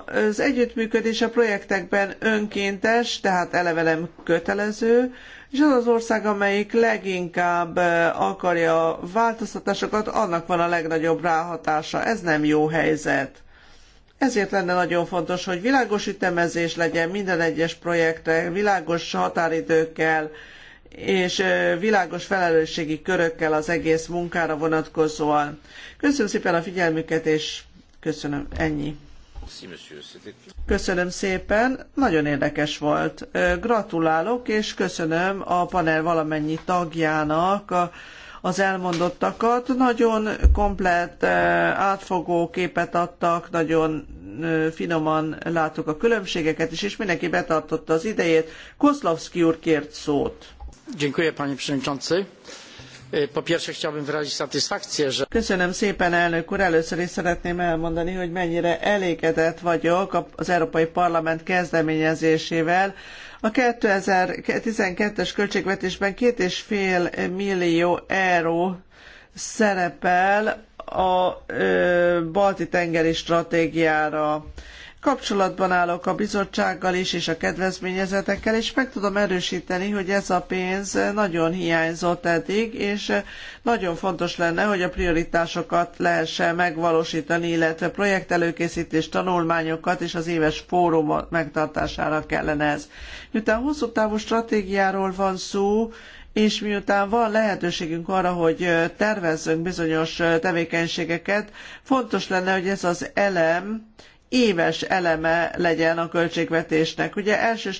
az együttműködés a projektekben önkéntes, tehát eleve nem kötelező, és az az ország, amelyik leginkább akarja a változtatásokat, annak van a legnagyobb ráhatása. Ez nem jó helyzet. Ezért lenne nagyon fontos, hogy világos ütemezés legyen minden egyes projektre, világos határidőkkel, és világos felelősségi körökkel az egész munkára vonatkozóan. Köszönöm szépen a figyelmüket, és köszönöm ennyi. Köszönöm szépen, nagyon érdekes volt. Gratulálok, és köszönöm a panel valamennyi tagjának az elmondottakat. Nagyon komplett, átfogó képet adtak, nagyon finoman láttuk a különbségeket is, és mindenki betartotta az idejét. Koszlovszki úr kért szót. Dziękuję, panie przewodniczący. Po pierwsze chciałbym wyrazić satysfakcję, że... Köszönöm szépen, elnök úr! Először is szeretném elmondani, hogy mennyire elégedett vagyok az Európai Parlament kezdeményezésével. A 2012-es költségvetésben két és fél millió euró szerepel a balti tengeri stratégiára. Kapcsolatban állok a bizottsággal is, és a kedvezményezetekkel, és meg tudom erősíteni, hogy ez a pénz nagyon hiányzott eddig, és nagyon fontos lenne, hogy a prioritásokat lehessen megvalósítani, illetve projektelőkészítés, tanulmányokat és az éves fórum megtartására kellene ez. Miután hosszú távú stratégiáról van szó, és miután van lehetőségünk arra, hogy tervezzünk bizonyos tevékenységeket, fontos lenne, hogy ez az elem éves eleme legyen a költségvetésnek. Ugye első,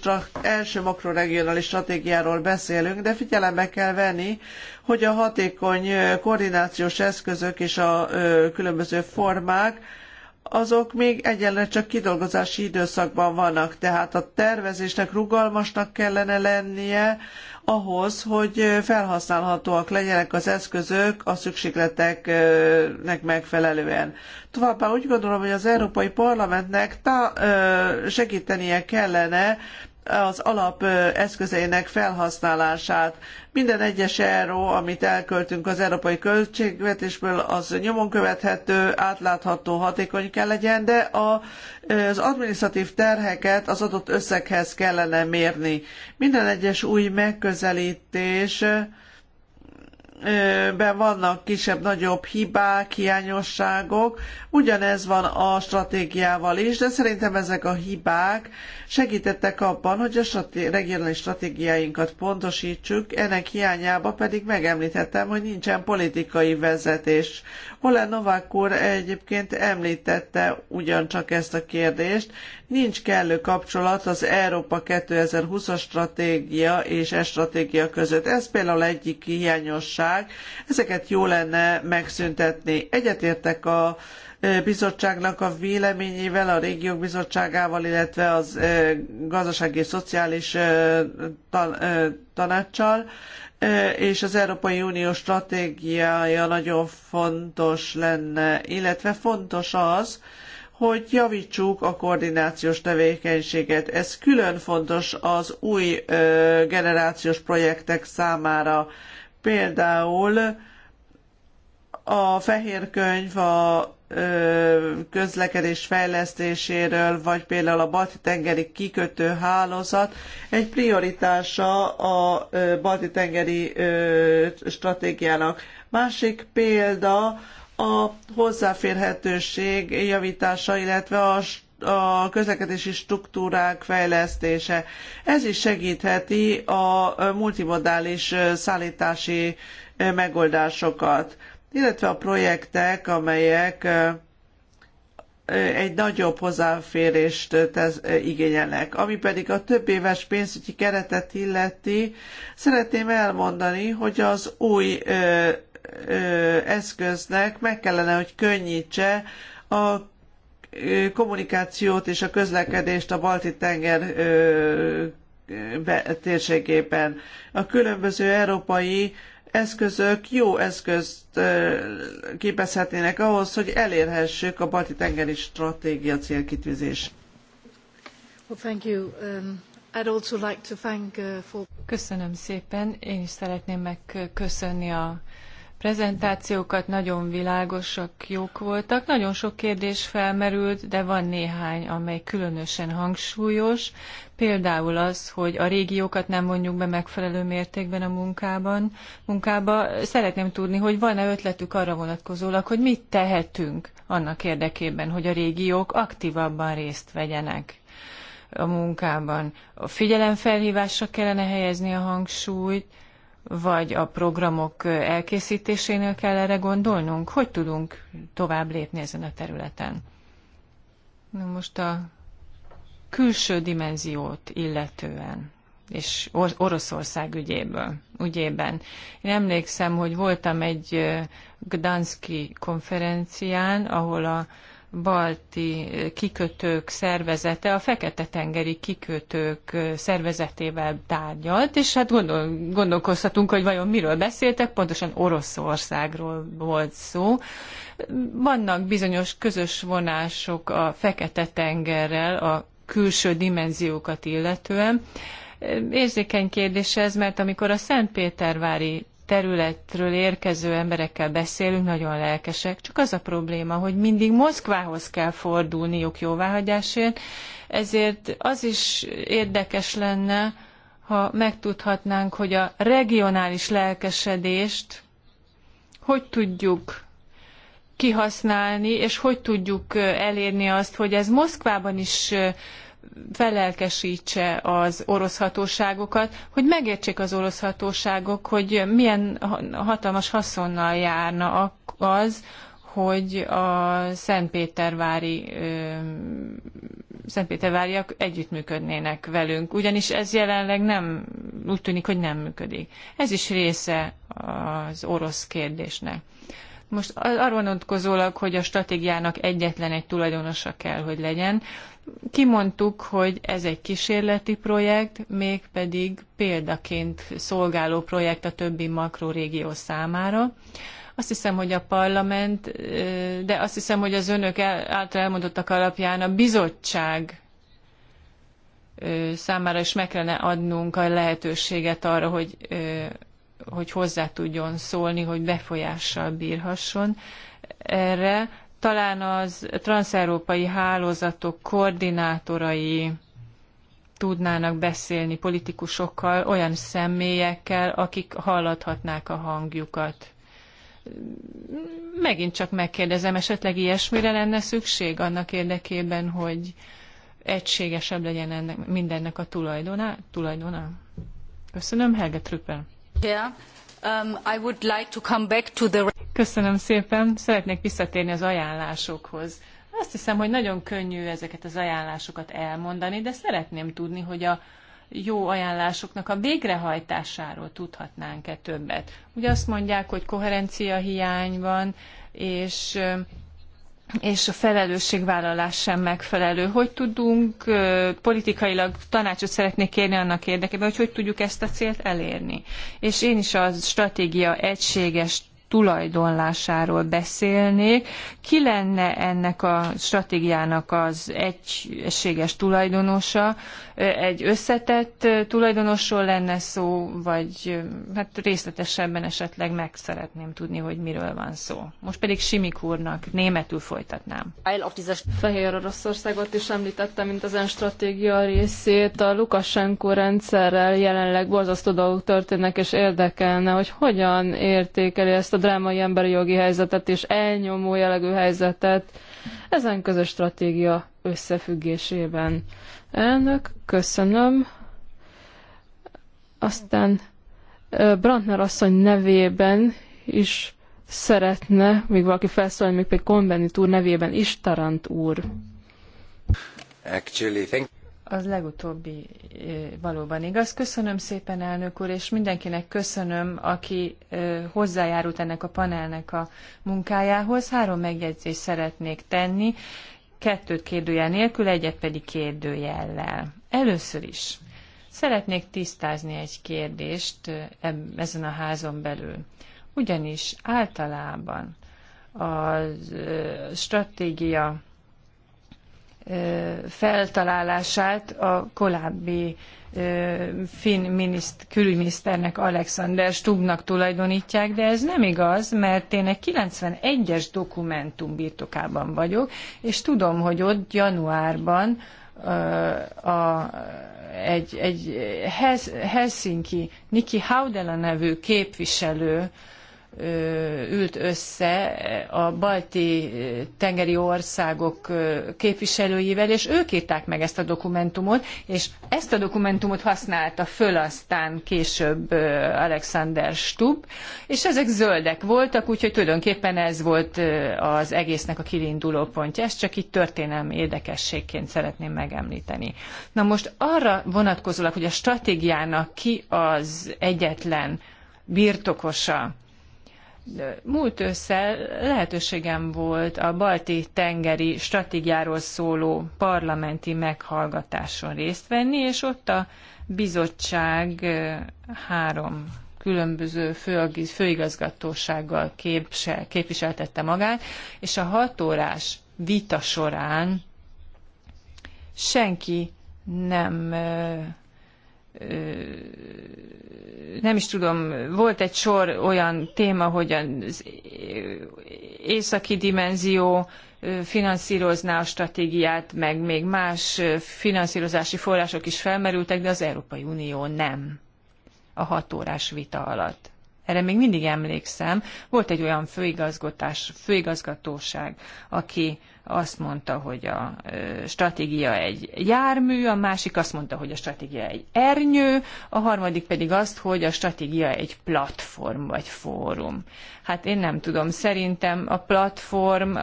első makroregionális stratégiáról beszélünk, de figyelembe kell venni, hogy a hatékony koordinációs eszközök és a különböző formák azok még egyelőre csak kidolgozási időszakban vannak, tehát a tervezésnek rugalmasnak kellene lennie ahhoz, hogy felhasználhatóak legyenek az eszközök a szükségleteknek megfelelően. Továbbá úgy gondolom, hogy az Európai Parlamentnek tá- segítenie kellene az alap eszközeinek felhasználását. Minden egyes euró, amit elköltünk az európai költségvetésből, az nyomon követhető, átlátható, hatékony kell legyen, de a, az administratív terheket az adott összeghez kellene mérni. Minden egyes új megközelítés ben vannak kisebb-nagyobb hibák, hiányosságok, Ugyanez van a stratégiával is, de szerintem ezek a hibák segítettek abban, hogy a straté- regionális stratégiáinkat pontosítsuk, ennek hiányába pedig megemlítettem, hogy nincsen politikai vezetés. Ole Novák úr egyébként említette ugyancsak ezt a kérdést, nincs kellő kapcsolat az Európa 2020-as stratégia és e stratégia között. Ez például egyik hiányosság, ezeket jó lenne megszüntetni. Egyetértek a bizottságnak a véleményével, a régiók bizottságával, illetve az gazdasági és szociális tanáccsal és az Európai Unió stratégiája nagyon fontos lenne, illetve fontos az, hogy javítsuk a koordinációs tevékenységet. Ez külön fontos az új generációs projektek számára. Például a fehér könyv a közlekedés fejlesztéséről, vagy például a Balti-tengeri kikötő hálózat egy prioritása a Balti-tengeri stratégiának. Másik példa a hozzáférhetőség javítása, illetve a a közlekedési struktúrák fejlesztése. Ez is segítheti a multimodális szállítási megoldásokat illetve a projektek, amelyek egy nagyobb hozzáférést tesz, igényelnek. Ami pedig a több éves pénzügyi keretet illeti, szeretném elmondani, hogy az új ö, ö, eszköznek meg kellene, hogy könnyítse a kommunikációt és a közlekedést a Balti-tenger térségében. A különböző európai eszközök jó eszközt képezhetnének ahhoz, hogy elérhessük a balti tengeri stratégia célkitűzés. Köszönöm szépen. Én is szeretném megköszönni a prezentációkat, nagyon világosak, jók voltak. Nagyon sok kérdés felmerült, de van néhány, amely különösen hangsúlyos. Például az, hogy a régiókat nem vonjuk be megfelelő mértékben a munkában. Munkába szeretném tudni, hogy van-e ötletük arra vonatkozólag, hogy mit tehetünk annak érdekében, hogy a régiók aktívabban részt vegyenek a munkában. A figyelemfelhívásra kellene helyezni a hangsúlyt, vagy a programok elkészítésénél kell erre gondolnunk? Hogy tudunk tovább lépni ezen a területen? Na most a külső dimenziót illetően és Oroszország ügyéből, ügyében. Én emlékszem, hogy voltam egy Gdanszki konferencián, ahol a balti kikötők szervezete a Fekete-tengeri kikötők szervezetével tárgyalt, és hát gondol, gondolkozhatunk, hogy vajon miről beszéltek, pontosan Oroszországról volt szó. Vannak bizonyos közös vonások a Fekete-tengerrel, a külső dimenziókat illetően. Érzékeny kérdés ez, mert amikor a Szentpétervári területről érkező emberekkel beszélünk, nagyon lelkesek, csak az a probléma, hogy mindig Moszkvához kell fordulniuk jóváhagyásért, ezért az is érdekes lenne, ha megtudhatnánk, hogy a regionális lelkesedést hogy tudjuk kihasználni, és hogy tudjuk elérni azt, hogy ez Moszkvában is felelkesítse az orosz hatóságokat, hogy megértsék az orosz hatóságok, hogy milyen hatalmas haszonnal járna az, hogy a Szentpétervári Szentpéterváriak együttműködnének velünk, ugyanis ez jelenleg nem, úgy tűnik, hogy nem működik. Ez is része az orosz kérdésnek. Most arról vonatkozólag, hogy a stratégiának egyetlen egy tulajdonosa kell, hogy legyen, Kimondtuk, hogy ez egy kísérleti projekt, mégpedig példaként szolgáló projekt a többi makrorégió számára. Azt hiszem, hogy a parlament, de azt hiszem, hogy az önök által elmondottak alapján a bizottság számára is meg kellene adnunk a lehetőséget arra, hogy, hogy hozzá tudjon szólni, hogy befolyással bírhasson erre talán az transzeurópai hálózatok koordinátorai tudnának beszélni politikusokkal, olyan személyekkel, akik hallathatnák a hangjukat. Megint csak megkérdezem, esetleg ilyesmire lenne szükség annak érdekében, hogy egységesebb legyen ennek, mindennek a tulajdona? tulajdona? Köszönöm, Helge Trüppel. Yeah. Um, Köszönöm szépen. Szeretnék visszatérni az ajánlásokhoz. Azt hiszem, hogy nagyon könnyű ezeket az ajánlásokat elmondani, de szeretném tudni, hogy a jó ajánlásoknak a végrehajtásáról tudhatnánk-e többet. Ugye azt mondják, hogy koherencia hiány van, és um, és a felelősségvállalás sem megfelelő. Hogy tudunk politikailag tanácsot szeretnék kérni annak érdekében, hogy hogy tudjuk ezt a célt elérni? És én is a stratégia egységes tulajdonlásáról beszélnék. Ki lenne ennek a stratégiának az egységes tulajdonosa? Egy összetett tulajdonosról lenne szó, vagy hát részletesebben esetleg meg szeretném tudni, hogy miről van szó. Most pedig Simik úrnak németül folytatnám. Fehér Oroszországot is említettem, mint az EN stratégia részét. A Lukashenko rendszerrel jelenleg borzasztó dolgok történnek, és érdekelne, hogy hogyan értékeli ezt a drámai emberi jogi helyzetet és elnyomó jellegű helyzetet ezen közös stratégia összefüggésében. Elnök, köszönöm. Aztán Brandner asszony nevében is szeretne még valaki felszólni, még például Konbenit úr nevében is, Tarant úr. Actually, thank az legutóbbi valóban igaz. Köszönöm szépen, elnök úr, és mindenkinek köszönöm, aki hozzájárult ennek a panelnek a munkájához. Három megjegyzést szeretnék tenni, kettőt kérdőjel nélkül, egyet pedig kérdőjellel. Először is szeretnék tisztázni egy kérdést ezen a házon belül. Ugyanis általában a stratégia feltalálását a korábbi finn miniszt, külügyminiszternek Alexander Stubbnak tulajdonítják, de ez nem igaz, mert én egy 91-es dokumentum birtokában vagyok, és tudom, hogy ott januárban a, egy, egy Helsinki Niki Haudela nevű képviselő ült össze a balti tengeri országok képviselőivel, és ők írták meg ezt a dokumentumot, és ezt a dokumentumot használta föl aztán később Alexander Stubb, és ezek zöldek voltak, úgyhogy tulajdonképpen ez volt az egésznek a kiinduló pontja. Ezt csak így történelmi érdekességként szeretném megemlíteni. Na most arra vonatkozólag, hogy a stratégiának ki az egyetlen birtokosa, Múlt ősszel lehetőségem volt a balti tengeri stratégiáról szóló parlamenti meghallgatáson részt venni, és ott a bizottság három különböző főigazgatósággal képsel, képviseltette magát, és a hatórás vita során senki nem nem is tudom, volt egy sor olyan téma, hogy az északi dimenzió finanszírozná a stratégiát, meg még más finanszírozási források is felmerültek, de az Európai Unió nem a órás vita alatt. Erre még mindig emlékszem, volt egy olyan főigazgatás, főigazgatóság, aki azt mondta, hogy a stratégia egy jármű, a másik azt mondta, hogy a stratégia egy ernyő, a harmadik pedig azt, hogy a stratégia egy platform vagy fórum. Hát én nem tudom, szerintem a platform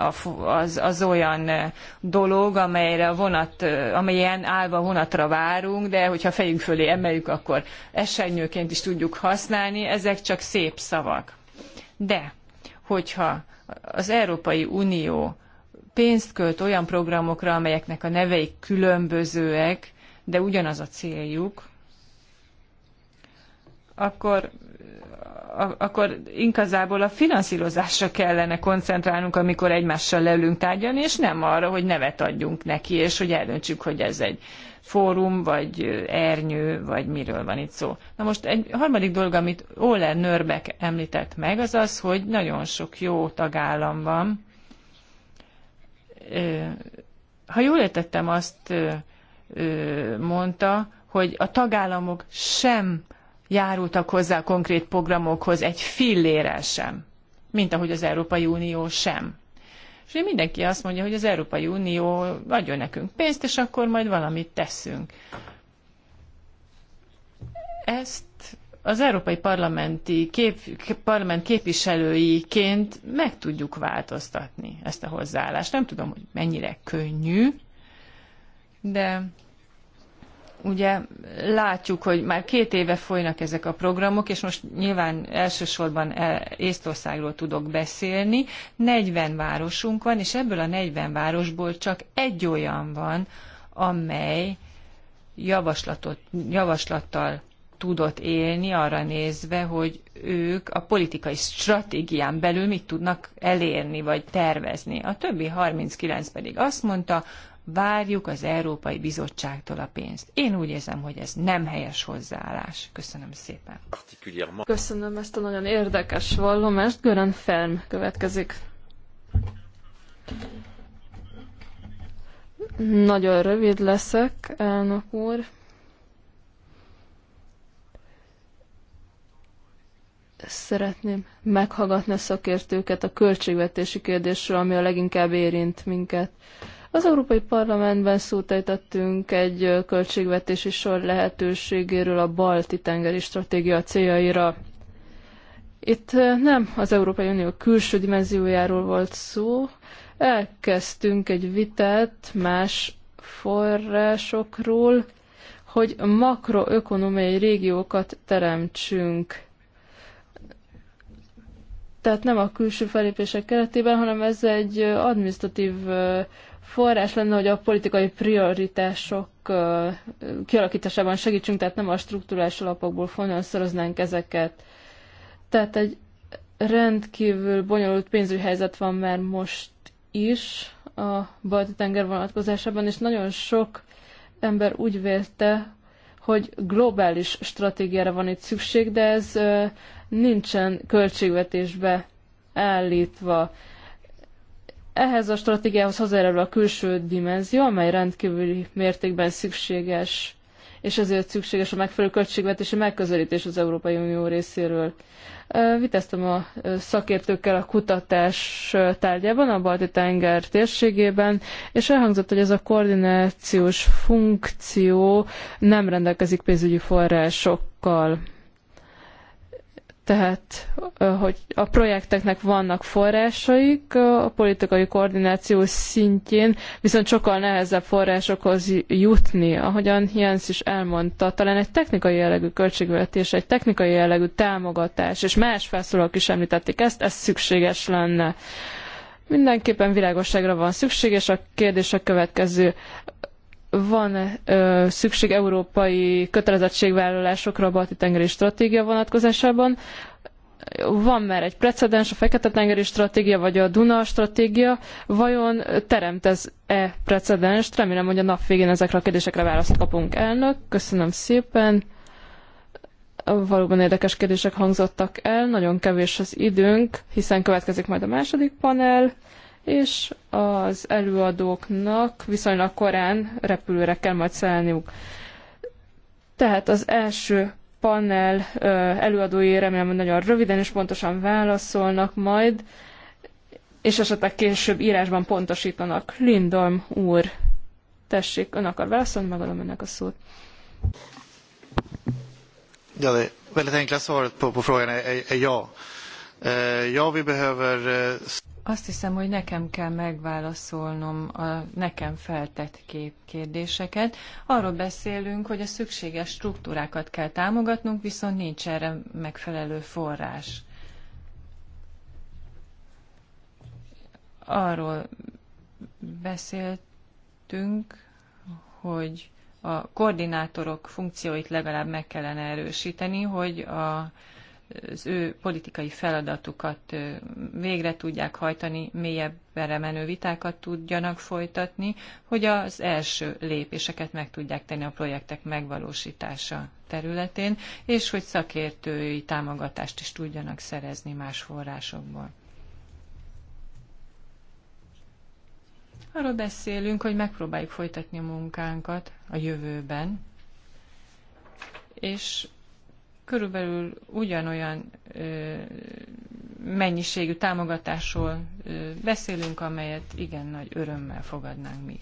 az, az olyan dolog, amelyre a vonat, amelyen állva vonatra várunk, de hogyha fejünk fölé emeljük, akkor esernyőként is tudjuk használni, ezek csak szép szavak. De, hogyha az Európai Unió pénzt költ olyan programokra, amelyeknek a nevei különbözőek, de ugyanaz a céljuk, akkor, akkor inkább a finanszírozásra kellene koncentrálnunk, amikor egymással leülünk tárgyalni, és nem arra, hogy nevet adjunk neki, és hogy eldöntsük, hogy ez egy fórum, vagy ernyő, vagy miről van itt szó. Na most egy harmadik dolog, amit Ole Nörbek említett meg, az az, hogy nagyon sok jó tagállam van, ha jól értettem, azt mondta, hogy a tagállamok sem járultak hozzá konkrét programokhoz egy fillérel sem, mint ahogy az Európai Unió sem. És mindenki azt mondja, hogy az Európai Unió adjon nekünk pénzt, és akkor majd valamit teszünk. Ezt az Európai Parlamenti kép, Parlament képviselőiként meg tudjuk változtatni ezt a hozzáállást. Nem tudom, hogy mennyire könnyű, de ugye látjuk, hogy már két éve folynak ezek a programok, és most nyilván elsősorban e, Észtországról tudok beszélni. 40 városunk van, és ebből a 40 városból csak egy olyan van, amely javaslatot, javaslattal tudott élni arra nézve, hogy ők a politikai stratégián belül mit tudnak elérni vagy tervezni. A többi 39 pedig azt mondta, várjuk az Európai Bizottságtól a pénzt. Én úgy érzem, hogy ez nem helyes hozzáállás. Köszönöm szépen. Köszönöm ezt a nagyon érdekes vallomást. Göran Ferm következik. Nagyon rövid leszek, elnök úr. szeretném meghallgatni a szakértőket a költségvetési kérdésről, ami a leginkább érint minket. Az Európai Parlamentben szót ejtettünk egy költségvetési sor lehetőségéről a balti tengeri stratégia céljaira. Itt nem az Európai Unió külső dimenziójáról volt szó, elkezdtünk egy vitát más forrásokról, hogy makroökonomiai régiókat teremtsünk tehát nem a külső felépések keretében, hanem ez egy administratív forrás lenne, hogy a politikai prioritások kialakításában segítsünk, tehát nem a struktúrás alapokból finanszíroznánk ezeket. Tehát egy rendkívül bonyolult pénzügyi helyzet van már most is a balti tenger vonatkozásában, és nagyon sok ember úgy vélte, hogy globális stratégiára van itt szükség, de ez nincsen költségvetésbe állítva. Ehhez a stratégiához hozzájárul a külső dimenzió, amely rendkívüli mértékben szükséges, és ezért szükséges a megfelelő költségvetési megközelítés az Európai Unió részéről. Viteztem a szakértőkkel a kutatás tárgyában, a Balti-tenger térségében, és elhangzott, hogy ez a koordinációs funkció nem rendelkezik pénzügyi forrásokkal tehát hogy a projekteknek vannak forrásaik a politikai koordináció szintjén, viszont sokkal nehezebb forrásokhoz jutni, ahogyan Jens is elmondta. Talán egy technikai jellegű költségvetés, egy technikai jellegű támogatás, és más felszólalók is említették ezt, ez szükséges lenne. Mindenképpen világosságra van szükség, és a kérdés a következő van ö, szükség európai kötelezettségvállalásokra a balti tengeri stratégia vonatkozásában. Van már egy precedens, a Fekete-tengeri stratégia vagy a Duna stratégia. Vajon teremt ez-e precedenst? Remélem, hogy a nap végén ezekre a kérdésekre választ kapunk elnök. Köszönöm szépen. Valóban érdekes kérdések hangzottak el, nagyon kevés az időnk, hiszen következik majd a második panel és az előadóknak viszonylag korán repülőre kell majd szállniuk. Tehát az első panel előadói remélem, hogy nagyon röviden és pontosan válaszolnak majd, és esetleg később írásban pontosítanak. Lindom úr, tessék, ön akar válaszolni, megadom önnek a szót. Ja, det väldigt enkla svaret på, på frågan är, är ja. Eh, ja, vi behöver Uh... Azt hiszem, hogy nekem kell megválaszolnom a nekem feltett kép kérdéseket. Arról beszélünk, hogy a szükséges struktúrákat kell támogatnunk, viszont nincs erre megfelelő forrás. Arról beszéltünk, hogy a koordinátorok funkcióit legalább meg kellene erősíteni, hogy a az ő politikai feladatukat végre tudják hajtani, mélyebbre menő vitákat tudjanak folytatni, hogy az első lépéseket meg tudják tenni a projektek megvalósítása területén, és hogy szakértői támogatást is tudjanak szerezni más forrásokból. Arról beszélünk, hogy megpróbáljuk folytatni a munkánkat a jövőben, és körülbelül ugyanolyan mennyiségű támogatásról beszélünk, amelyet igen nagy örömmel fogadnánk mi.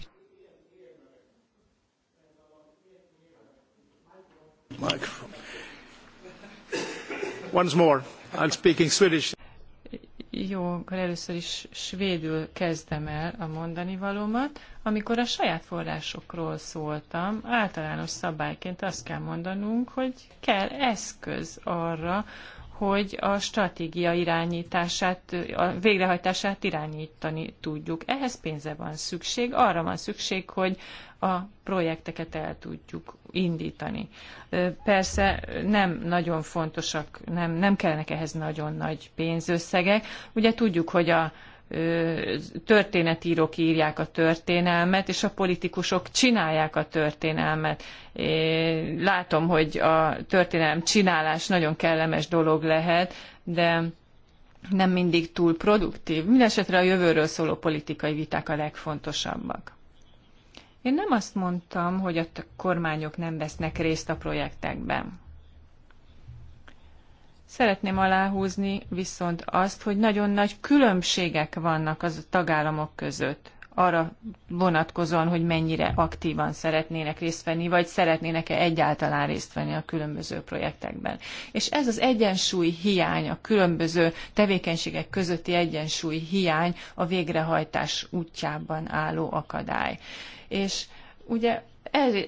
Once more, I'm speaking Swedish jó, akkor először is svédül kezdem el a mondani valómat. Amikor a saját forrásokról szóltam, általános szabályként azt kell mondanunk, hogy kell eszköz arra, hogy a stratégia irányítását, a végrehajtását irányítani tudjuk. Ehhez pénze van szükség, arra van szükség, hogy a projekteket el tudjuk indítani. Persze nem nagyon fontosak, nem, nem kellenek ehhez nagyon nagy pénzösszegek. Ugye tudjuk, hogy a történetírók írják a történelmet, és a politikusok csinálják a történelmet. Látom, hogy a történelem csinálás nagyon kellemes dolog lehet, de nem mindig túl produktív. Mindenesetre a jövőről szóló politikai viták a legfontosabbak. Én nem azt mondtam, hogy a kormányok nem vesznek részt a projektekben. Szeretném aláhúzni viszont azt, hogy nagyon nagy különbségek vannak az tagállamok között arra vonatkozóan, hogy mennyire aktívan szeretnének részt venni, vagy szeretnének-e egyáltalán részt venni a különböző projektekben. És ez az egyensúly hiány, a különböző tevékenységek közötti egyensúly hiány a végrehajtás útjában álló akadály. És ugye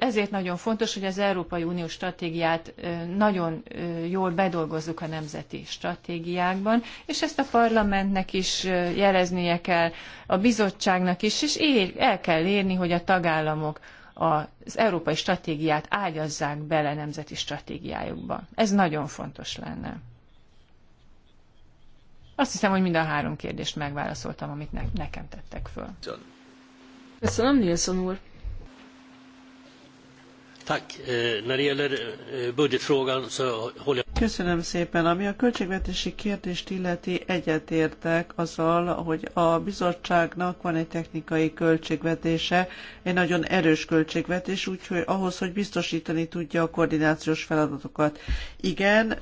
ezért nagyon fontos, hogy az Európai Unió stratégiát nagyon jól bedolgozzuk a nemzeti stratégiákban, és ezt a parlamentnek is jeleznie kell, a bizottságnak is, és el kell érni, hogy a tagállamok az európai stratégiát ágyazzák bele nemzeti stratégiájukba. Ez nagyon fontos lenne. Azt hiszem, hogy mind a három kérdést megválaszoltam, amit ne- nekem tettek föl. Köszönöm, Nilsson úr. Eh, eh, Köszönöm szépen. Ami a költségvetési kérdést illeti, egyetértek azzal, hogy a bizottságnak van egy technikai költségvetése, egy nagyon erős költségvetés, úgyhogy ahhoz, hogy biztosítani tudja a koordinációs feladatokat. Igen,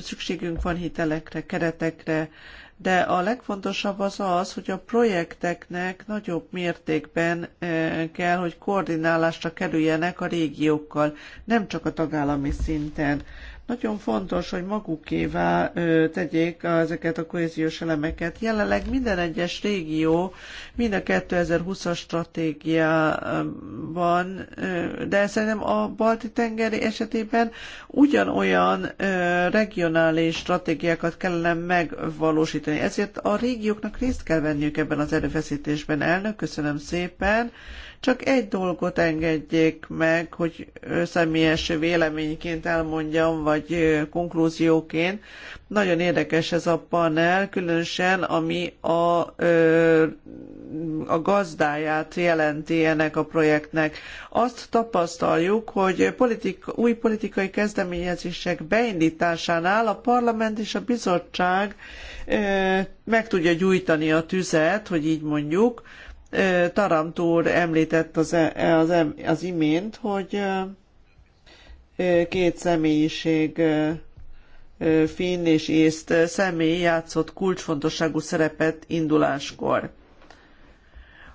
szükségünk van hitelekre, keretekre, de a legfontosabb az az, hogy a projekteknek nagyobb mértékben eh, kell, hogy koordinálásra kerüljenek a régiókkal, nem csak a tagállami szinten. Nagyon fontos, hogy magukévá tegyék ezeket a kohéziós elemeket. Jelenleg minden egyes régió mind a 2020-as stratégiában, de szerintem a balti tengeri esetében ugyanolyan regionális stratégiákat kellene megvalósítani. Ezért a régióknak részt kell venniük ebben az erőfeszítésben. Elnök, köszönöm szépen. Csak egy dolgot engedjék meg, hogy személyes véleményként elmondjam, vagy konklúzióként. Nagyon érdekes ez a panel, különösen ami a, a gazdáját jelenti ennek a projektnek. Azt tapasztaljuk, hogy politika, új politikai kezdeményezések beindításánál a parlament és a bizottság meg tudja gyújtani a tüzet, hogy így mondjuk, Taramtúr említett az, e, az, az imént, hogy két személyiség finn és észt személy játszott kulcsfontosságú szerepet induláskor.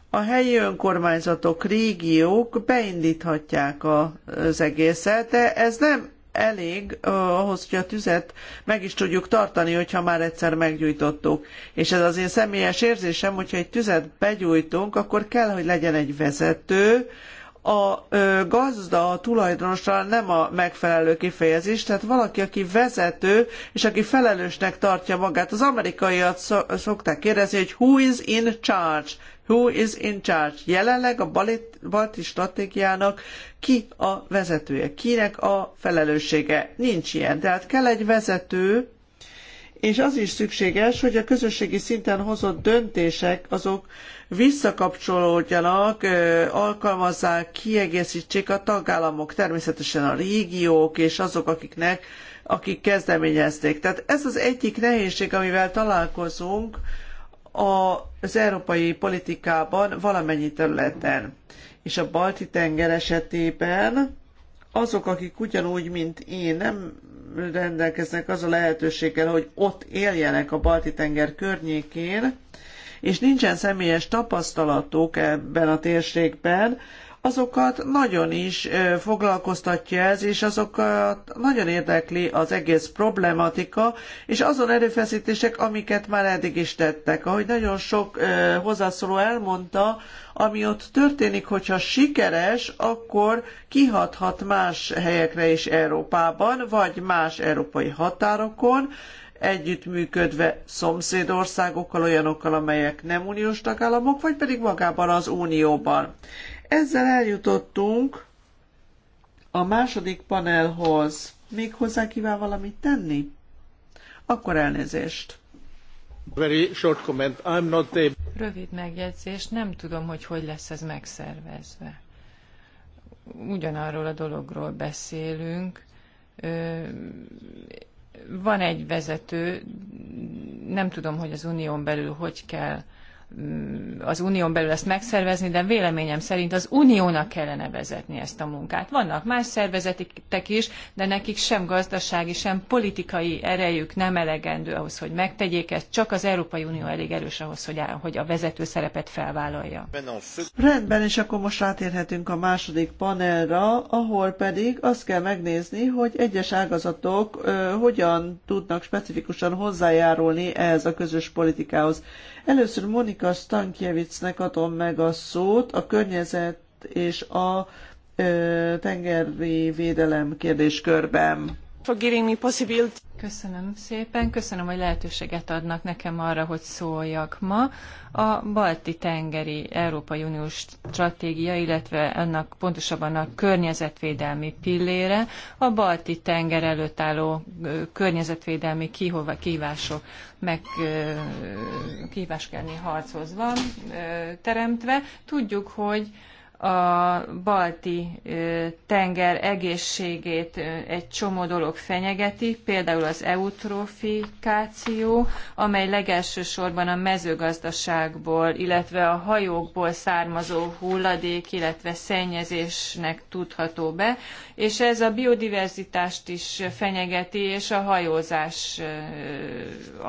A helyi önkormányzatok, régiók beindíthatják az egészet, de ez nem elég ahhoz, hogy a tüzet meg is tudjuk tartani, hogyha már egyszer meggyújtottuk. És ez az én személyes érzésem, hogyha egy tüzet begyújtunk, akkor kell, hogy legyen egy vezető, a gazda, a tulajdonosra nem a megfelelő kifejezés, tehát valaki, aki vezető, és aki felelősnek tartja magát. Az amerikaiak szokták kérdezni, hogy who is in charge? who is in charge. Jelenleg a balti stratégiának ki a vezetője, kinek a felelőssége. Nincs ilyen. Tehát kell egy vezető, és az is szükséges, hogy a közösségi szinten hozott döntések azok visszakapcsolódjanak, alkalmazzák, kiegészítsék a tagállamok, természetesen a régiók és azok, akiknek, akik kezdeményezték. Tehát ez az egyik nehézség, amivel találkozunk, az európai politikában valamennyi területen. És a balti tenger esetében azok, akik ugyanúgy, mint én, nem rendelkeznek az a lehetőséggel, hogy ott éljenek a Balti-tenger környékén, és nincsen személyes tapasztalatuk ebben a térségben, azokat nagyon is foglalkoztatja ez, és azokat nagyon érdekli az egész problematika, és azon erőfeszítések, amiket már eddig is tettek. Ahogy nagyon sok hozzászóló elmondta, ami ott történik, hogyha sikeres, akkor kihathat más helyekre is Európában, vagy más európai határokon, együttműködve szomszédországokkal, olyanokkal, amelyek nem uniós tagállamok, vagy pedig magában az unióban. Ezzel eljutottunk a második panelhoz. Még hozzá kíván valamit tenni? Akkor elnézést. Very short comment. I'm not a... Rövid megjegyzés. Nem tudom, hogy hogy lesz ez megszervezve. Ugyanarról a dologról beszélünk. Van egy vezető, nem tudom, hogy az unión belül hogy kell Mm, az unión belül ezt megszervezni, de véleményem szerint az uniónak kellene vezetni ezt a munkát. Vannak más szervezetek is, de nekik sem gazdasági, sem politikai erejük nem elegendő ahhoz, hogy megtegyék ezt, csak az Európai Unió elég erős ahhoz, hogy, hogy a vezető szerepet felvállalja. Rendben, és akkor most rátérhetünk a második panelra, ahol pedig azt kell megnézni, hogy egyes ágazatok ö, hogyan tudnak specifikusan hozzájárulni ehhez a közös politikához. Először Monika Stankiewicnek adom meg a szót a környezet és a tengeri védelem kérdéskörben. Köszönöm szépen, köszönöm, hogy lehetőséget adnak nekem arra, hogy szóljak ma. A balti tengeri Európai Uniós stratégia, illetve annak pontosabban a környezetvédelmi pillére, a balti tenger előtt álló környezetvédelmi kihova, kihívások meg kihíváskelni harchoz van teremtve. Tudjuk, hogy a balti tenger egészségét egy csomó dolog fenyegeti, például az eutrofikáció, amely legelsősorban a mezőgazdaságból, illetve a hajókból származó hulladék, illetve szennyezésnek tudható be, és ez a biodiverzitást is fenyegeti, és a hajózás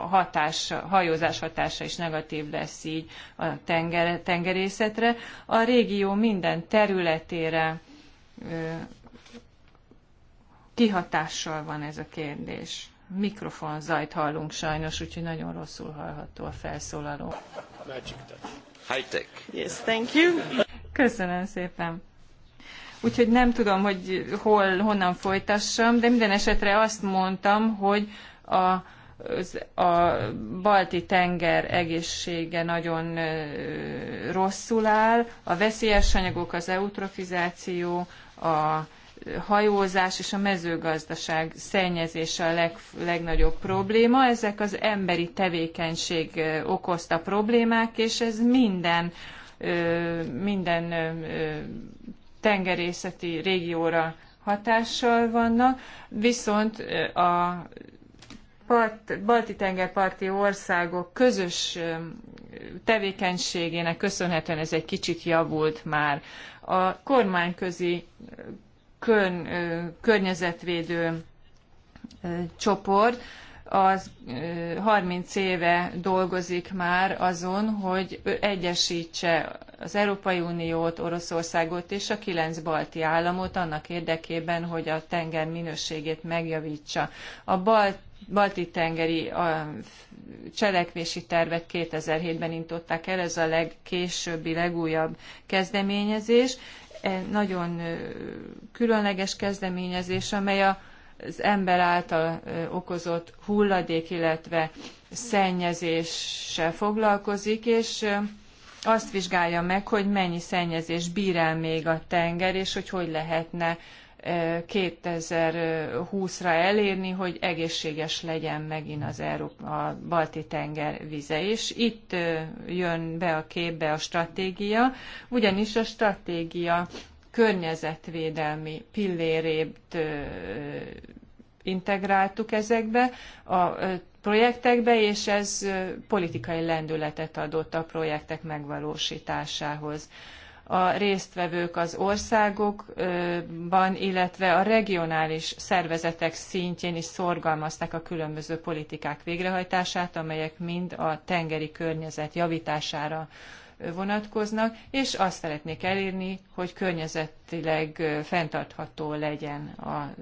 hatása, hajózás hatása is negatív lesz így a tenger, tengerészetre. A régió mind minden területére kihatással van ez a kérdés. Mikrofon zajt hallunk sajnos, úgyhogy nagyon rosszul hallható a felszólaló. High tech. Yes, thank you. Köszönöm szépen. Úgyhogy nem tudom, hogy hol, honnan folytassam, de minden esetre azt mondtam, hogy a a balti tenger egészsége nagyon rosszul áll, a veszélyes anyagok, az eutrofizáció, a hajózás és a mezőgazdaság szennyezése a leg, legnagyobb probléma. Ezek az emberi tevékenység okozta problémák, és ez minden, minden tengerészeti régióra hatással vannak, viszont a part, balti tengerparti országok közös tevékenységének köszönhetően ez egy kicsit javult már. A kormányközi körn, környezetvédő csoport az 30 éve dolgozik már azon, hogy egyesítse az Európai Uniót, Oroszországot és a kilenc balti államot annak érdekében, hogy a tenger minőségét megjavítsa. A balti Balti-tengeri cselekvési tervet 2007-ben intották el, ez a legkésőbbi, legújabb kezdeményezés. E, nagyon különleges kezdeményezés, amely az ember által okozott hulladék, illetve szennyezéssel foglalkozik, és azt vizsgálja meg, hogy mennyi szennyezés bír el még a tenger, és hogy hogy lehetne 2020-ra elérni, hogy egészséges legyen megint az Európa, a balti tenger vize. És itt jön be a képbe a stratégia, ugyanis a stratégia környezetvédelmi pillérét integráltuk ezekbe a projektekbe, és ez politikai lendületet adott a projektek megvalósításához a résztvevők az országokban, illetve a regionális szervezetek szintjén is szorgalmazták a különböző politikák végrehajtását, amelyek mind a tengeri környezet javítására vonatkoznak, és azt szeretnék elérni, hogy környezetileg fenntartható legyen a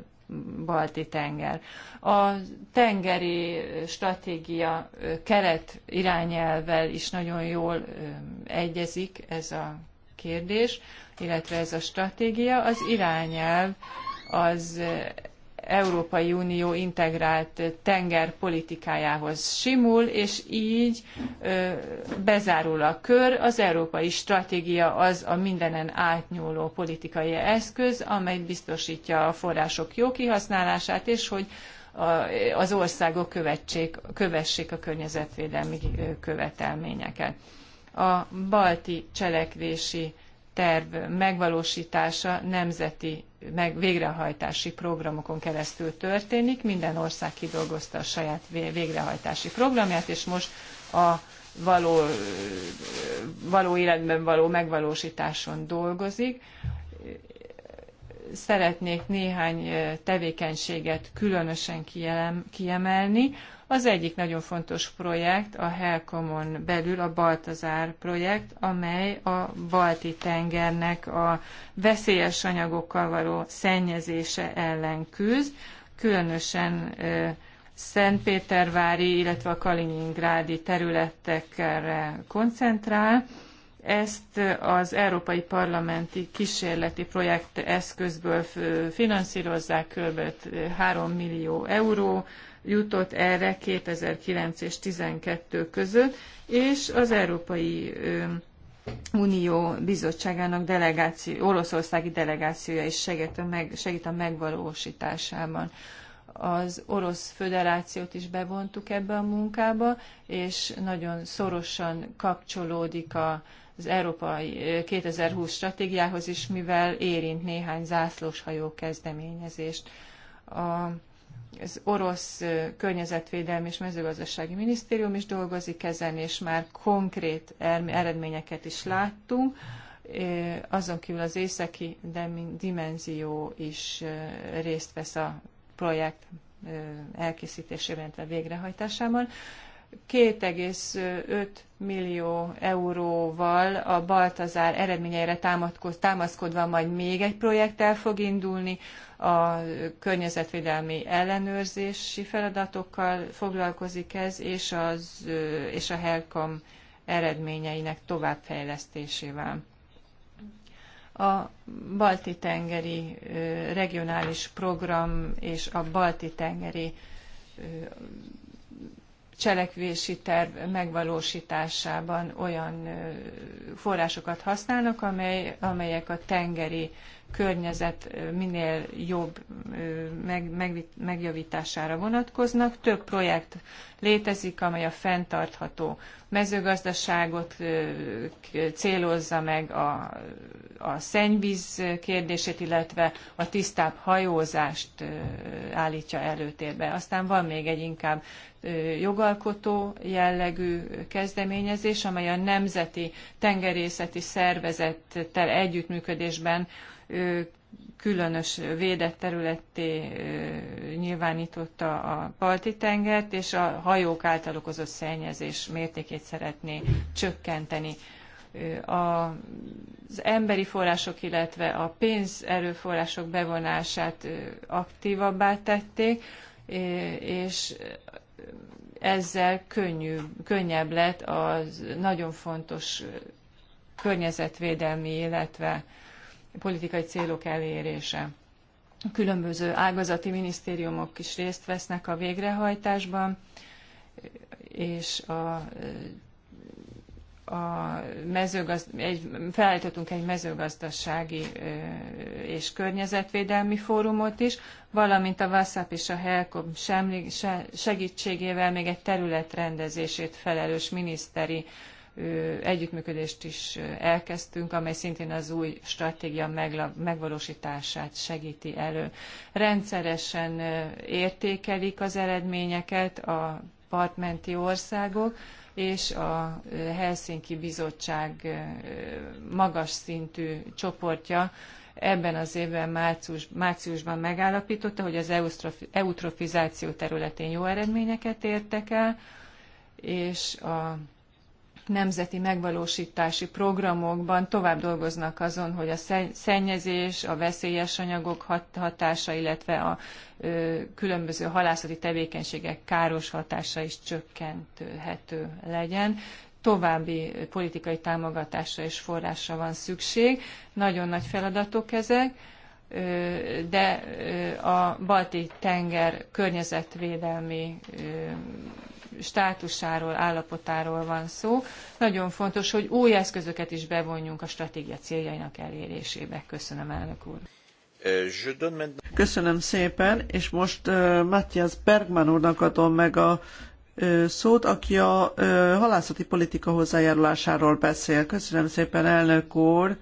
balti tenger. A tengeri stratégia keret irányelvel is nagyon jól egyezik ez a kérdés, illetve ez a stratégia. Az irányelv az Európai Unió integrált tengerpolitikájához simul, és így ö, bezárul a kör. Az európai stratégia az a mindenen átnyúló politikai eszköz, amely biztosítja a források jó kihasználását, és hogy a, az országok kövessék a környezetvédelmi követelményeket a balti cselekvési terv megvalósítása nemzeti meg végrehajtási programokon keresztül történik. Minden ország kidolgozta a saját végrehajtási programját, és most a való, való életben való megvalósításon dolgozik. Szeretnék néhány tevékenységet különösen kiemelni. Az egyik nagyon fontos projekt a Helcomon belül a Baltazár projekt, amely a Balti tengernek a veszélyes anyagokkal való szennyezése ellen küzd, különösen Szentpétervári, illetve a Kaliningrádi területekre koncentrál. Ezt az Európai Parlamenti Kísérleti Projekt eszközből finanszírozzák kb. 3 millió euró jutott erre 2009 és 2012 között, és az Európai Unió Bizottságának delegáció, oroszországi delegációja is segít a, meg, segít a megvalósításában az Orosz Föderációt is bevontuk ebbe a munkába, és nagyon szorosan kapcsolódik az Európai 2020 stratégiához is, mivel érint néhány zászlóshajó kezdeményezést. A az orosz környezetvédelmi és mezőgazdasági minisztérium is dolgozik ezen, és már konkrét eredményeket is láttunk. Azon kívül az északi dimenzió is részt vesz a projekt elkészítésében, illetve végrehajtásában. 2,5 millió euróval a Baltazár eredményeire támaszkodva majd még egy projekt el fog indulni, a környezetvédelmi ellenőrzési feladatokkal foglalkozik ez, és, az, és a HELCOM eredményeinek továbbfejlesztésével. A Balti-tengeri regionális program és a Balti-tengeri cselekvési terv megvalósításában olyan forrásokat használnak, amely, amelyek a tengeri környezet minél jobb meg, meg, megjavítására vonatkoznak. Több projekt létezik, amely a fenntartható mezőgazdaságot célozza meg a, a szennyvíz kérdését, illetve a tisztább hajózást állítja előtérbe. Aztán van még egy inkább jogalkotó jellegű kezdeményezés, amely a Nemzeti Tengerészeti Szervezettel együttműködésben különös védett területté nyilvánította a balti tengert, és a hajók által okozott szennyezés mértékét szeretné csökkenteni. Az emberi források, illetve a erőforrások bevonását aktívabbá tették, és ezzel könnyű, könnyebb lett az nagyon fontos környezetvédelmi, illetve politikai célok elérése. A különböző ágazati minisztériumok is részt vesznek a végrehajtásban, és a a mezőgazd... egy, felállítottunk egy mezőgazdasági és környezetvédelmi fórumot is, valamint a WhatsApp és a HELCOM segítségével még egy területrendezését felelős miniszteri együttműködést is elkezdtünk, amely szintén az új stratégia megvalósítását segíti elő. Rendszeresen értékelik az eredményeket a partmenti országok, és a Helsinki Bizottság magas szintű csoportja ebben az évben március, márciusban megállapította, hogy az eutrofizáció területén jó eredményeket értek el, és a nemzeti megvalósítási programokban tovább dolgoznak azon, hogy a szennyezés, a veszélyes anyagok hatása, illetve a különböző halászati tevékenységek káros hatása is csökkenthető legyen. További politikai támogatásra és forrásra van szükség. Nagyon nagy feladatok ezek de a balti tenger környezetvédelmi státusáról, állapotáról van szó. Nagyon fontos, hogy új eszközöket is bevonjunk a stratégia céljainak elérésébe. Köszönöm, elnök úr. Köszönöm szépen, és most uh, Matthias Bergman úrnak adom meg a uh, szót, aki a uh, halászati politika hozzájárulásáról beszél. Köszönöm szépen, elnök úr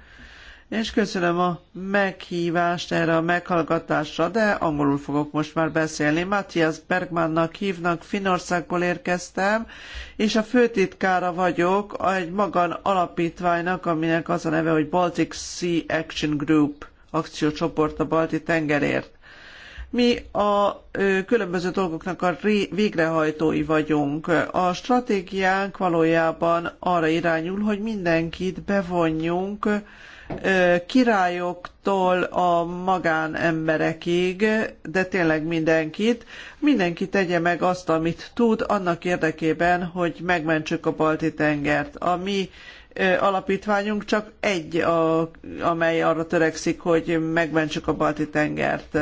és köszönöm a meghívást erre a meghallgatásra, de angolul fogok most már beszélni. Matthias Bergmannnak hívnak, Finországból érkeztem, és a főtitkára vagyok egy magan alapítványnak, aminek az a neve, hogy Baltic Sea Action Group akciócsoport a Balti tengerért. Mi a különböző dolgoknak a végrehajtói vagyunk. A stratégiánk valójában arra irányul, hogy mindenkit bevonjunk királyoktól a magánemberekig, de tényleg mindenkit, mindenki tegye meg azt, amit tud, annak érdekében, hogy megmentsük a balti tengert. A mi alapítványunk csak egy, a, amely arra törekszik, hogy megmentsük a balti tengert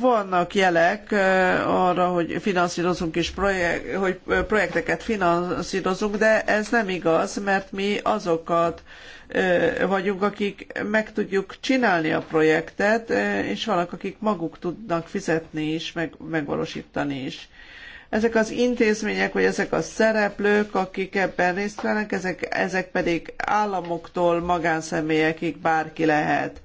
vannak jelek arra, hogy finanszírozunk is projekt, hogy projekteket finanszírozunk, de ez nem igaz, mert mi azokat vagyunk, akik meg tudjuk csinálni a projektet, és vannak, akik maguk tudnak fizetni is, meg, megvalósítani is. Ezek az intézmények, vagy ezek a szereplők, akik ebben részt vennek, ezek, ezek pedig államoktól magánszemélyekig bárki lehet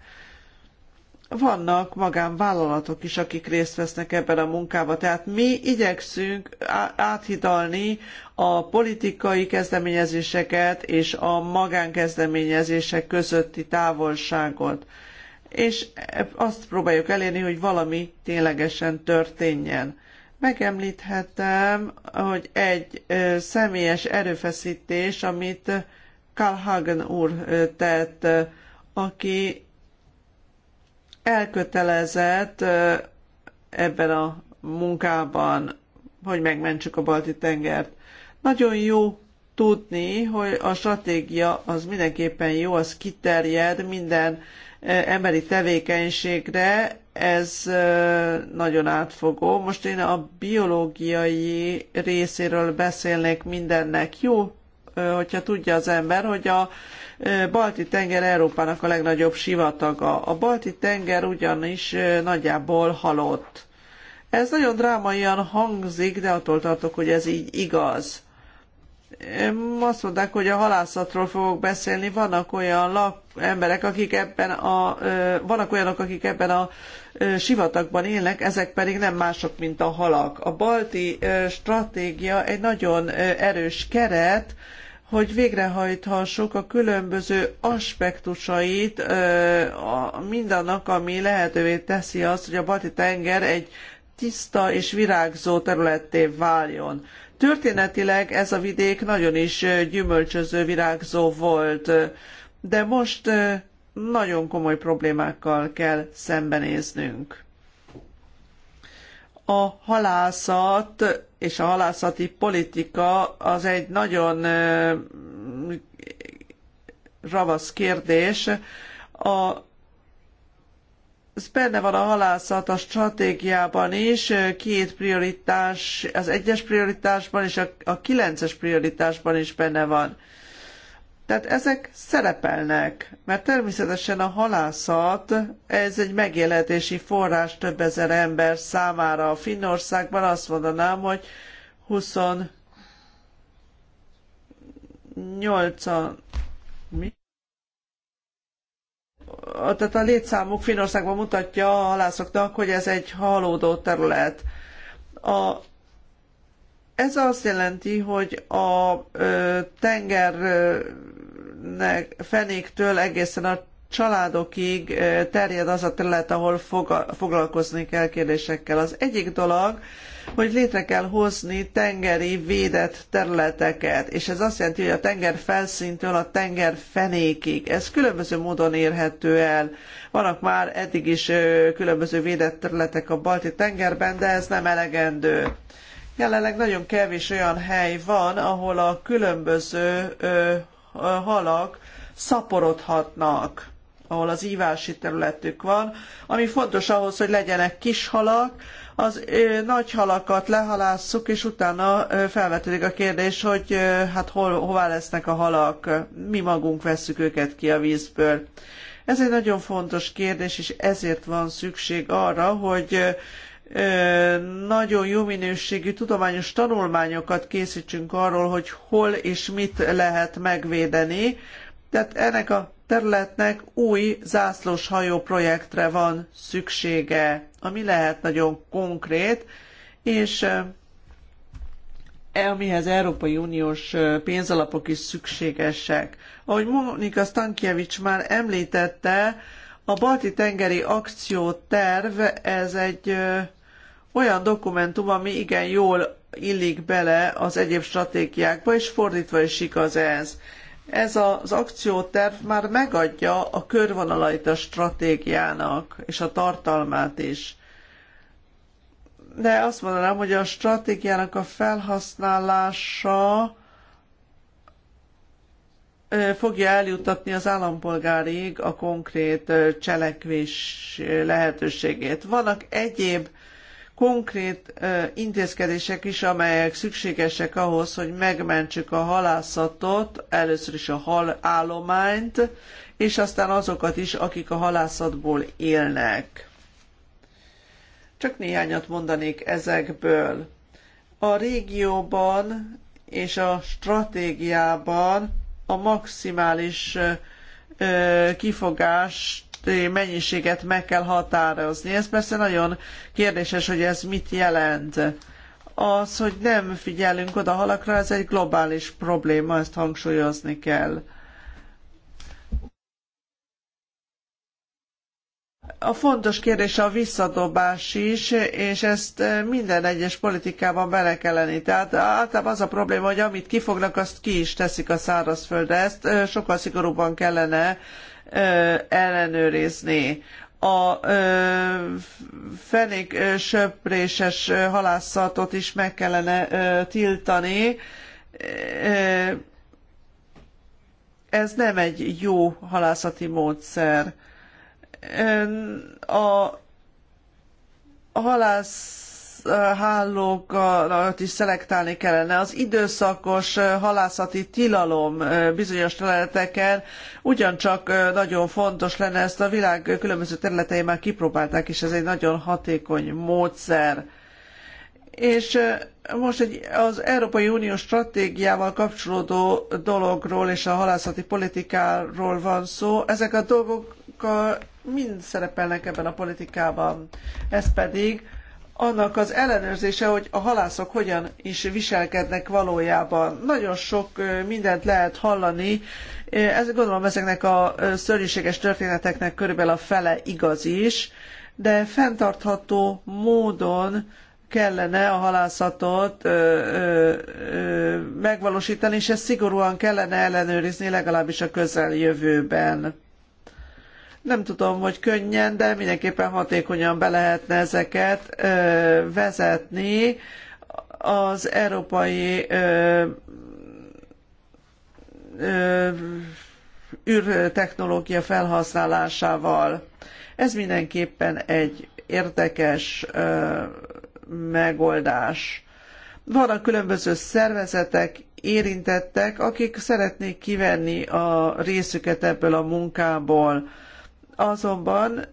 vannak magánvállalatok is, akik részt vesznek ebben a munkában. Tehát mi igyekszünk áthidalni a politikai kezdeményezéseket és a magánkezdeményezések közötti távolságot. És azt próbáljuk elérni, hogy valami ténylegesen történjen. Megemlíthetem, hogy egy személyes erőfeszítés, amit Karl Hagen úr tett, aki elkötelezett ebben a munkában, hogy megmentsük a balti tengert. Nagyon jó tudni, hogy a stratégia az mindenképpen jó, az kiterjed minden emberi tevékenységre, ez nagyon átfogó. Most én a biológiai részéről beszélnék mindennek. Jó, hogyha tudja az ember, hogy a balti tenger Európának a legnagyobb sivataga. A balti tenger ugyanis nagyjából halott. Ez nagyon drámaian hangzik, de attól tartok, hogy ez így igaz. Azt mondták, hogy a halászatról fogok beszélni. Vannak olyan lak, emberek, akik ebben a, vannak olyanok, akik ebben a sivatagban élnek, ezek pedig nem mások, mint a halak. A balti stratégia egy nagyon erős keret, hogy végrehajthassuk a különböző aspektusait a mindannak, ami lehetővé teszi azt, hogy a Balti-tenger egy tiszta és virágzó területté váljon. Történetileg ez a vidék nagyon is gyümölcsöző, virágzó volt, de most nagyon komoly problémákkal kell szembenéznünk. A halászat és a halászati politika az egy nagyon ravasz kérdés. A, ez benne van a halászat a stratégiában is, két prioritás, az egyes prioritásban és a, a kilences prioritásban is benne van. Tehát ezek szerepelnek, mert természetesen a halászat, ez egy megélhetési forrás több ezer ember számára. A Finnországban azt mondanám, hogy 28 mi? Tehát a létszámuk Finnországban mutatja a halászoknak, hogy ez egy halódó terület. A ez azt jelenti, hogy a tenger fenéktől egészen a családokig eh, terjed az a terület, ahol foglalkozni kell kérdésekkel. Az egyik dolog, hogy létre kell hozni tengeri védett területeket, és ez azt jelenti, hogy a tenger felszíntől a tenger fenékig. Ez különböző módon érhető el. Vannak már eddig is eh, különböző védett területek a balti tengerben, de ez nem elegendő. Jelenleg nagyon kevés olyan hely van, ahol a különböző eh, halak szaporodhatnak, ahol az ívási területük van, ami fontos ahhoz, hogy legyenek kis halak, az nagy halakat lehalásszuk, és utána felvetődik a kérdés, hogy hát hol, hová lesznek a halak, mi magunk vesszük őket ki a vízből. Ez egy nagyon fontos kérdés, és ezért van szükség arra, hogy nagyon jó minőségű tudományos tanulmányokat készítsünk arról, hogy hol és mit lehet megvédeni. Tehát ennek a területnek új zászlós hajó projektre van szüksége, ami lehet nagyon konkrét, és e, amihez Európai Uniós pénzalapok is szükségesek. Ahogy Monika Stankiewicz már említette, a Balti-tengeri akcióterv ez egy olyan dokumentum, ami igen jól illik bele az egyéb stratégiákba, és fordítva is igaz ez. Ez az akcióterv már megadja a körvonalait a stratégiának, és a tartalmát is. De azt mondanám, hogy a stratégiának a felhasználása fogja eljutatni az állampolgárig a konkrét cselekvés lehetőségét. Vannak egyéb konkrét intézkedések is, amelyek szükségesek ahhoz, hogy megmentsük a halászatot, először is a hal állományt, és aztán azokat is, akik a halászatból élnek. Csak néhányat mondanék ezekből. A régióban és a stratégiában a maximális kifogást mennyiséget meg kell határozni. Ez persze nagyon kérdéses, hogy ez mit jelent. Az, hogy nem figyelünk oda halakra, ez egy globális probléma, ezt hangsúlyozni kell. A fontos kérdés a visszadobás is, és ezt minden egyes politikában bele kell lenni. Tehát általában az a probléma, hogy amit kifognak, azt ki is teszik a szárazföldre. Ezt sokkal szigorúbban kellene ellenőrizni a fenék söpréses halászatot is meg kellene tiltani. Ez nem egy jó halászati módszer. A halász hálókat is szelektálni kellene. Az időszakos halászati tilalom bizonyos területeken ugyancsak nagyon fontos lenne, ezt a világ különböző területein már kipróbálták, és ez egy nagyon hatékony módszer. És most egy, az Európai Unió stratégiával kapcsolódó dologról és a halászati politikáról van szó. Ezek a dolgok mind szerepelnek ebben a politikában. Ez pedig annak az ellenőrzése, hogy a halászok hogyan is viselkednek valójában. Nagyon sok mindent lehet hallani, ez gondolom ezeknek a szörnyűséges történeteknek körülbelül a fele igaz is, de fenntartható módon kellene a halászatot ö, ö, ö megvalósítani, és ezt szigorúan kellene ellenőrizni legalábbis a közeljövőben nem tudom, hogy könnyen, de mindenképpen hatékonyan be lehetne ezeket vezetni az európai űrtechnológia felhasználásával. Ez mindenképpen egy érdekes megoldás. Vannak különböző szervezetek, érintettek, akik szeretnék kivenni a részüket ebből a munkából azonban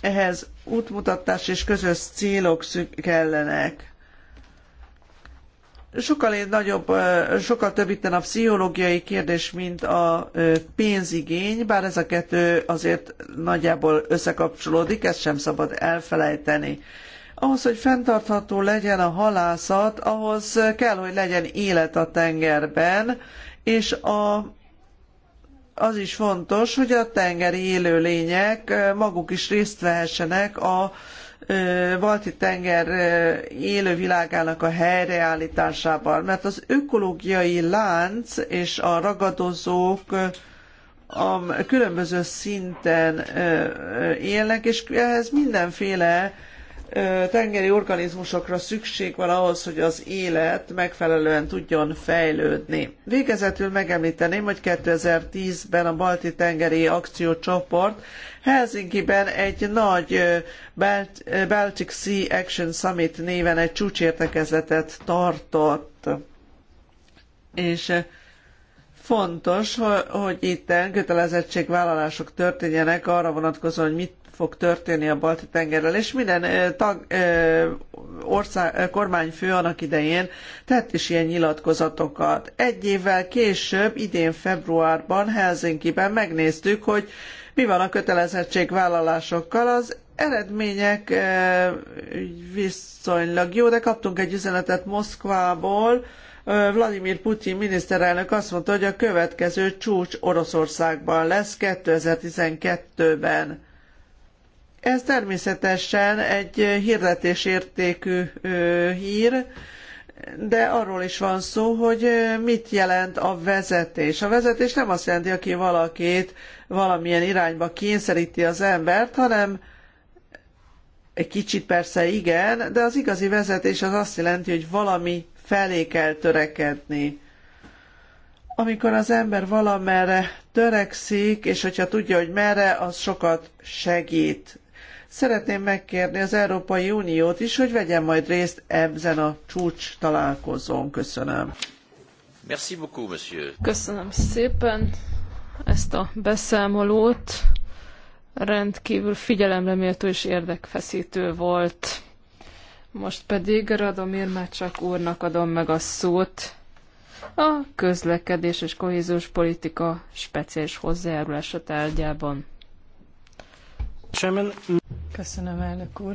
ehhez útmutatás és közös célok kellenek sokkal nagyobb, sokkal több itten a pszichológiai kérdés, mint a pénzigény, bár ez a kettő azért nagyjából összekapcsolódik, ezt sem szabad elfelejteni. Ahhoz, hogy fenntartható legyen a halászat, ahhoz kell, hogy legyen élet a tengerben, és a az is fontos, hogy a tengeri élőlények maguk is részt vehessenek a balti tenger élővilágának a helyreállításában, mert az ökológiai lánc és a ragadozók a különböző szinten élnek, és ehhez mindenféle tengeri organizmusokra szükség van ahhoz, hogy az élet megfelelően tudjon fejlődni. Végezetül megemlíteném, hogy 2010-ben a Balti Tengeri Akciócsoport Helsinkiben egy nagy Baltic Sea Action Summit néven egy csúcsértekezletet tartott. És fontos, hogy itt kötelezettségvállalások történjenek arra vonatkozóan, hogy mit fog történni a balti tengerrel, és minden tag, ország, kormányfő annak idején tett is ilyen nyilatkozatokat. Egy évvel később, idén februárban Helsinkiben megnéztük, hogy mi van a kötelezettségvállalásokkal. Az eredmények viszonylag jó, de kaptunk egy üzenetet Moszkvából, Vladimir Putyin miniszterelnök azt mondta, hogy a következő csúcs Oroszországban lesz 2012-ben. Ez természetesen egy hirdetésértékű hír, de arról is van szó, hogy mit jelent a vezetés. A vezetés nem azt jelenti, aki valakit valamilyen irányba kényszeríti az embert, hanem egy kicsit persze igen, de az igazi vezetés az azt jelenti, hogy valami felé kell törekedni. Amikor az ember valamerre törekszik, és hogyha tudja, hogy merre, az sokat segít. Szeretném megkérni az Európai Uniót is, hogy vegyen majd részt ebben a csúcs találkozón. Köszönöm. Merci beaucoup, monsieur. Köszönöm szépen ezt a beszámolót. Rendkívül figyelemreméltó és érdekfeszítő volt. Most pedig Radomir Mácsak úrnak adom meg a szót a közlekedés és kohéziós politika speciális hozzájárulása tárgyában. Köszönöm, elnök úr.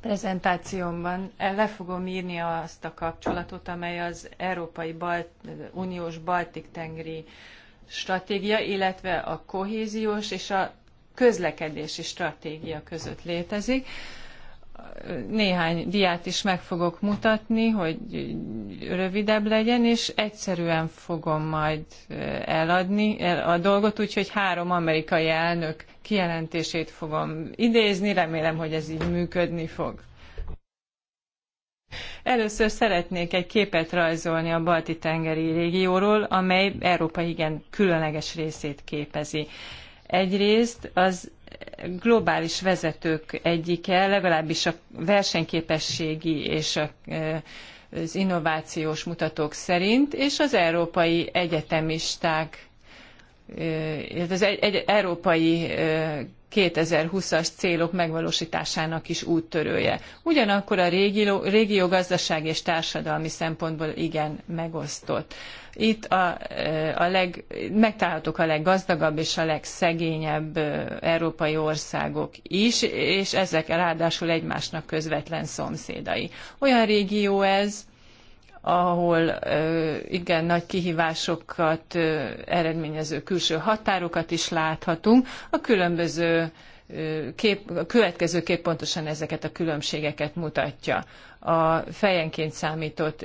Prezentációmban le fogom írni azt a kapcsolatot, amely az Európai Balt, Uniós Baltik-tengeri stratégia, illetve a kohéziós és a közlekedési stratégia között létezik. Néhány diát is meg fogok mutatni, hogy rövidebb legyen, és egyszerűen fogom majd eladni a dolgot, úgyhogy három amerikai elnök kijelentését fogom idézni, remélem, hogy ez így működni fog. Először szeretnék egy képet rajzolni a Balti-tengeri régióról, amely Európa igen különleges részét képezi. Egyrészt az globális vezetők egyike, legalábbis a versenyképességi és a, az innovációs mutatók szerint, és az európai egyetemisták az egy, egy európai 2020-as célok megvalósításának is úttörője. Ugyanakkor a régió, régió gazdasági és társadalmi szempontból igen megosztott. Itt a, a leg, megtalálhatók a leggazdagabb és a legszegényebb európai országok is, és ezek ráadásul egymásnak közvetlen szomszédai. Olyan régió ez, ahol igen nagy kihívásokat eredményező külső határokat is láthatunk. A különböző kép, a következő kép pontosan ezeket a különbségeket mutatja a fejenként számított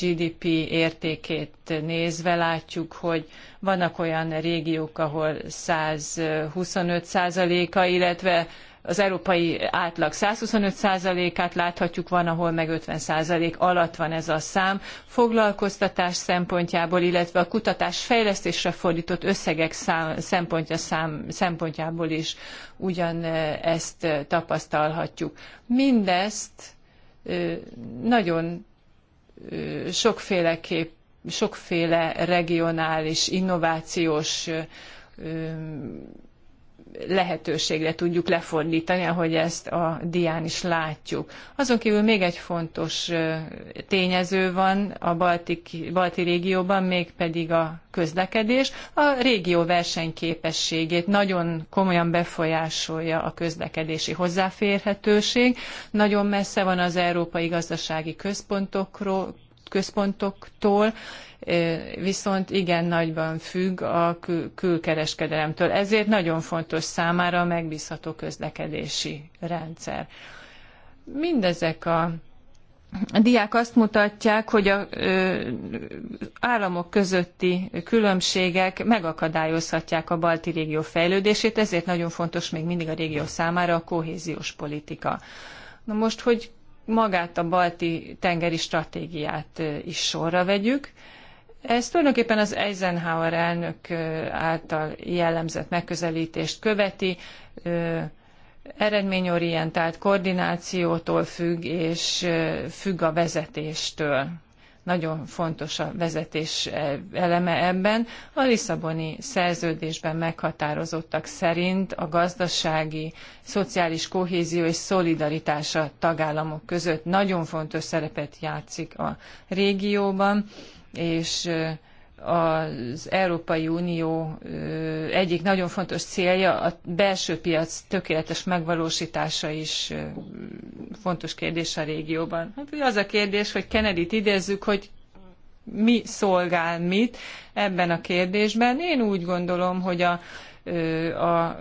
GDP értékét nézve látjuk, hogy vannak olyan régiók, ahol 125 százaléka, illetve az európai átlag 125 százalékát láthatjuk, van, ahol meg 50% alatt van ez a szám. Foglalkoztatás szempontjából, illetve a kutatás fejlesztésre fordított összegek szám, szempontja szám, szempontjából is ugyanezt tapasztalhatjuk. Mindezt nagyon sokféle kép, sokféle regionális, innovációs lehetőségre tudjuk lefordítani, ahogy ezt a dián is látjuk. Azon kívül még egy fontos tényező van a Baltik, balti régióban, mégpedig a közlekedés. A régió versenyképességét nagyon komolyan befolyásolja a közlekedési hozzáférhetőség. Nagyon messze van az európai gazdasági központokról, központoktól, viszont igen nagyban függ a kül- külkereskedelemtől. Ezért nagyon fontos számára a megbízható közlekedési rendszer. Mindezek a a diák azt mutatják, hogy a ö, államok közötti különbségek megakadályozhatják a balti régió fejlődését, ezért nagyon fontos még mindig a régió számára a kohéziós politika. Na most, hogy magát a balti tengeri stratégiát is sorra vegyük. Ez tulajdonképpen az Eisenhower elnök által jellemzett megközelítést követi, eredményorientált koordinációtól függ, és függ a vezetéstől nagyon fontos a vezetés e, eleme ebben. A Lisszaboni szerződésben meghatározottak szerint a gazdasági, szociális kohézió és szolidaritás a tagállamok között nagyon fontos szerepet játszik a régióban, és e, az Európai Unió egyik nagyon fontos célja, a belső piac tökéletes megvalósítása is fontos kérdés a régióban. Hát, az a kérdés, hogy Kennedy-t idézzük, hogy mi szolgál mit ebben a kérdésben. Én úgy gondolom, hogy a, a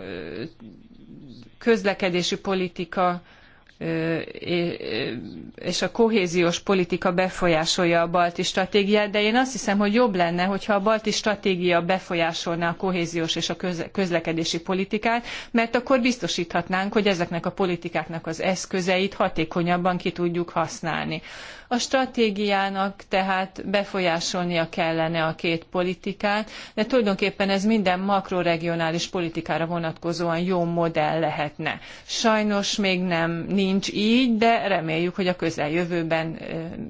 közlekedési politika és a kohéziós politika befolyásolja a balti stratégiát, de én azt hiszem, hogy jobb lenne, hogyha a balti stratégia befolyásolná a kohéziós és a közlekedési politikát, mert akkor biztosíthatnánk, hogy ezeknek a politikáknak az eszközeit hatékonyabban ki tudjuk használni. A stratégiának tehát befolyásolnia kellene a két politikát, de tulajdonképpen ez minden makroregionális politikára vonatkozóan jó modell lehetne. Sajnos még nem nincs nincs így, de reméljük, hogy a közeljövőben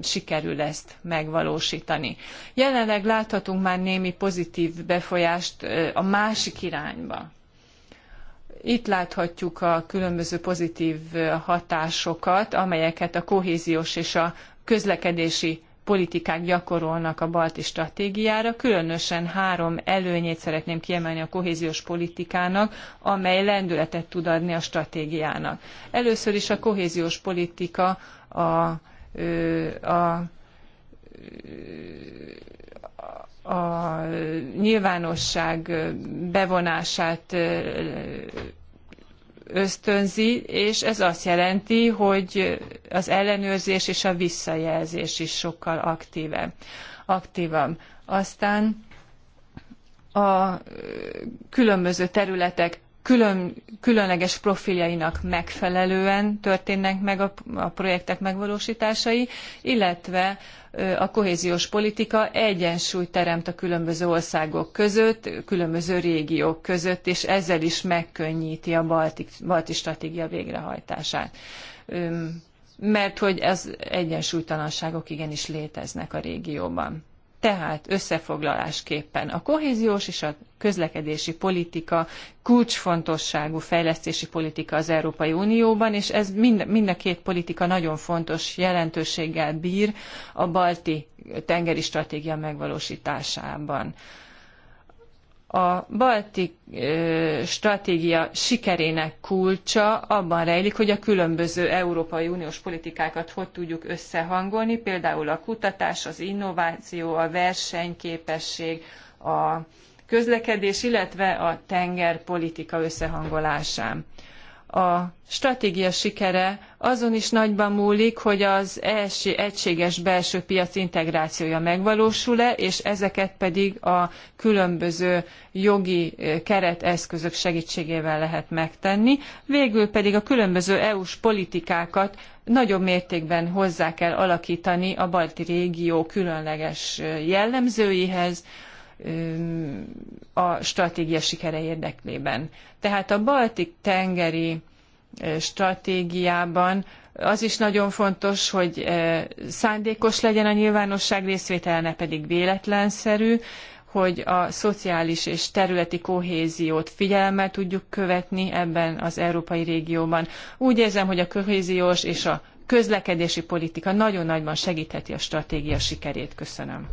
sikerül ezt megvalósítani. Jelenleg láthatunk már némi pozitív befolyást a másik irányba. Itt láthatjuk a különböző pozitív hatásokat, amelyeket a kohéziós és a közlekedési politikák gyakorolnak a balti stratégiára. Különösen három előnyét szeretném kiemelni a kohéziós politikának, amely lendületet tud adni a stratégiának. Először is a kohéziós politika a, a a nyilvánosság bevonását ösztönzi, és ez azt jelenti, hogy az ellenőrzés és a visszajelzés is sokkal aktívabb. aktívabb. Aztán a különböző területek külön, különleges profiljainak megfelelően történnek meg a, a projektek megvalósításai, illetve a kohéziós politika egyensúlyt teremt a különböző országok között, különböző régiók között, és ezzel is megkönnyíti a balti, balti stratégia végrehajtását. Mert hogy ez egyensúlytalanságok igenis léteznek a régióban. Tehát összefoglalásképpen a kohéziós és a közlekedési politika kulcsfontosságú fejlesztési politika az Európai Unióban, és ez mind, mind a két politika nagyon fontos jelentőséggel bír a balti tengeri stratégia megvalósításában a balti stratégia sikerének kulcsa abban rejlik, hogy a különböző Európai Uniós politikákat hogy tudjuk összehangolni, például a kutatás, az innováció, a versenyképesség, a közlekedés, illetve a tengerpolitika összehangolásán. A stratégia sikere azon is nagyban múlik, hogy az első egységes belső piac integrációja megvalósul-e, és ezeket pedig a különböző jogi eh, kereteszközök segítségével lehet megtenni. Végül pedig a különböző EU-s politikákat nagyobb mértékben hozzá kell alakítani a balti régió különleges eh, jellemzőihez, eh, a stratégia sikere érdeklében. Tehát a balti tengeri stratégiában az is nagyon fontos, hogy szándékos legyen a nyilvánosság részvétele, ne pedig véletlenszerű, hogy a szociális és területi kohéziót figyelemmel tudjuk követni ebben az európai régióban. Úgy érzem, hogy a kohéziós és a közlekedési politika nagyon nagyban segítheti a stratégia sikerét. Köszönöm.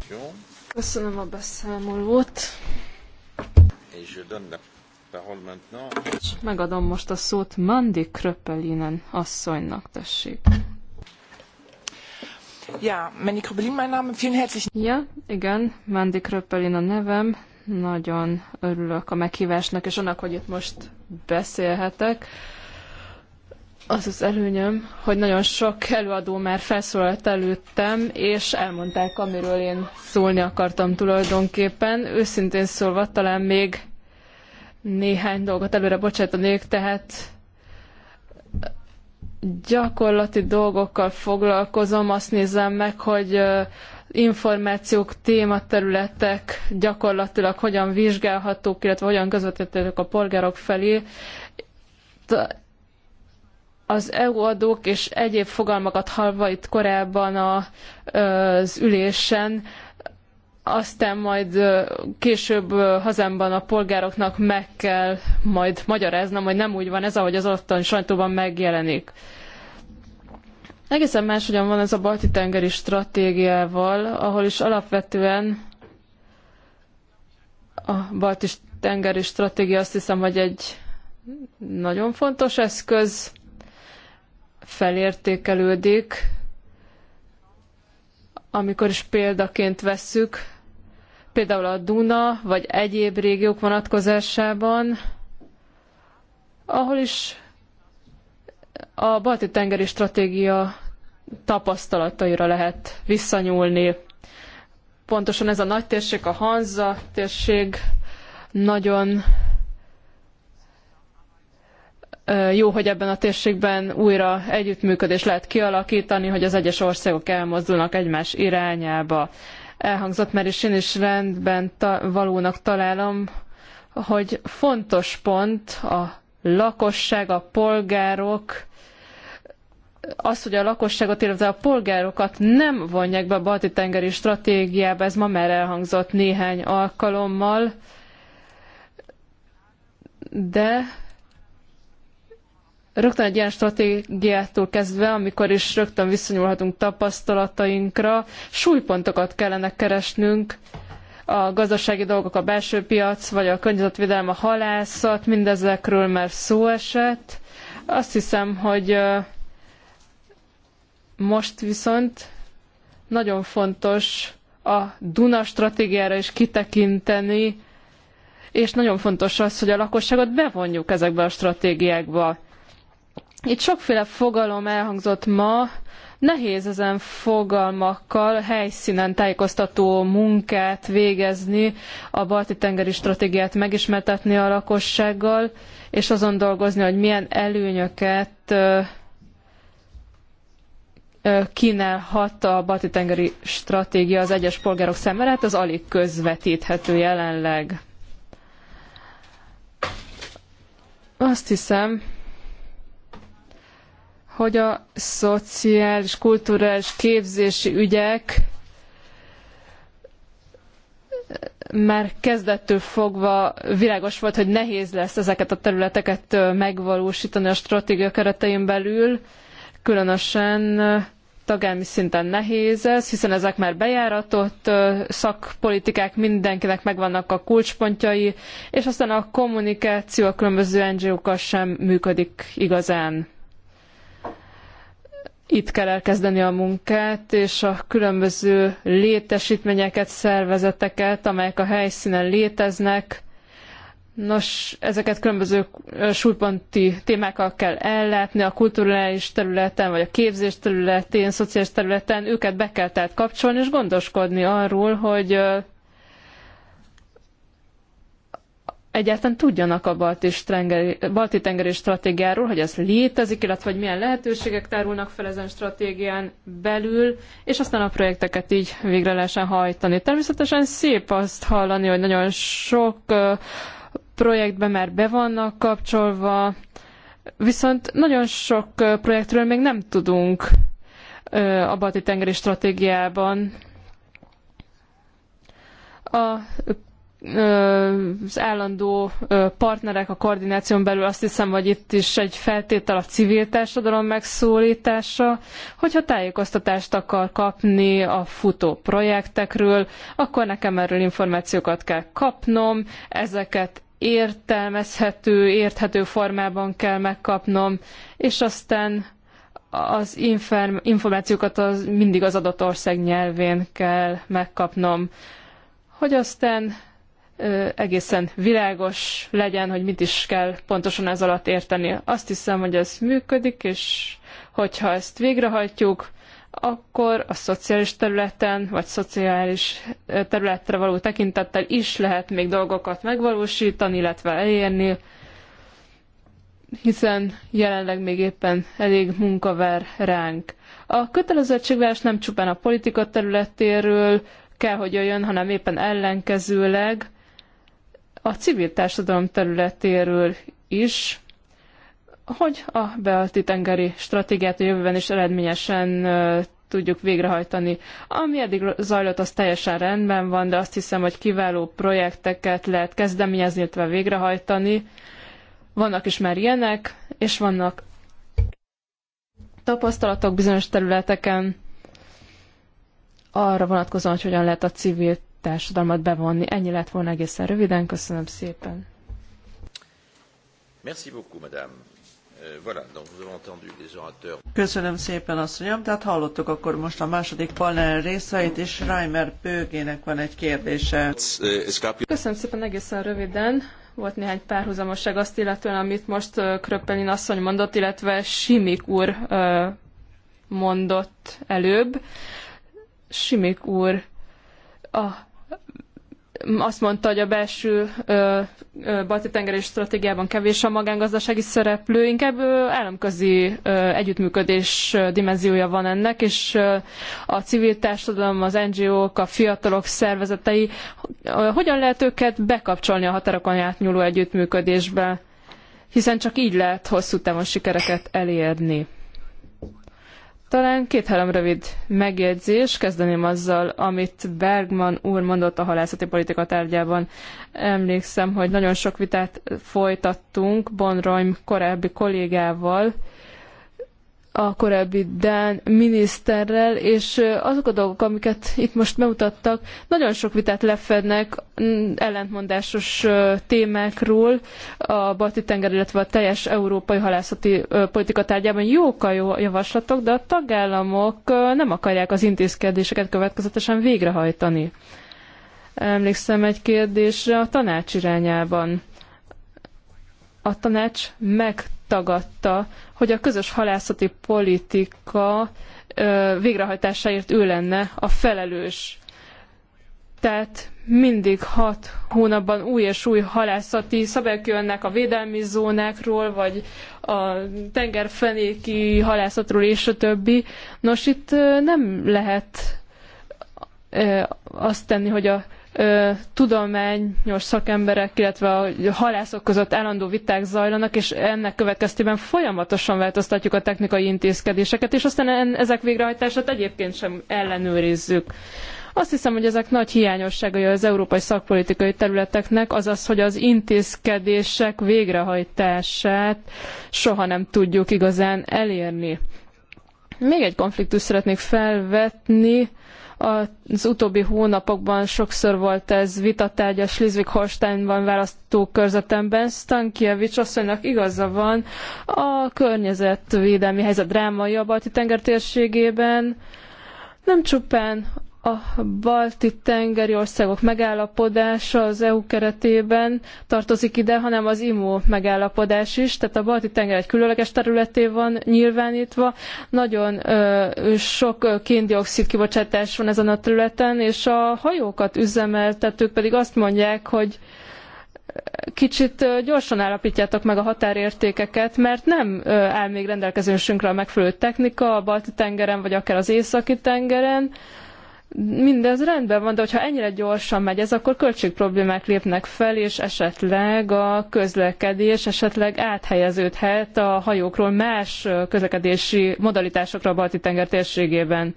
Köszönöm a beszámolót. És megadom most a szót Mandi Kröppelinen asszonynak, tessék. Ja, Mandy Kröppelin, mein Name, vielen herzlichen Ja, igen, Mandy Kröppelin a nevem. Nagyon örülök a meghívásnak, és annak, hogy itt most beszélhetek. Az az előnyöm, hogy nagyon sok előadó már felszólalt előttem, és elmondták, amiről én szólni akartam tulajdonképpen. Őszintén szólva talán még néhány dolgot előre bocsátanék, tehát gyakorlati dolgokkal foglalkozom, azt nézem meg, hogy információk, tématerületek gyakorlatilag hogyan vizsgálhatók, illetve hogyan közvetíthetők a polgárok felé. Az EU adók és egyéb fogalmakat hallva itt korábban az ülésen aztán majd később hazámban a polgároknak meg kell majd magyaráznom, hogy nem úgy van ez, ahogy az ottan sajtóban megjelenik. Egészen máshogyan van ez a balti tengeri stratégiával, ahol is alapvetően a balti tengeri stratégia azt hiszem, hogy egy nagyon fontos eszköz, felértékelődik, amikor is példaként vesszük például a Duna vagy egyéb régiók vonatkozásában, ahol is a balti tengeri stratégia tapasztalataira lehet visszanyúlni. Pontosan ez a nagy térség, a Hanza térség nagyon jó, hogy ebben a térségben újra együttműködés lehet kialakítani, hogy az egyes országok elmozdulnak egymás irányába elhangzott már, és én is rendben ta valónak találom, hogy fontos pont a lakosság, a polgárok, az, hogy a lakosságot, illetve a polgárokat nem vonják be a balti tengeri stratégiába, ez ma már elhangzott néhány alkalommal, de rögtön egy ilyen stratégiától kezdve, amikor is rögtön visszanyúlhatunk tapasztalatainkra, súlypontokat kellene keresnünk, a gazdasági dolgok, a belső piac, vagy a környezetvédelem, a halászat, mindezekről már szó esett. Azt hiszem, hogy most viszont nagyon fontos a Duna stratégiára is kitekinteni, és nagyon fontos az, hogy a lakosságot bevonjuk ezekbe a stratégiákba. Itt sokféle fogalom elhangzott ma, nehéz ezen fogalmakkal helyszínen tájékoztató munkát végezni, a balti tengeri stratégiát megismertetni a lakossággal, és azon dolgozni, hogy milyen előnyöket kínálhat a balti tengeri stratégia az egyes polgárok számára, hát az alig közvetíthető jelenleg. Azt hiszem, hogy a szociális, kulturális képzési ügyek már kezdettől fogva világos volt, hogy nehéz lesz ezeket a területeket megvalósítani a stratégia keretein belül, különösen tagállami szinten nehéz ez, hiszen ezek már bejáratott szakpolitikák, mindenkinek megvannak a kulcspontjai, és aztán a kommunikáció a különböző NGO-kkal sem működik igazán itt kell elkezdeni a munkát, és a különböző létesítményeket, szervezeteket, amelyek a helyszínen léteznek. Nos, ezeket különböző súlyponti témákkal kell ellátni, a kulturális területen, vagy a képzés területén, szociális területen, őket be kell tehát kapcsolni, és gondoskodni arról, hogy egyáltalán tudjanak a balti, strengeri, balti tengeri stratégiáról, hogy ez létezik, illetve hogy milyen lehetőségek tárulnak fel ezen stratégián belül, és aztán a projekteket így végre lehessen hajtani. Természetesen szép azt hallani, hogy nagyon sok projektben már be vannak kapcsolva, viszont nagyon sok projektről még nem tudunk a balti tengeri stratégiában. A az állandó partnerek a koordináción belül azt hiszem, hogy itt is egy feltétel a civil társadalom megszólítása, hogyha tájékoztatást akar kapni a futó projektekről, akkor nekem erről információkat kell kapnom, ezeket értelmezhető, érthető formában kell megkapnom, és aztán az információkat az mindig az adott ország nyelvén kell megkapnom, hogy aztán egészen világos legyen, hogy mit is kell pontosan ez alatt érteni. Azt hiszem, hogy ez működik, és hogyha ezt végrehajtjuk, akkor a szociális területen, vagy szociális területre való tekintettel is lehet még dolgokat megvalósítani, illetve elérni, hiszen jelenleg még éppen elég munka vár ránk. A kötelezettségvárás nem csupán a politika területéről kell, hogy jöjjön, hanem éppen ellenkezőleg a civil társadalom területéről is, hogy a belti tengeri stratégiát a jövőben is eredményesen tudjuk végrehajtani. Ami eddig zajlott, az teljesen rendben van, de azt hiszem, hogy kiváló projekteket lehet kezdeményezni, illetve végrehajtani. Vannak is már ilyenek, és vannak tapasztalatok bizonyos területeken arra vonatkozóan, hogy hogyan lehet a civil társadalmat bevonni. Ennyi lett volna egészen röviden. Köszönöm szépen. Merci beaucoup, madame. Euh, Köszönöm szépen, asszonyom. Tehát hallottuk akkor most a második panel részeit, és Reimer Bőgének van egy kérdése. Köszönöm szépen egészen röviden. Volt néhány párhuzamosság azt illetően, amit most Kröppelin asszony mondott, illetve Simik úr mondott előbb. Simik úr a azt mondta, hogy a belső balti-tengeri stratégiában kevés a magángazdasági szereplő, inkább államközi együttműködés dimenziója van ennek, és a civil társadalom, az NGO-k, a fiatalok szervezetei, hogyan lehet őket bekapcsolni a határokon átnyúló együttműködésbe, hiszen csak így lehet hosszú távon sikereket elérni. Talán két-három rövid megjegyzés, kezdeném azzal, amit Bergman úr mondott a halászati politika tárgyában. Emlékszem, hogy nagyon sok vitát folytattunk Bonroim korábbi kollégával, a korábbi Dán miniszterrel, és azok a dolgok, amiket itt most bemutattak, nagyon sok vitát lefednek mm, ellentmondásos témákról a balti tenger, illetve a teljes európai halászati politika tárgyában. Jók a jó javaslatok, de a tagállamok nem akarják az intézkedéseket következetesen végrehajtani. Emlékszem egy kérdésre a tanács irányában a tanács megtagadta, hogy a közös halászati politika végrehajtásáért ő lenne a felelős. Tehát mindig hat hónapban új és új halászati szabályok jönnek a védelmi zónákról, vagy a tengerfenéki halászatról és a többi. Nos, itt nem lehet azt tenni, hogy a tudományos szakemberek, illetve a halászok között állandó viták zajlanak, és ennek következtében folyamatosan változtatjuk a technikai intézkedéseket, és aztán ezek végrehajtását egyébként sem ellenőrizzük. Azt hiszem, hogy ezek nagy hiányosságai az európai szakpolitikai területeknek, azaz, hogy az intézkedések végrehajtását soha nem tudjuk igazán elérni. Még egy konfliktust szeretnék felvetni, az utóbbi hónapokban sokszor volt ez a Schleswig-Holsteinban választókörzetemben. Stankiewicz asszonynak igaza van, a környezetvédelmi helyzet drámai a balti tenger térségében, nem csupán a balti tengeri országok megállapodása az EU keretében tartozik ide, hanem az IMO megállapodás is, tehát a balti tenger egy különleges területé van nyilvánítva. Nagyon ö, sok kén-dioxid kibocsátás van ezen a területen, és a hajókat üzemeltetők pedig azt mondják, hogy kicsit gyorsan állapítjátok meg a határértékeket, mert nem áll még rendelkezésünkre a megfelelő technika a balti tengeren, vagy akár az északi tengeren, mindez rendben van, de hogyha ennyire gyorsan megy ez, akkor költségproblémák lépnek fel, és esetleg a közlekedés esetleg áthelyeződhet a hajókról más közlekedési modalitásokra a Balti-tenger térségében.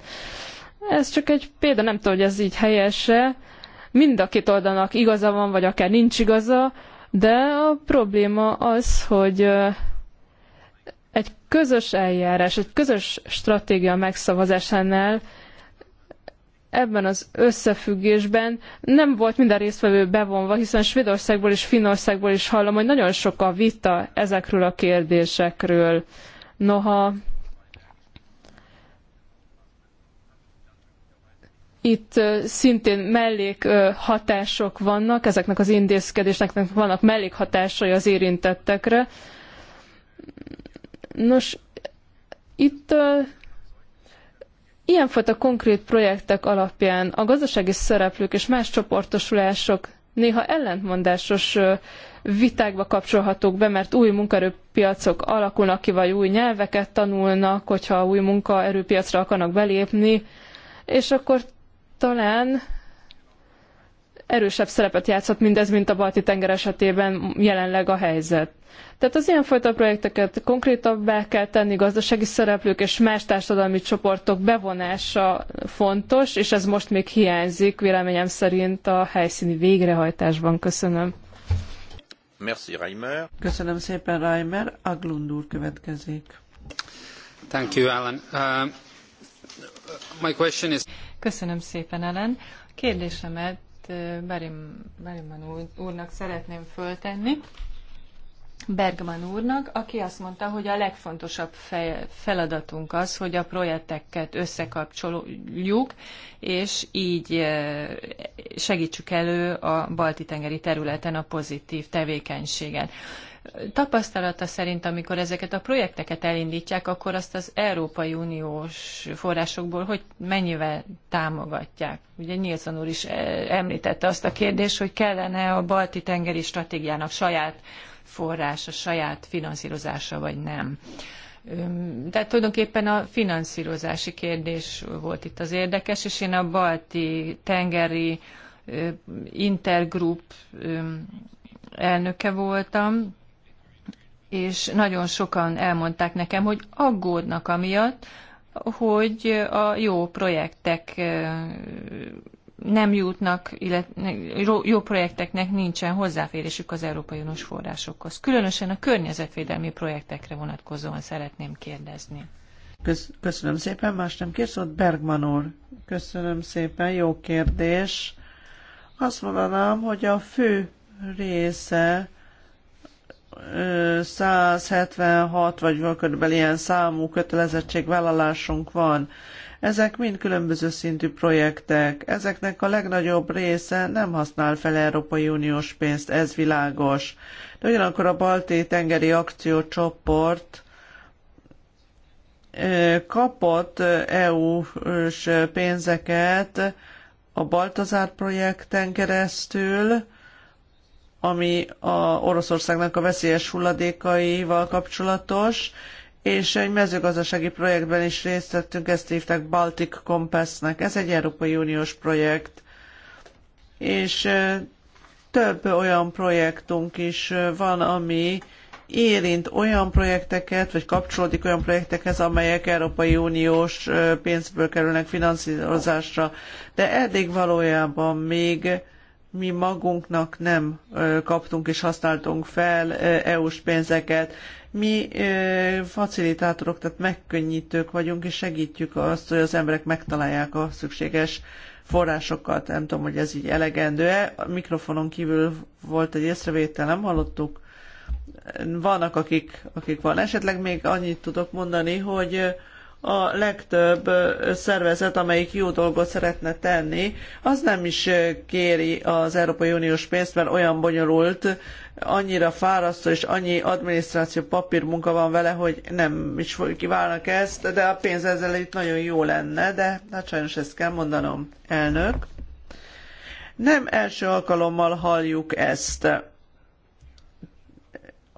Ez csak egy példa, nem tudom, hogy ez így helyese. Mind a két oldalnak igaza van, vagy akár nincs igaza, de a probléma az, hogy egy közös eljárás, egy közös stratégia megszavazásánál ebben az összefüggésben nem volt minden résztvevő bevonva, hiszen Svédországból és Finnországból is hallom, hogy nagyon sok a vita ezekről a kérdésekről. Noha itt szintén mellékhatások vannak, ezeknek az intézkedéseknek vannak mellékhatásai az érintettekre. Nos, itt Ilyenfajta konkrét projektek alapján a gazdasági szereplők és más csoportosulások néha ellentmondásos vitákba kapcsolhatók be, mert új munkaerőpiacok alakulnak ki, vagy új nyelveket tanulnak, hogyha új munkaerőpiacra akarnak belépni, és akkor talán erősebb szerepet játszott mindez, mint a balti tenger esetében jelenleg a helyzet. Tehát az ilyenfajta projekteket konkrétabbá kell tenni, gazdasági szereplők és más társadalmi csoportok bevonása fontos, és ez most még hiányzik véleményem szerint a helyszíni végrehajtásban. Köszönöm. Merci, Reimer. Köszönöm szépen, Reimer. Aglund úr következik. Thank you, Alan. Uh, my question is... Köszönöm szépen, Ellen. Kérdésemet Berim, Berimman úrnak szeretném föltenni. Bergman úrnak, aki azt mondta, hogy a legfontosabb feladatunk az, hogy a projekteket összekapcsoljuk, és így segítsük elő a balti-tengeri területen a pozitív tevékenységen tapasztalata szerint, amikor ezeket a projekteket elindítják, akkor azt az Európai Uniós forrásokból hogy mennyivel támogatják? Ugye Nilsson úr is eh, említette azt a kérdést, hogy kellene a balti tengeri stratégiának saját forrása, saját finanszírozása, vagy nem. Tehát tulajdonképpen a finanszírozási kérdés volt itt az érdekes, és én a balti tengeri intergroup elnöke voltam, és nagyon sokan elmondták nekem, hogy aggódnak amiatt, hogy a jó projektek nem jutnak, illetve jó projekteknek nincsen hozzáférésük az Európai Uniós forrásokhoz. Különösen a környezetvédelmi projektekre vonatkozóan szeretném kérdezni. Köszönöm szépen, más nem készült. Bergman úr, köszönöm szépen, jó kérdés. Azt mondanám, hogy a fő része 176 vagy körülbelül ilyen számú kötelezettségvállalásunk van. Ezek mind különböző szintű projektek. Ezeknek a legnagyobb része nem használ fel Európai Uniós pénzt, ez világos. De ugyanakkor a Balti Tengeri Akciócsoport kapott EU-s pénzeket a Baltazár projekten keresztül, ami a Oroszországnak a veszélyes hulladékaival kapcsolatos, és egy mezőgazdasági projektben is részt vettünk, ezt hívták Baltic Compassnek. Ez egy Európai Uniós projekt, és több olyan projektunk is van, ami érint olyan projekteket, vagy kapcsolódik olyan projektekhez, amelyek Európai Uniós pénzből kerülnek finanszírozásra. De eddig valójában még mi magunknak nem kaptunk és használtunk fel EU-s pénzeket. Mi facilitátorok, tehát megkönnyítők vagyunk, és segítjük azt, hogy az emberek megtalálják a szükséges forrásokat. Nem tudom, hogy ez így elegendő-e. A mikrofonon kívül volt egy észrevétel, nem hallottuk. Vannak, akik, akik van. Esetleg még annyit tudok mondani, hogy a legtöbb szervezet, amelyik jó dolgot szeretne tenni, az nem is kéri az Európai Uniós pénzt, mert olyan bonyolult, annyira fárasztó és annyi adminisztráció papírmunka van vele, hogy nem is kívánnak ezt, de a pénz ezzel itt nagyon jó lenne, de hát sajnos ezt kell mondanom, elnök. Nem első alkalommal halljuk ezt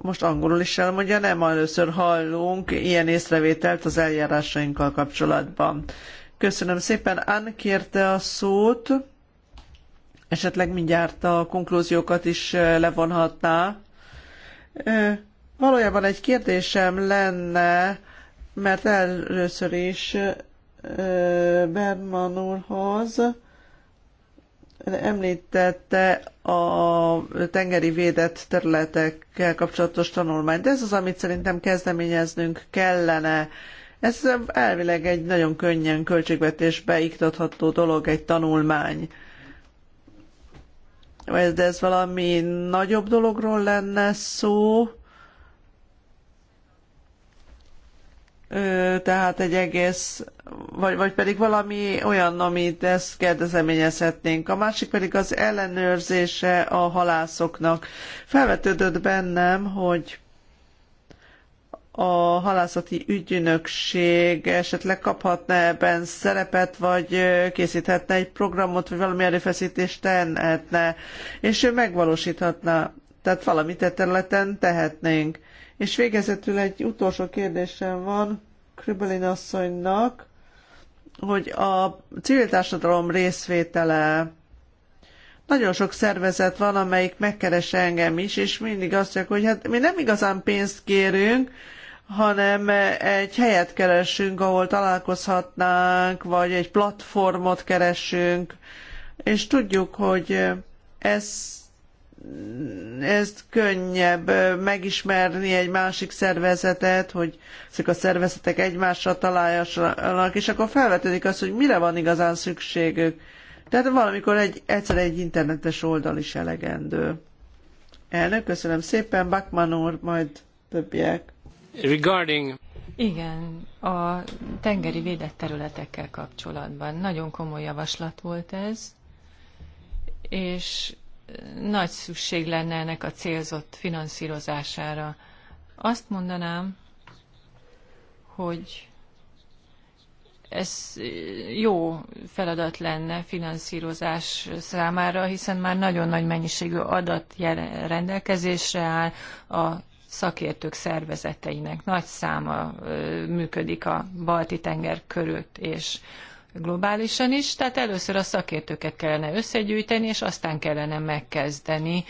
most angolul is elmondja, nem először hallunk ilyen észrevételt az eljárásainkkal kapcsolatban. Köszönöm szépen. Ann kérte a szót, esetleg mindjárt a konklúziókat is levonhatná. Valójában egy kérdésem lenne, mert először is Bernman úrhoz, említette a tengeri védett területekkel kapcsolatos tanulmányt. Ez az, amit szerintem kezdeményeznünk kellene. Ez elvileg egy nagyon könnyen költségvetésbe iktatható dolog, egy tanulmány. De ez valami nagyobb dologról lenne szó, tehát egy egész, vagy, vagy pedig valami olyan, amit ezt kedvezményezhetnénk. A másik pedig az ellenőrzése a halászoknak. Felvetődött bennem, hogy a halászati ügynökség esetleg kaphatna ebben szerepet, vagy készíthetne egy programot, vagy valami erőfeszítést tenhetne, és ő megvalósíthatna. Tehát valamit e területen tehetnénk. És végezetül egy utolsó kérdésem van Kribelin asszonynak, hogy a civil társadalom részvétele nagyon sok szervezet van, amelyik megkeres engem is, és mindig azt mondják, hogy hát mi nem igazán pénzt kérünk, hanem egy helyet keresünk, ahol találkozhatnánk, vagy egy platformot keresünk, és tudjuk, hogy ez ezt könnyebb megismerni egy másik szervezetet, hogy ezek a szervezetek egymásra találjanak, és akkor felvetődik az, hogy mire van igazán szükségük. Tehát valamikor egy, egyszer egy internetes oldal is elegendő. Elnök, köszönöm szépen, Bakman úr, majd többiek. Regarding... Igen, a tengeri védett területekkel kapcsolatban nagyon komoly javaslat volt ez, és nagy szükség lenne ennek a célzott finanszírozására. Azt mondanám, hogy ez jó feladat lenne finanszírozás számára, hiszen már nagyon nagy mennyiségű adat rendelkezésre áll a szakértők szervezeteinek. Nagy száma működik a Balti tenger körül, és globálisan is, tehát először a szakértőket kellene összegyűjteni, és aztán kellene megkezdeni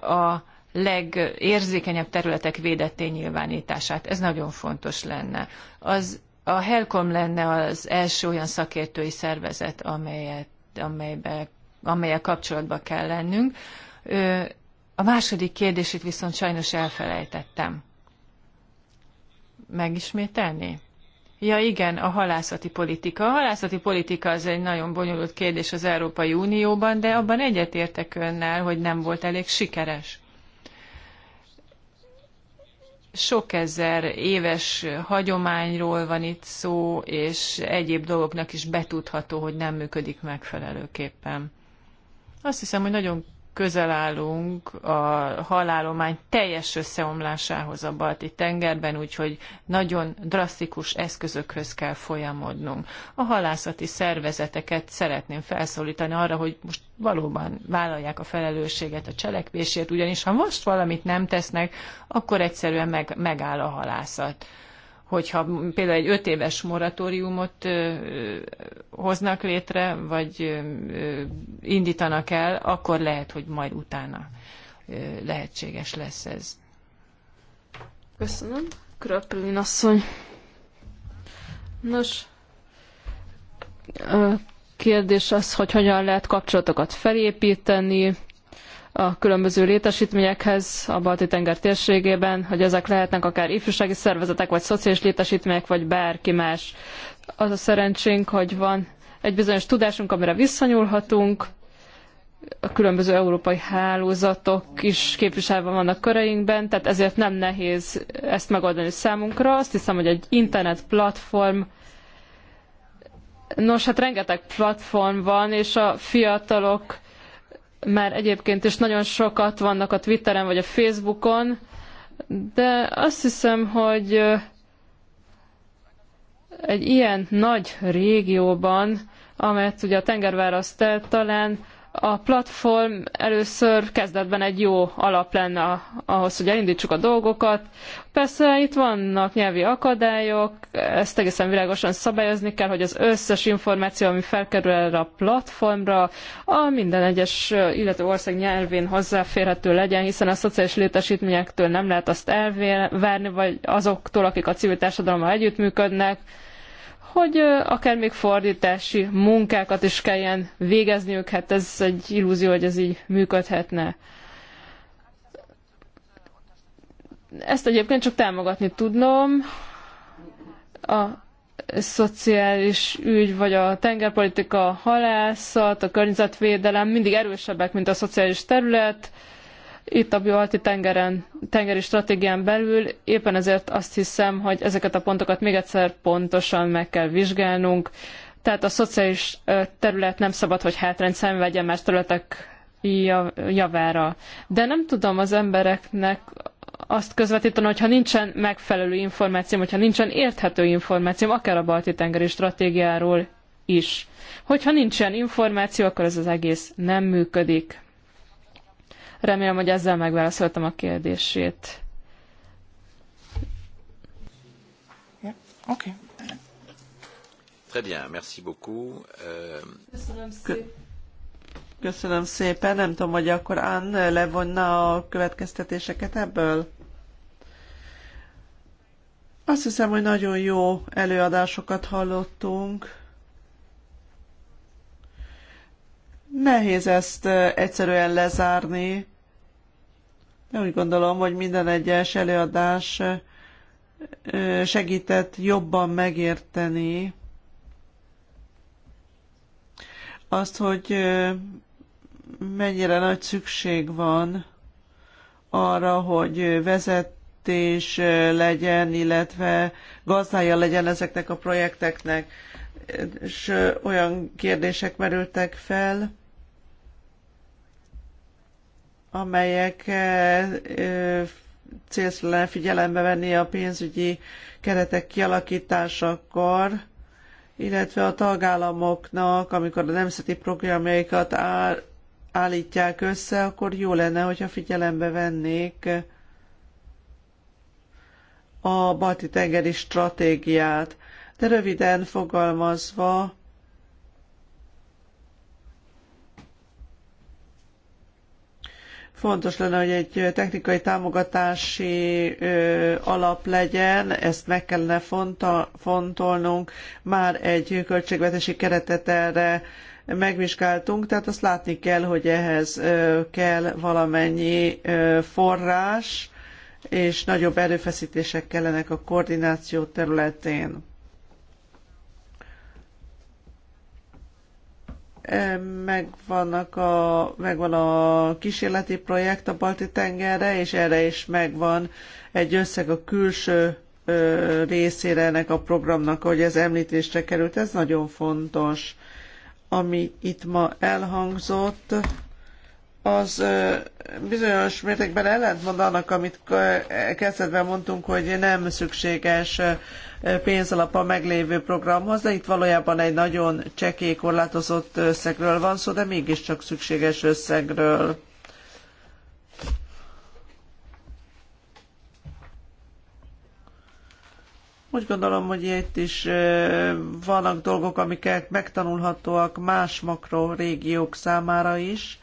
a legérzékenyebb területek védetté nyilvánítását. Ez nagyon fontos lenne. Az, a HELCOM lenne az első olyan szakértői szervezet, amelyet, amelybe, amelyel kapcsolatba kell lennünk. A második kérdését viszont sajnos elfelejtettem. Megismételni? Ja igen, a halászati politika. A halászati politika az egy nagyon bonyolult kérdés az Európai Unióban, de abban egyetértek önnel, hogy nem volt elég sikeres. Sok ezer éves hagyományról van itt szó, és egyéb dolgoknak is betudható, hogy nem működik megfelelőképpen. Azt hiszem, hogy nagyon közel állunk a halálomány teljes összeomlásához a balti tengerben, úgyhogy nagyon drasztikus eszközökhöz kell folyamodnunk. A halászati szervezeteket szeretném felszólítani arra, hogy most valóban vállalják a felelősséget a cselekvésért, ugyanis ha most valamit nem tesznek, akkor egyszerűen meg, megáll a halászat hogyha például egy öt éves moratóriumot hoznak létre, vagy indítanak el, akkor lehet, hogy majd utána lehetséges lesz ez. Köszönöm. Kröpülin asszony. Nos, kérdés az, hogy hogyan lehet kapcsolatokat felépíteni, a különböző létesítményekhez a Balti-tenger térségében, hogy ezek lehetnek akár ifjúsági szervezetek, vagy szociális létesítmények, vagy bárki más. Az a szerencsénk, hogy van egy bizonyos tudásunk, amire visszanyúlhatunk, a különböző európai hálózatok is képviselve vannak köreinkben, tehát ezért nem nehéz ezt megoldani számunkra. Azt hiszem, hogy egy internet platform Nos, hát rengeteg platform van, és a fiatalok már egyébként is nagyon sokat vannak a Twitteren vagy a Facebookon, de azt hiszem, hogy egy ilyen nagy régióban, amelyet ugye a tengerválaszt talán a platform először kezdetben egy jó alap lenne ahhoz, hogy elindítsuk a dolgokat. Persze itt vannak nyelvi akadályok, ezt egészen világosan szabályozni kell, hogy az összes információ, ami felkerül erre a platformra, a minden egyes illető ország nyelvén hozzáférhető legyen, hiszen a szociális létesítményektől nem lehet azt elvárni, vagy azoktól, akik a civil társadalommal együttműködnek, hogy akár még fordítási munkákat is kelljen végezniük, hát ez egy illúzió, hogy ez így működhetne. Ezt egyébként csak támogatni tudnom. A szociális ügy, vagy a tengerpolitika, a halászat, a környezetvédelem mindig erősebbek, mint a szociális terület itt a Balti tengeren, tengeri stratégián belül. Éppen ezért azt hiszem, hogy ezeket a pontokat még egyszer pontosan meg kell vizsgálnunk. Tehát a szociális terület nem szabad, hogy hátrányt szenvedjen más területek javára. De nem tudom az embereknek azt közvetíteni, hogyha nincsen megfelelő információm, hogyha nincsen érthető információm, akár a balti tengeri stratégiáról is. Hogyha nincsen információ, akkor ez az egész nem működik. Remélem, hogy ezzel megválaszoltam a kérdését. Yeah. Okay. Très bien, merci beaucoup. Euh, Köszönöm szépen. Köszönöm szépen. Nem tudom, hogy akkor Ann levonna a következtetéseket ebből? Azt hiszem, hogy nagyon jó előadásokat hallottunk. Nehéz ezt egyszerűen lezárni, de úgy gondolom, hogy minden egyes előadás segített jobban megérteni azt, hogy mennyire nagy szükség van arra, hogy vezetés legyen, illetve gazdája legyen ezeknek a projekteknek és olyan kérdések merültek fel, amelyek célszerűen lenne figyelembe venni a pénzügyi keretek kialakításakor, illetve a tagállamoknak, amikor a nemzeti programjaikat állítják össze, akkor jó lenne, hogyha figyelembe vennék a balti tengeri stratégiát de röviden fogalmazva fontos lenne, hogy egy technikai támogatási alap legyen, ezt meg kellene fonta, fontolnunk, már egy költségvetési keretet erre megvizsgáltunk, tehát azt látni kell, hogy ehhez kell valamennyi forrás, és nagyobb erőfeszítések kellenek a koordináció területén. megvannak a, megvan a kísérleti projekt a Balti tengerre, és erre is megvan egy összeg a külső részére ennek a programnak, hogy ez említésre került. Ez nagyon fontos, ami itt ma elhangzott az bizonyos mértékben ellentmond annak, amit kezdetben mondtunk, hogy nem szükséges pénzalap a meglévő programhoz, de itt valójában egy nagyon csekély korlátozott összegről van szó, de mégiscsak szükséges összegről. Úgy gondolom, hogy itt is vannak dolgok, amiket megtanulhatóak más makro régiók számára is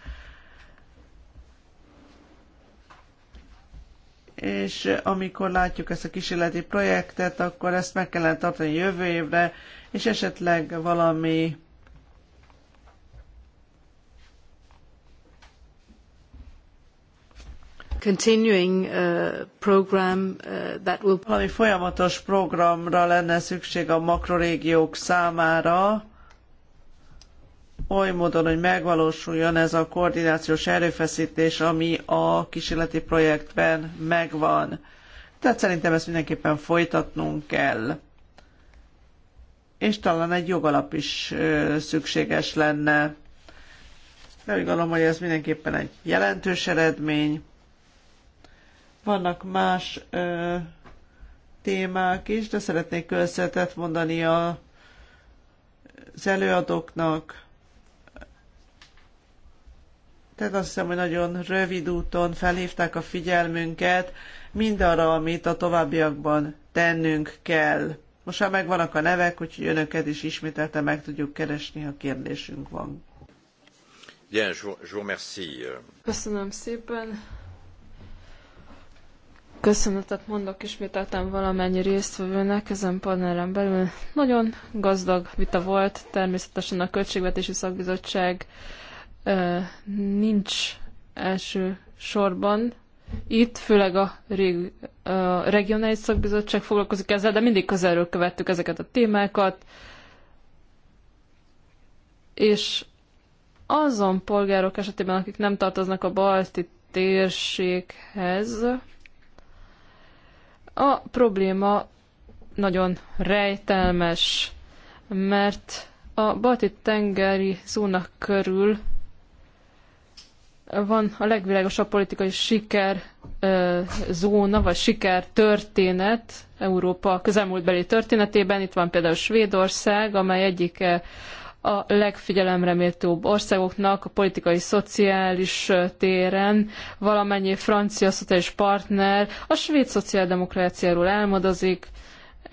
és amikor látjuk ezt a kísérleti projektet, akkor ezt meg kellene tartani jövő évre, és esetleg valami continuing uh, program uh, that will... Valami folyamatos programra lenne szükség a makrorégiók számára, oly módon, hogy megvalósuljon ez a koordinációs erőfeszítés, ami a kísérleti projektben megvan. Tehát szerintem ezt mindenképpen folytatnunk kell. És talán egy jogalap is szükséges lenne. De úgy gondolom, hogy ez mindenképpen egy jelentős eredmény. Vannak más ö, témák is, de szeretnék összetett mondani a, az előadóknak. Tehát azt hiszem, hogy nagyon rövid úton felhívták a figyelmünket mindarra, amit a továbbiakban tennünk kell. Most már megvannak a nevek, úgyhogy önöket is ismételte meg tudjuk keresni, ha kérdésünk van. Bien, je vous remercie. Köszönöm szépen. Köszönetet mondok ismételtem valamennyi résztvevőnek ezen panelen belül. Nagyon gazdag vita volt, természetesen a Költségvetési Szakbizottság nincs első sorban itt, főleg a, rég, a regionális szakbizottság foglalkozik ezzel, de mindig közelről követtük ezeket a témákat, és azon polgárok esetében, akik nem tartoznak a balti térséghez, a probléma nagyon rejtelmes, mert a balti tengeri zónak körül van a legvilágosabb politikai siker zóna, vagy siker történet Európa közelmúltbeli történetében. Itt van például Svédország, amely egyik a legfigyelemreméltóbb országoknak a politikai, szociális téren valamennyi francia szociális partner a svéd szociáldemokráciáról álmodozik,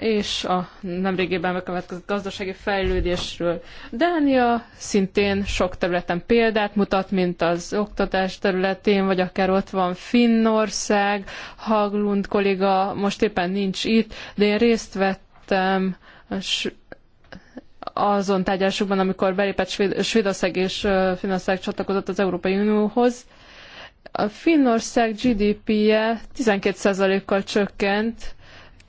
és a nemrégében bekövetkezett gazdasági fejlődésről. Dánia szintén sok területen példát mutat, mint az oktatás területén, vagy akár ott van Finnország, Haglund kolléga most éppen nincs itt, de én részt vettem azon tárgyalásokban, amikor belépett Svéd Svédország és Finnország csatlakozott az Európai Unióhoz. A Finnország GDP-je 12%-kal csökkent,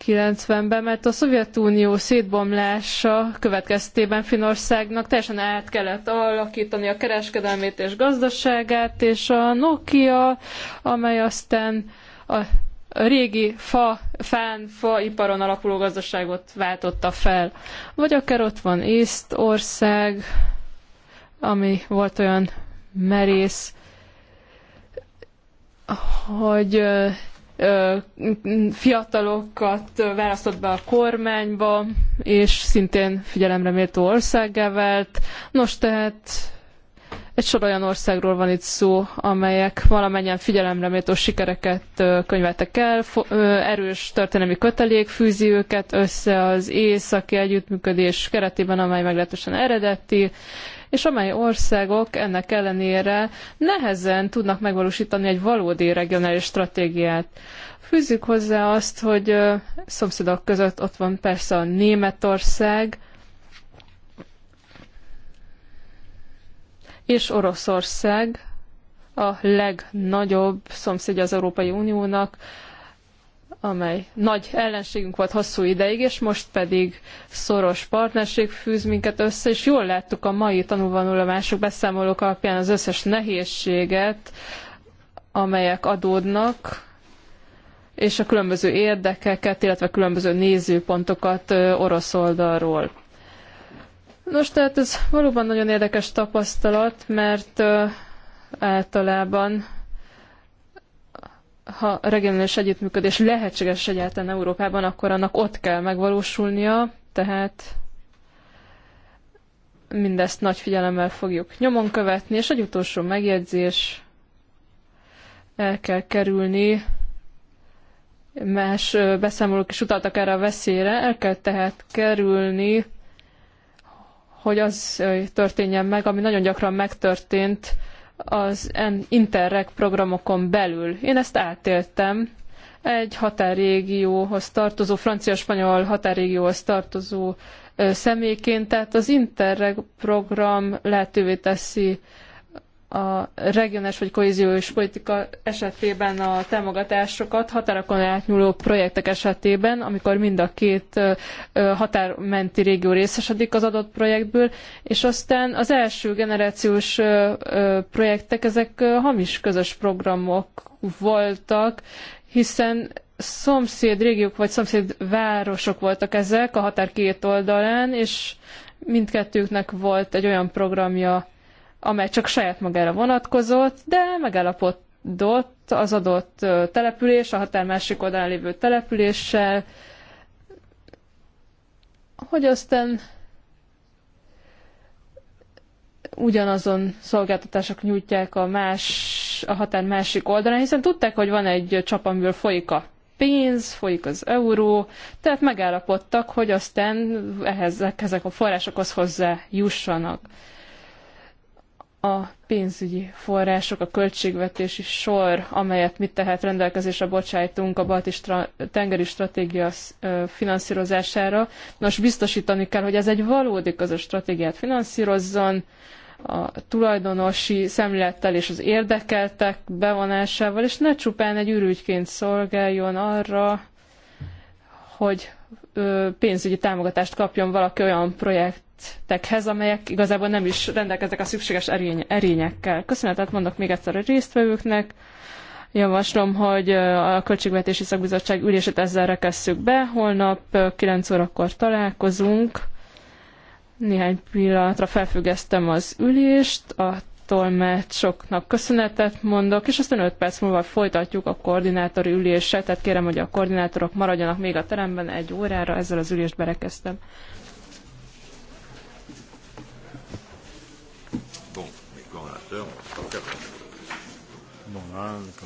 90-ben, mert a Szovjetunió szétbomlása következtében Finországnak teljesen át kellett alakítani a kereskedelmét és gazdaságát, és a Nokia, amely aztán a régi fa, fán, faiparon alakuló gazdaságot váltotta fel. Vagy akár ott van Észtország, ami volt olyan merész, hogy fiatalokat választott be a kormányba, és szintén figyelemre méltó országgá vált. Nos, tehát egy sor olyan országról van itt szó, amelyek valamennyien figyelemre méltó sikereket könyveltek el, erős történelmi kötelék fűzi őket össze az északi együttműködés keretében, amely meglehetősen eredeti, és amely országok ennek ellenére nehezen tudnak megvalósítani egy valódi regionális stratégiát. Fűzzük hozzá azt, hogy szomszédok között ott van persze a Németország, és Oroszország a legnagyobb szomszédja az Európai Uniónak, amely nagy ellenségünk volt hosszú ideig, és most pedig szoros partnerség fűz minket össze, és jól láttuk a mai tanulvonulomások beszámolók alapján az összes nehézséget, amelyek adódnak, és a különböző érdekeket, illetve különböző nézőpontokat orosz oldalról. Nos, tehát ez valóban nagyon érdekes tapasztalat, mert általában ha regionális együttműködés lehetséges egyáltalán Európában, akkor annak ott kell megvalósulnia, tehát mindezt nagy figyelemmel fogjuk nyomon követni, és egy utolsó megjegyzés, el kell kerülni, más beszámolók is utaltak erre a veszélyre, el kell tehát kerülni, hogy az történjen meg, ami nagyon gyakran megtörtént, az Interreg programokon belül. Én ezt átéltem. Egy határrégióhoz tartozó, francia-spanyol határrégióhoz tartozó személyként, tehát az Interreg program lehetővé teszi a regionális vagy kohéziós politika esetében a támogatásokat határokon átnyúló projektek esetében, amikor mind a két határmenti régió részesedik az adott projektből, és aztán az első generációs projektek, ezek hamis közös programok voltak, hiszen szomszéd régiók vagy szomszéd városok voltak ezek a határ két oldalán, és mindkettőknek volt egy olyan programja, amely csak saját magára vonatkozott, de megállapodott az adott település, a határ másik oldalán lévő településsel, hogy aztán ugyanazon szolgáltatások nyújtják a, más, a határ másik oldalán, hiszen tudták, hogy van egy csap, amiből folyik a pénz, folyik az euró, tehát megállapodtak, hogy aztán ehhez, ezek a forrásokhoz hozzá jussanak a pénzügyi források, a költségvetési sor, amelyet mit tehet rendelkezésre bocsájtunk a balti stra tengeri stratégia finanszírozására. Nos, biztosítani kell, hogy ez egy valódi közös stratégiát finanszírozzon, a tulajdonosi szemlélettel és az érdekeltek bevonásával, és ne csupán egy ürügyként szolgáljon arra, hogy pénzügyi támogatást kapjon valaki olyan projekt projektekhez, amelyek igazából nem is rendelkeznek a szükséges erény, erényekkel. Köszönetet mondok még egyszer a résztvevőknek. Javaslom, hogy a Költségvetési Szakbizottság ülését ezzel rekesszük be. Holnap 9 órakor találkozunk. Néhány pillanatra felfüggesztem az ülést, a tolmácsoknak köszönetet mondok, és aztán 5 perc múlva folytatjuk a koordinátori üléssel, tehát kérem, hogy a koordinátorok maradjanak még a teremben egy órára, ezzel az ülést berekeztem. Grand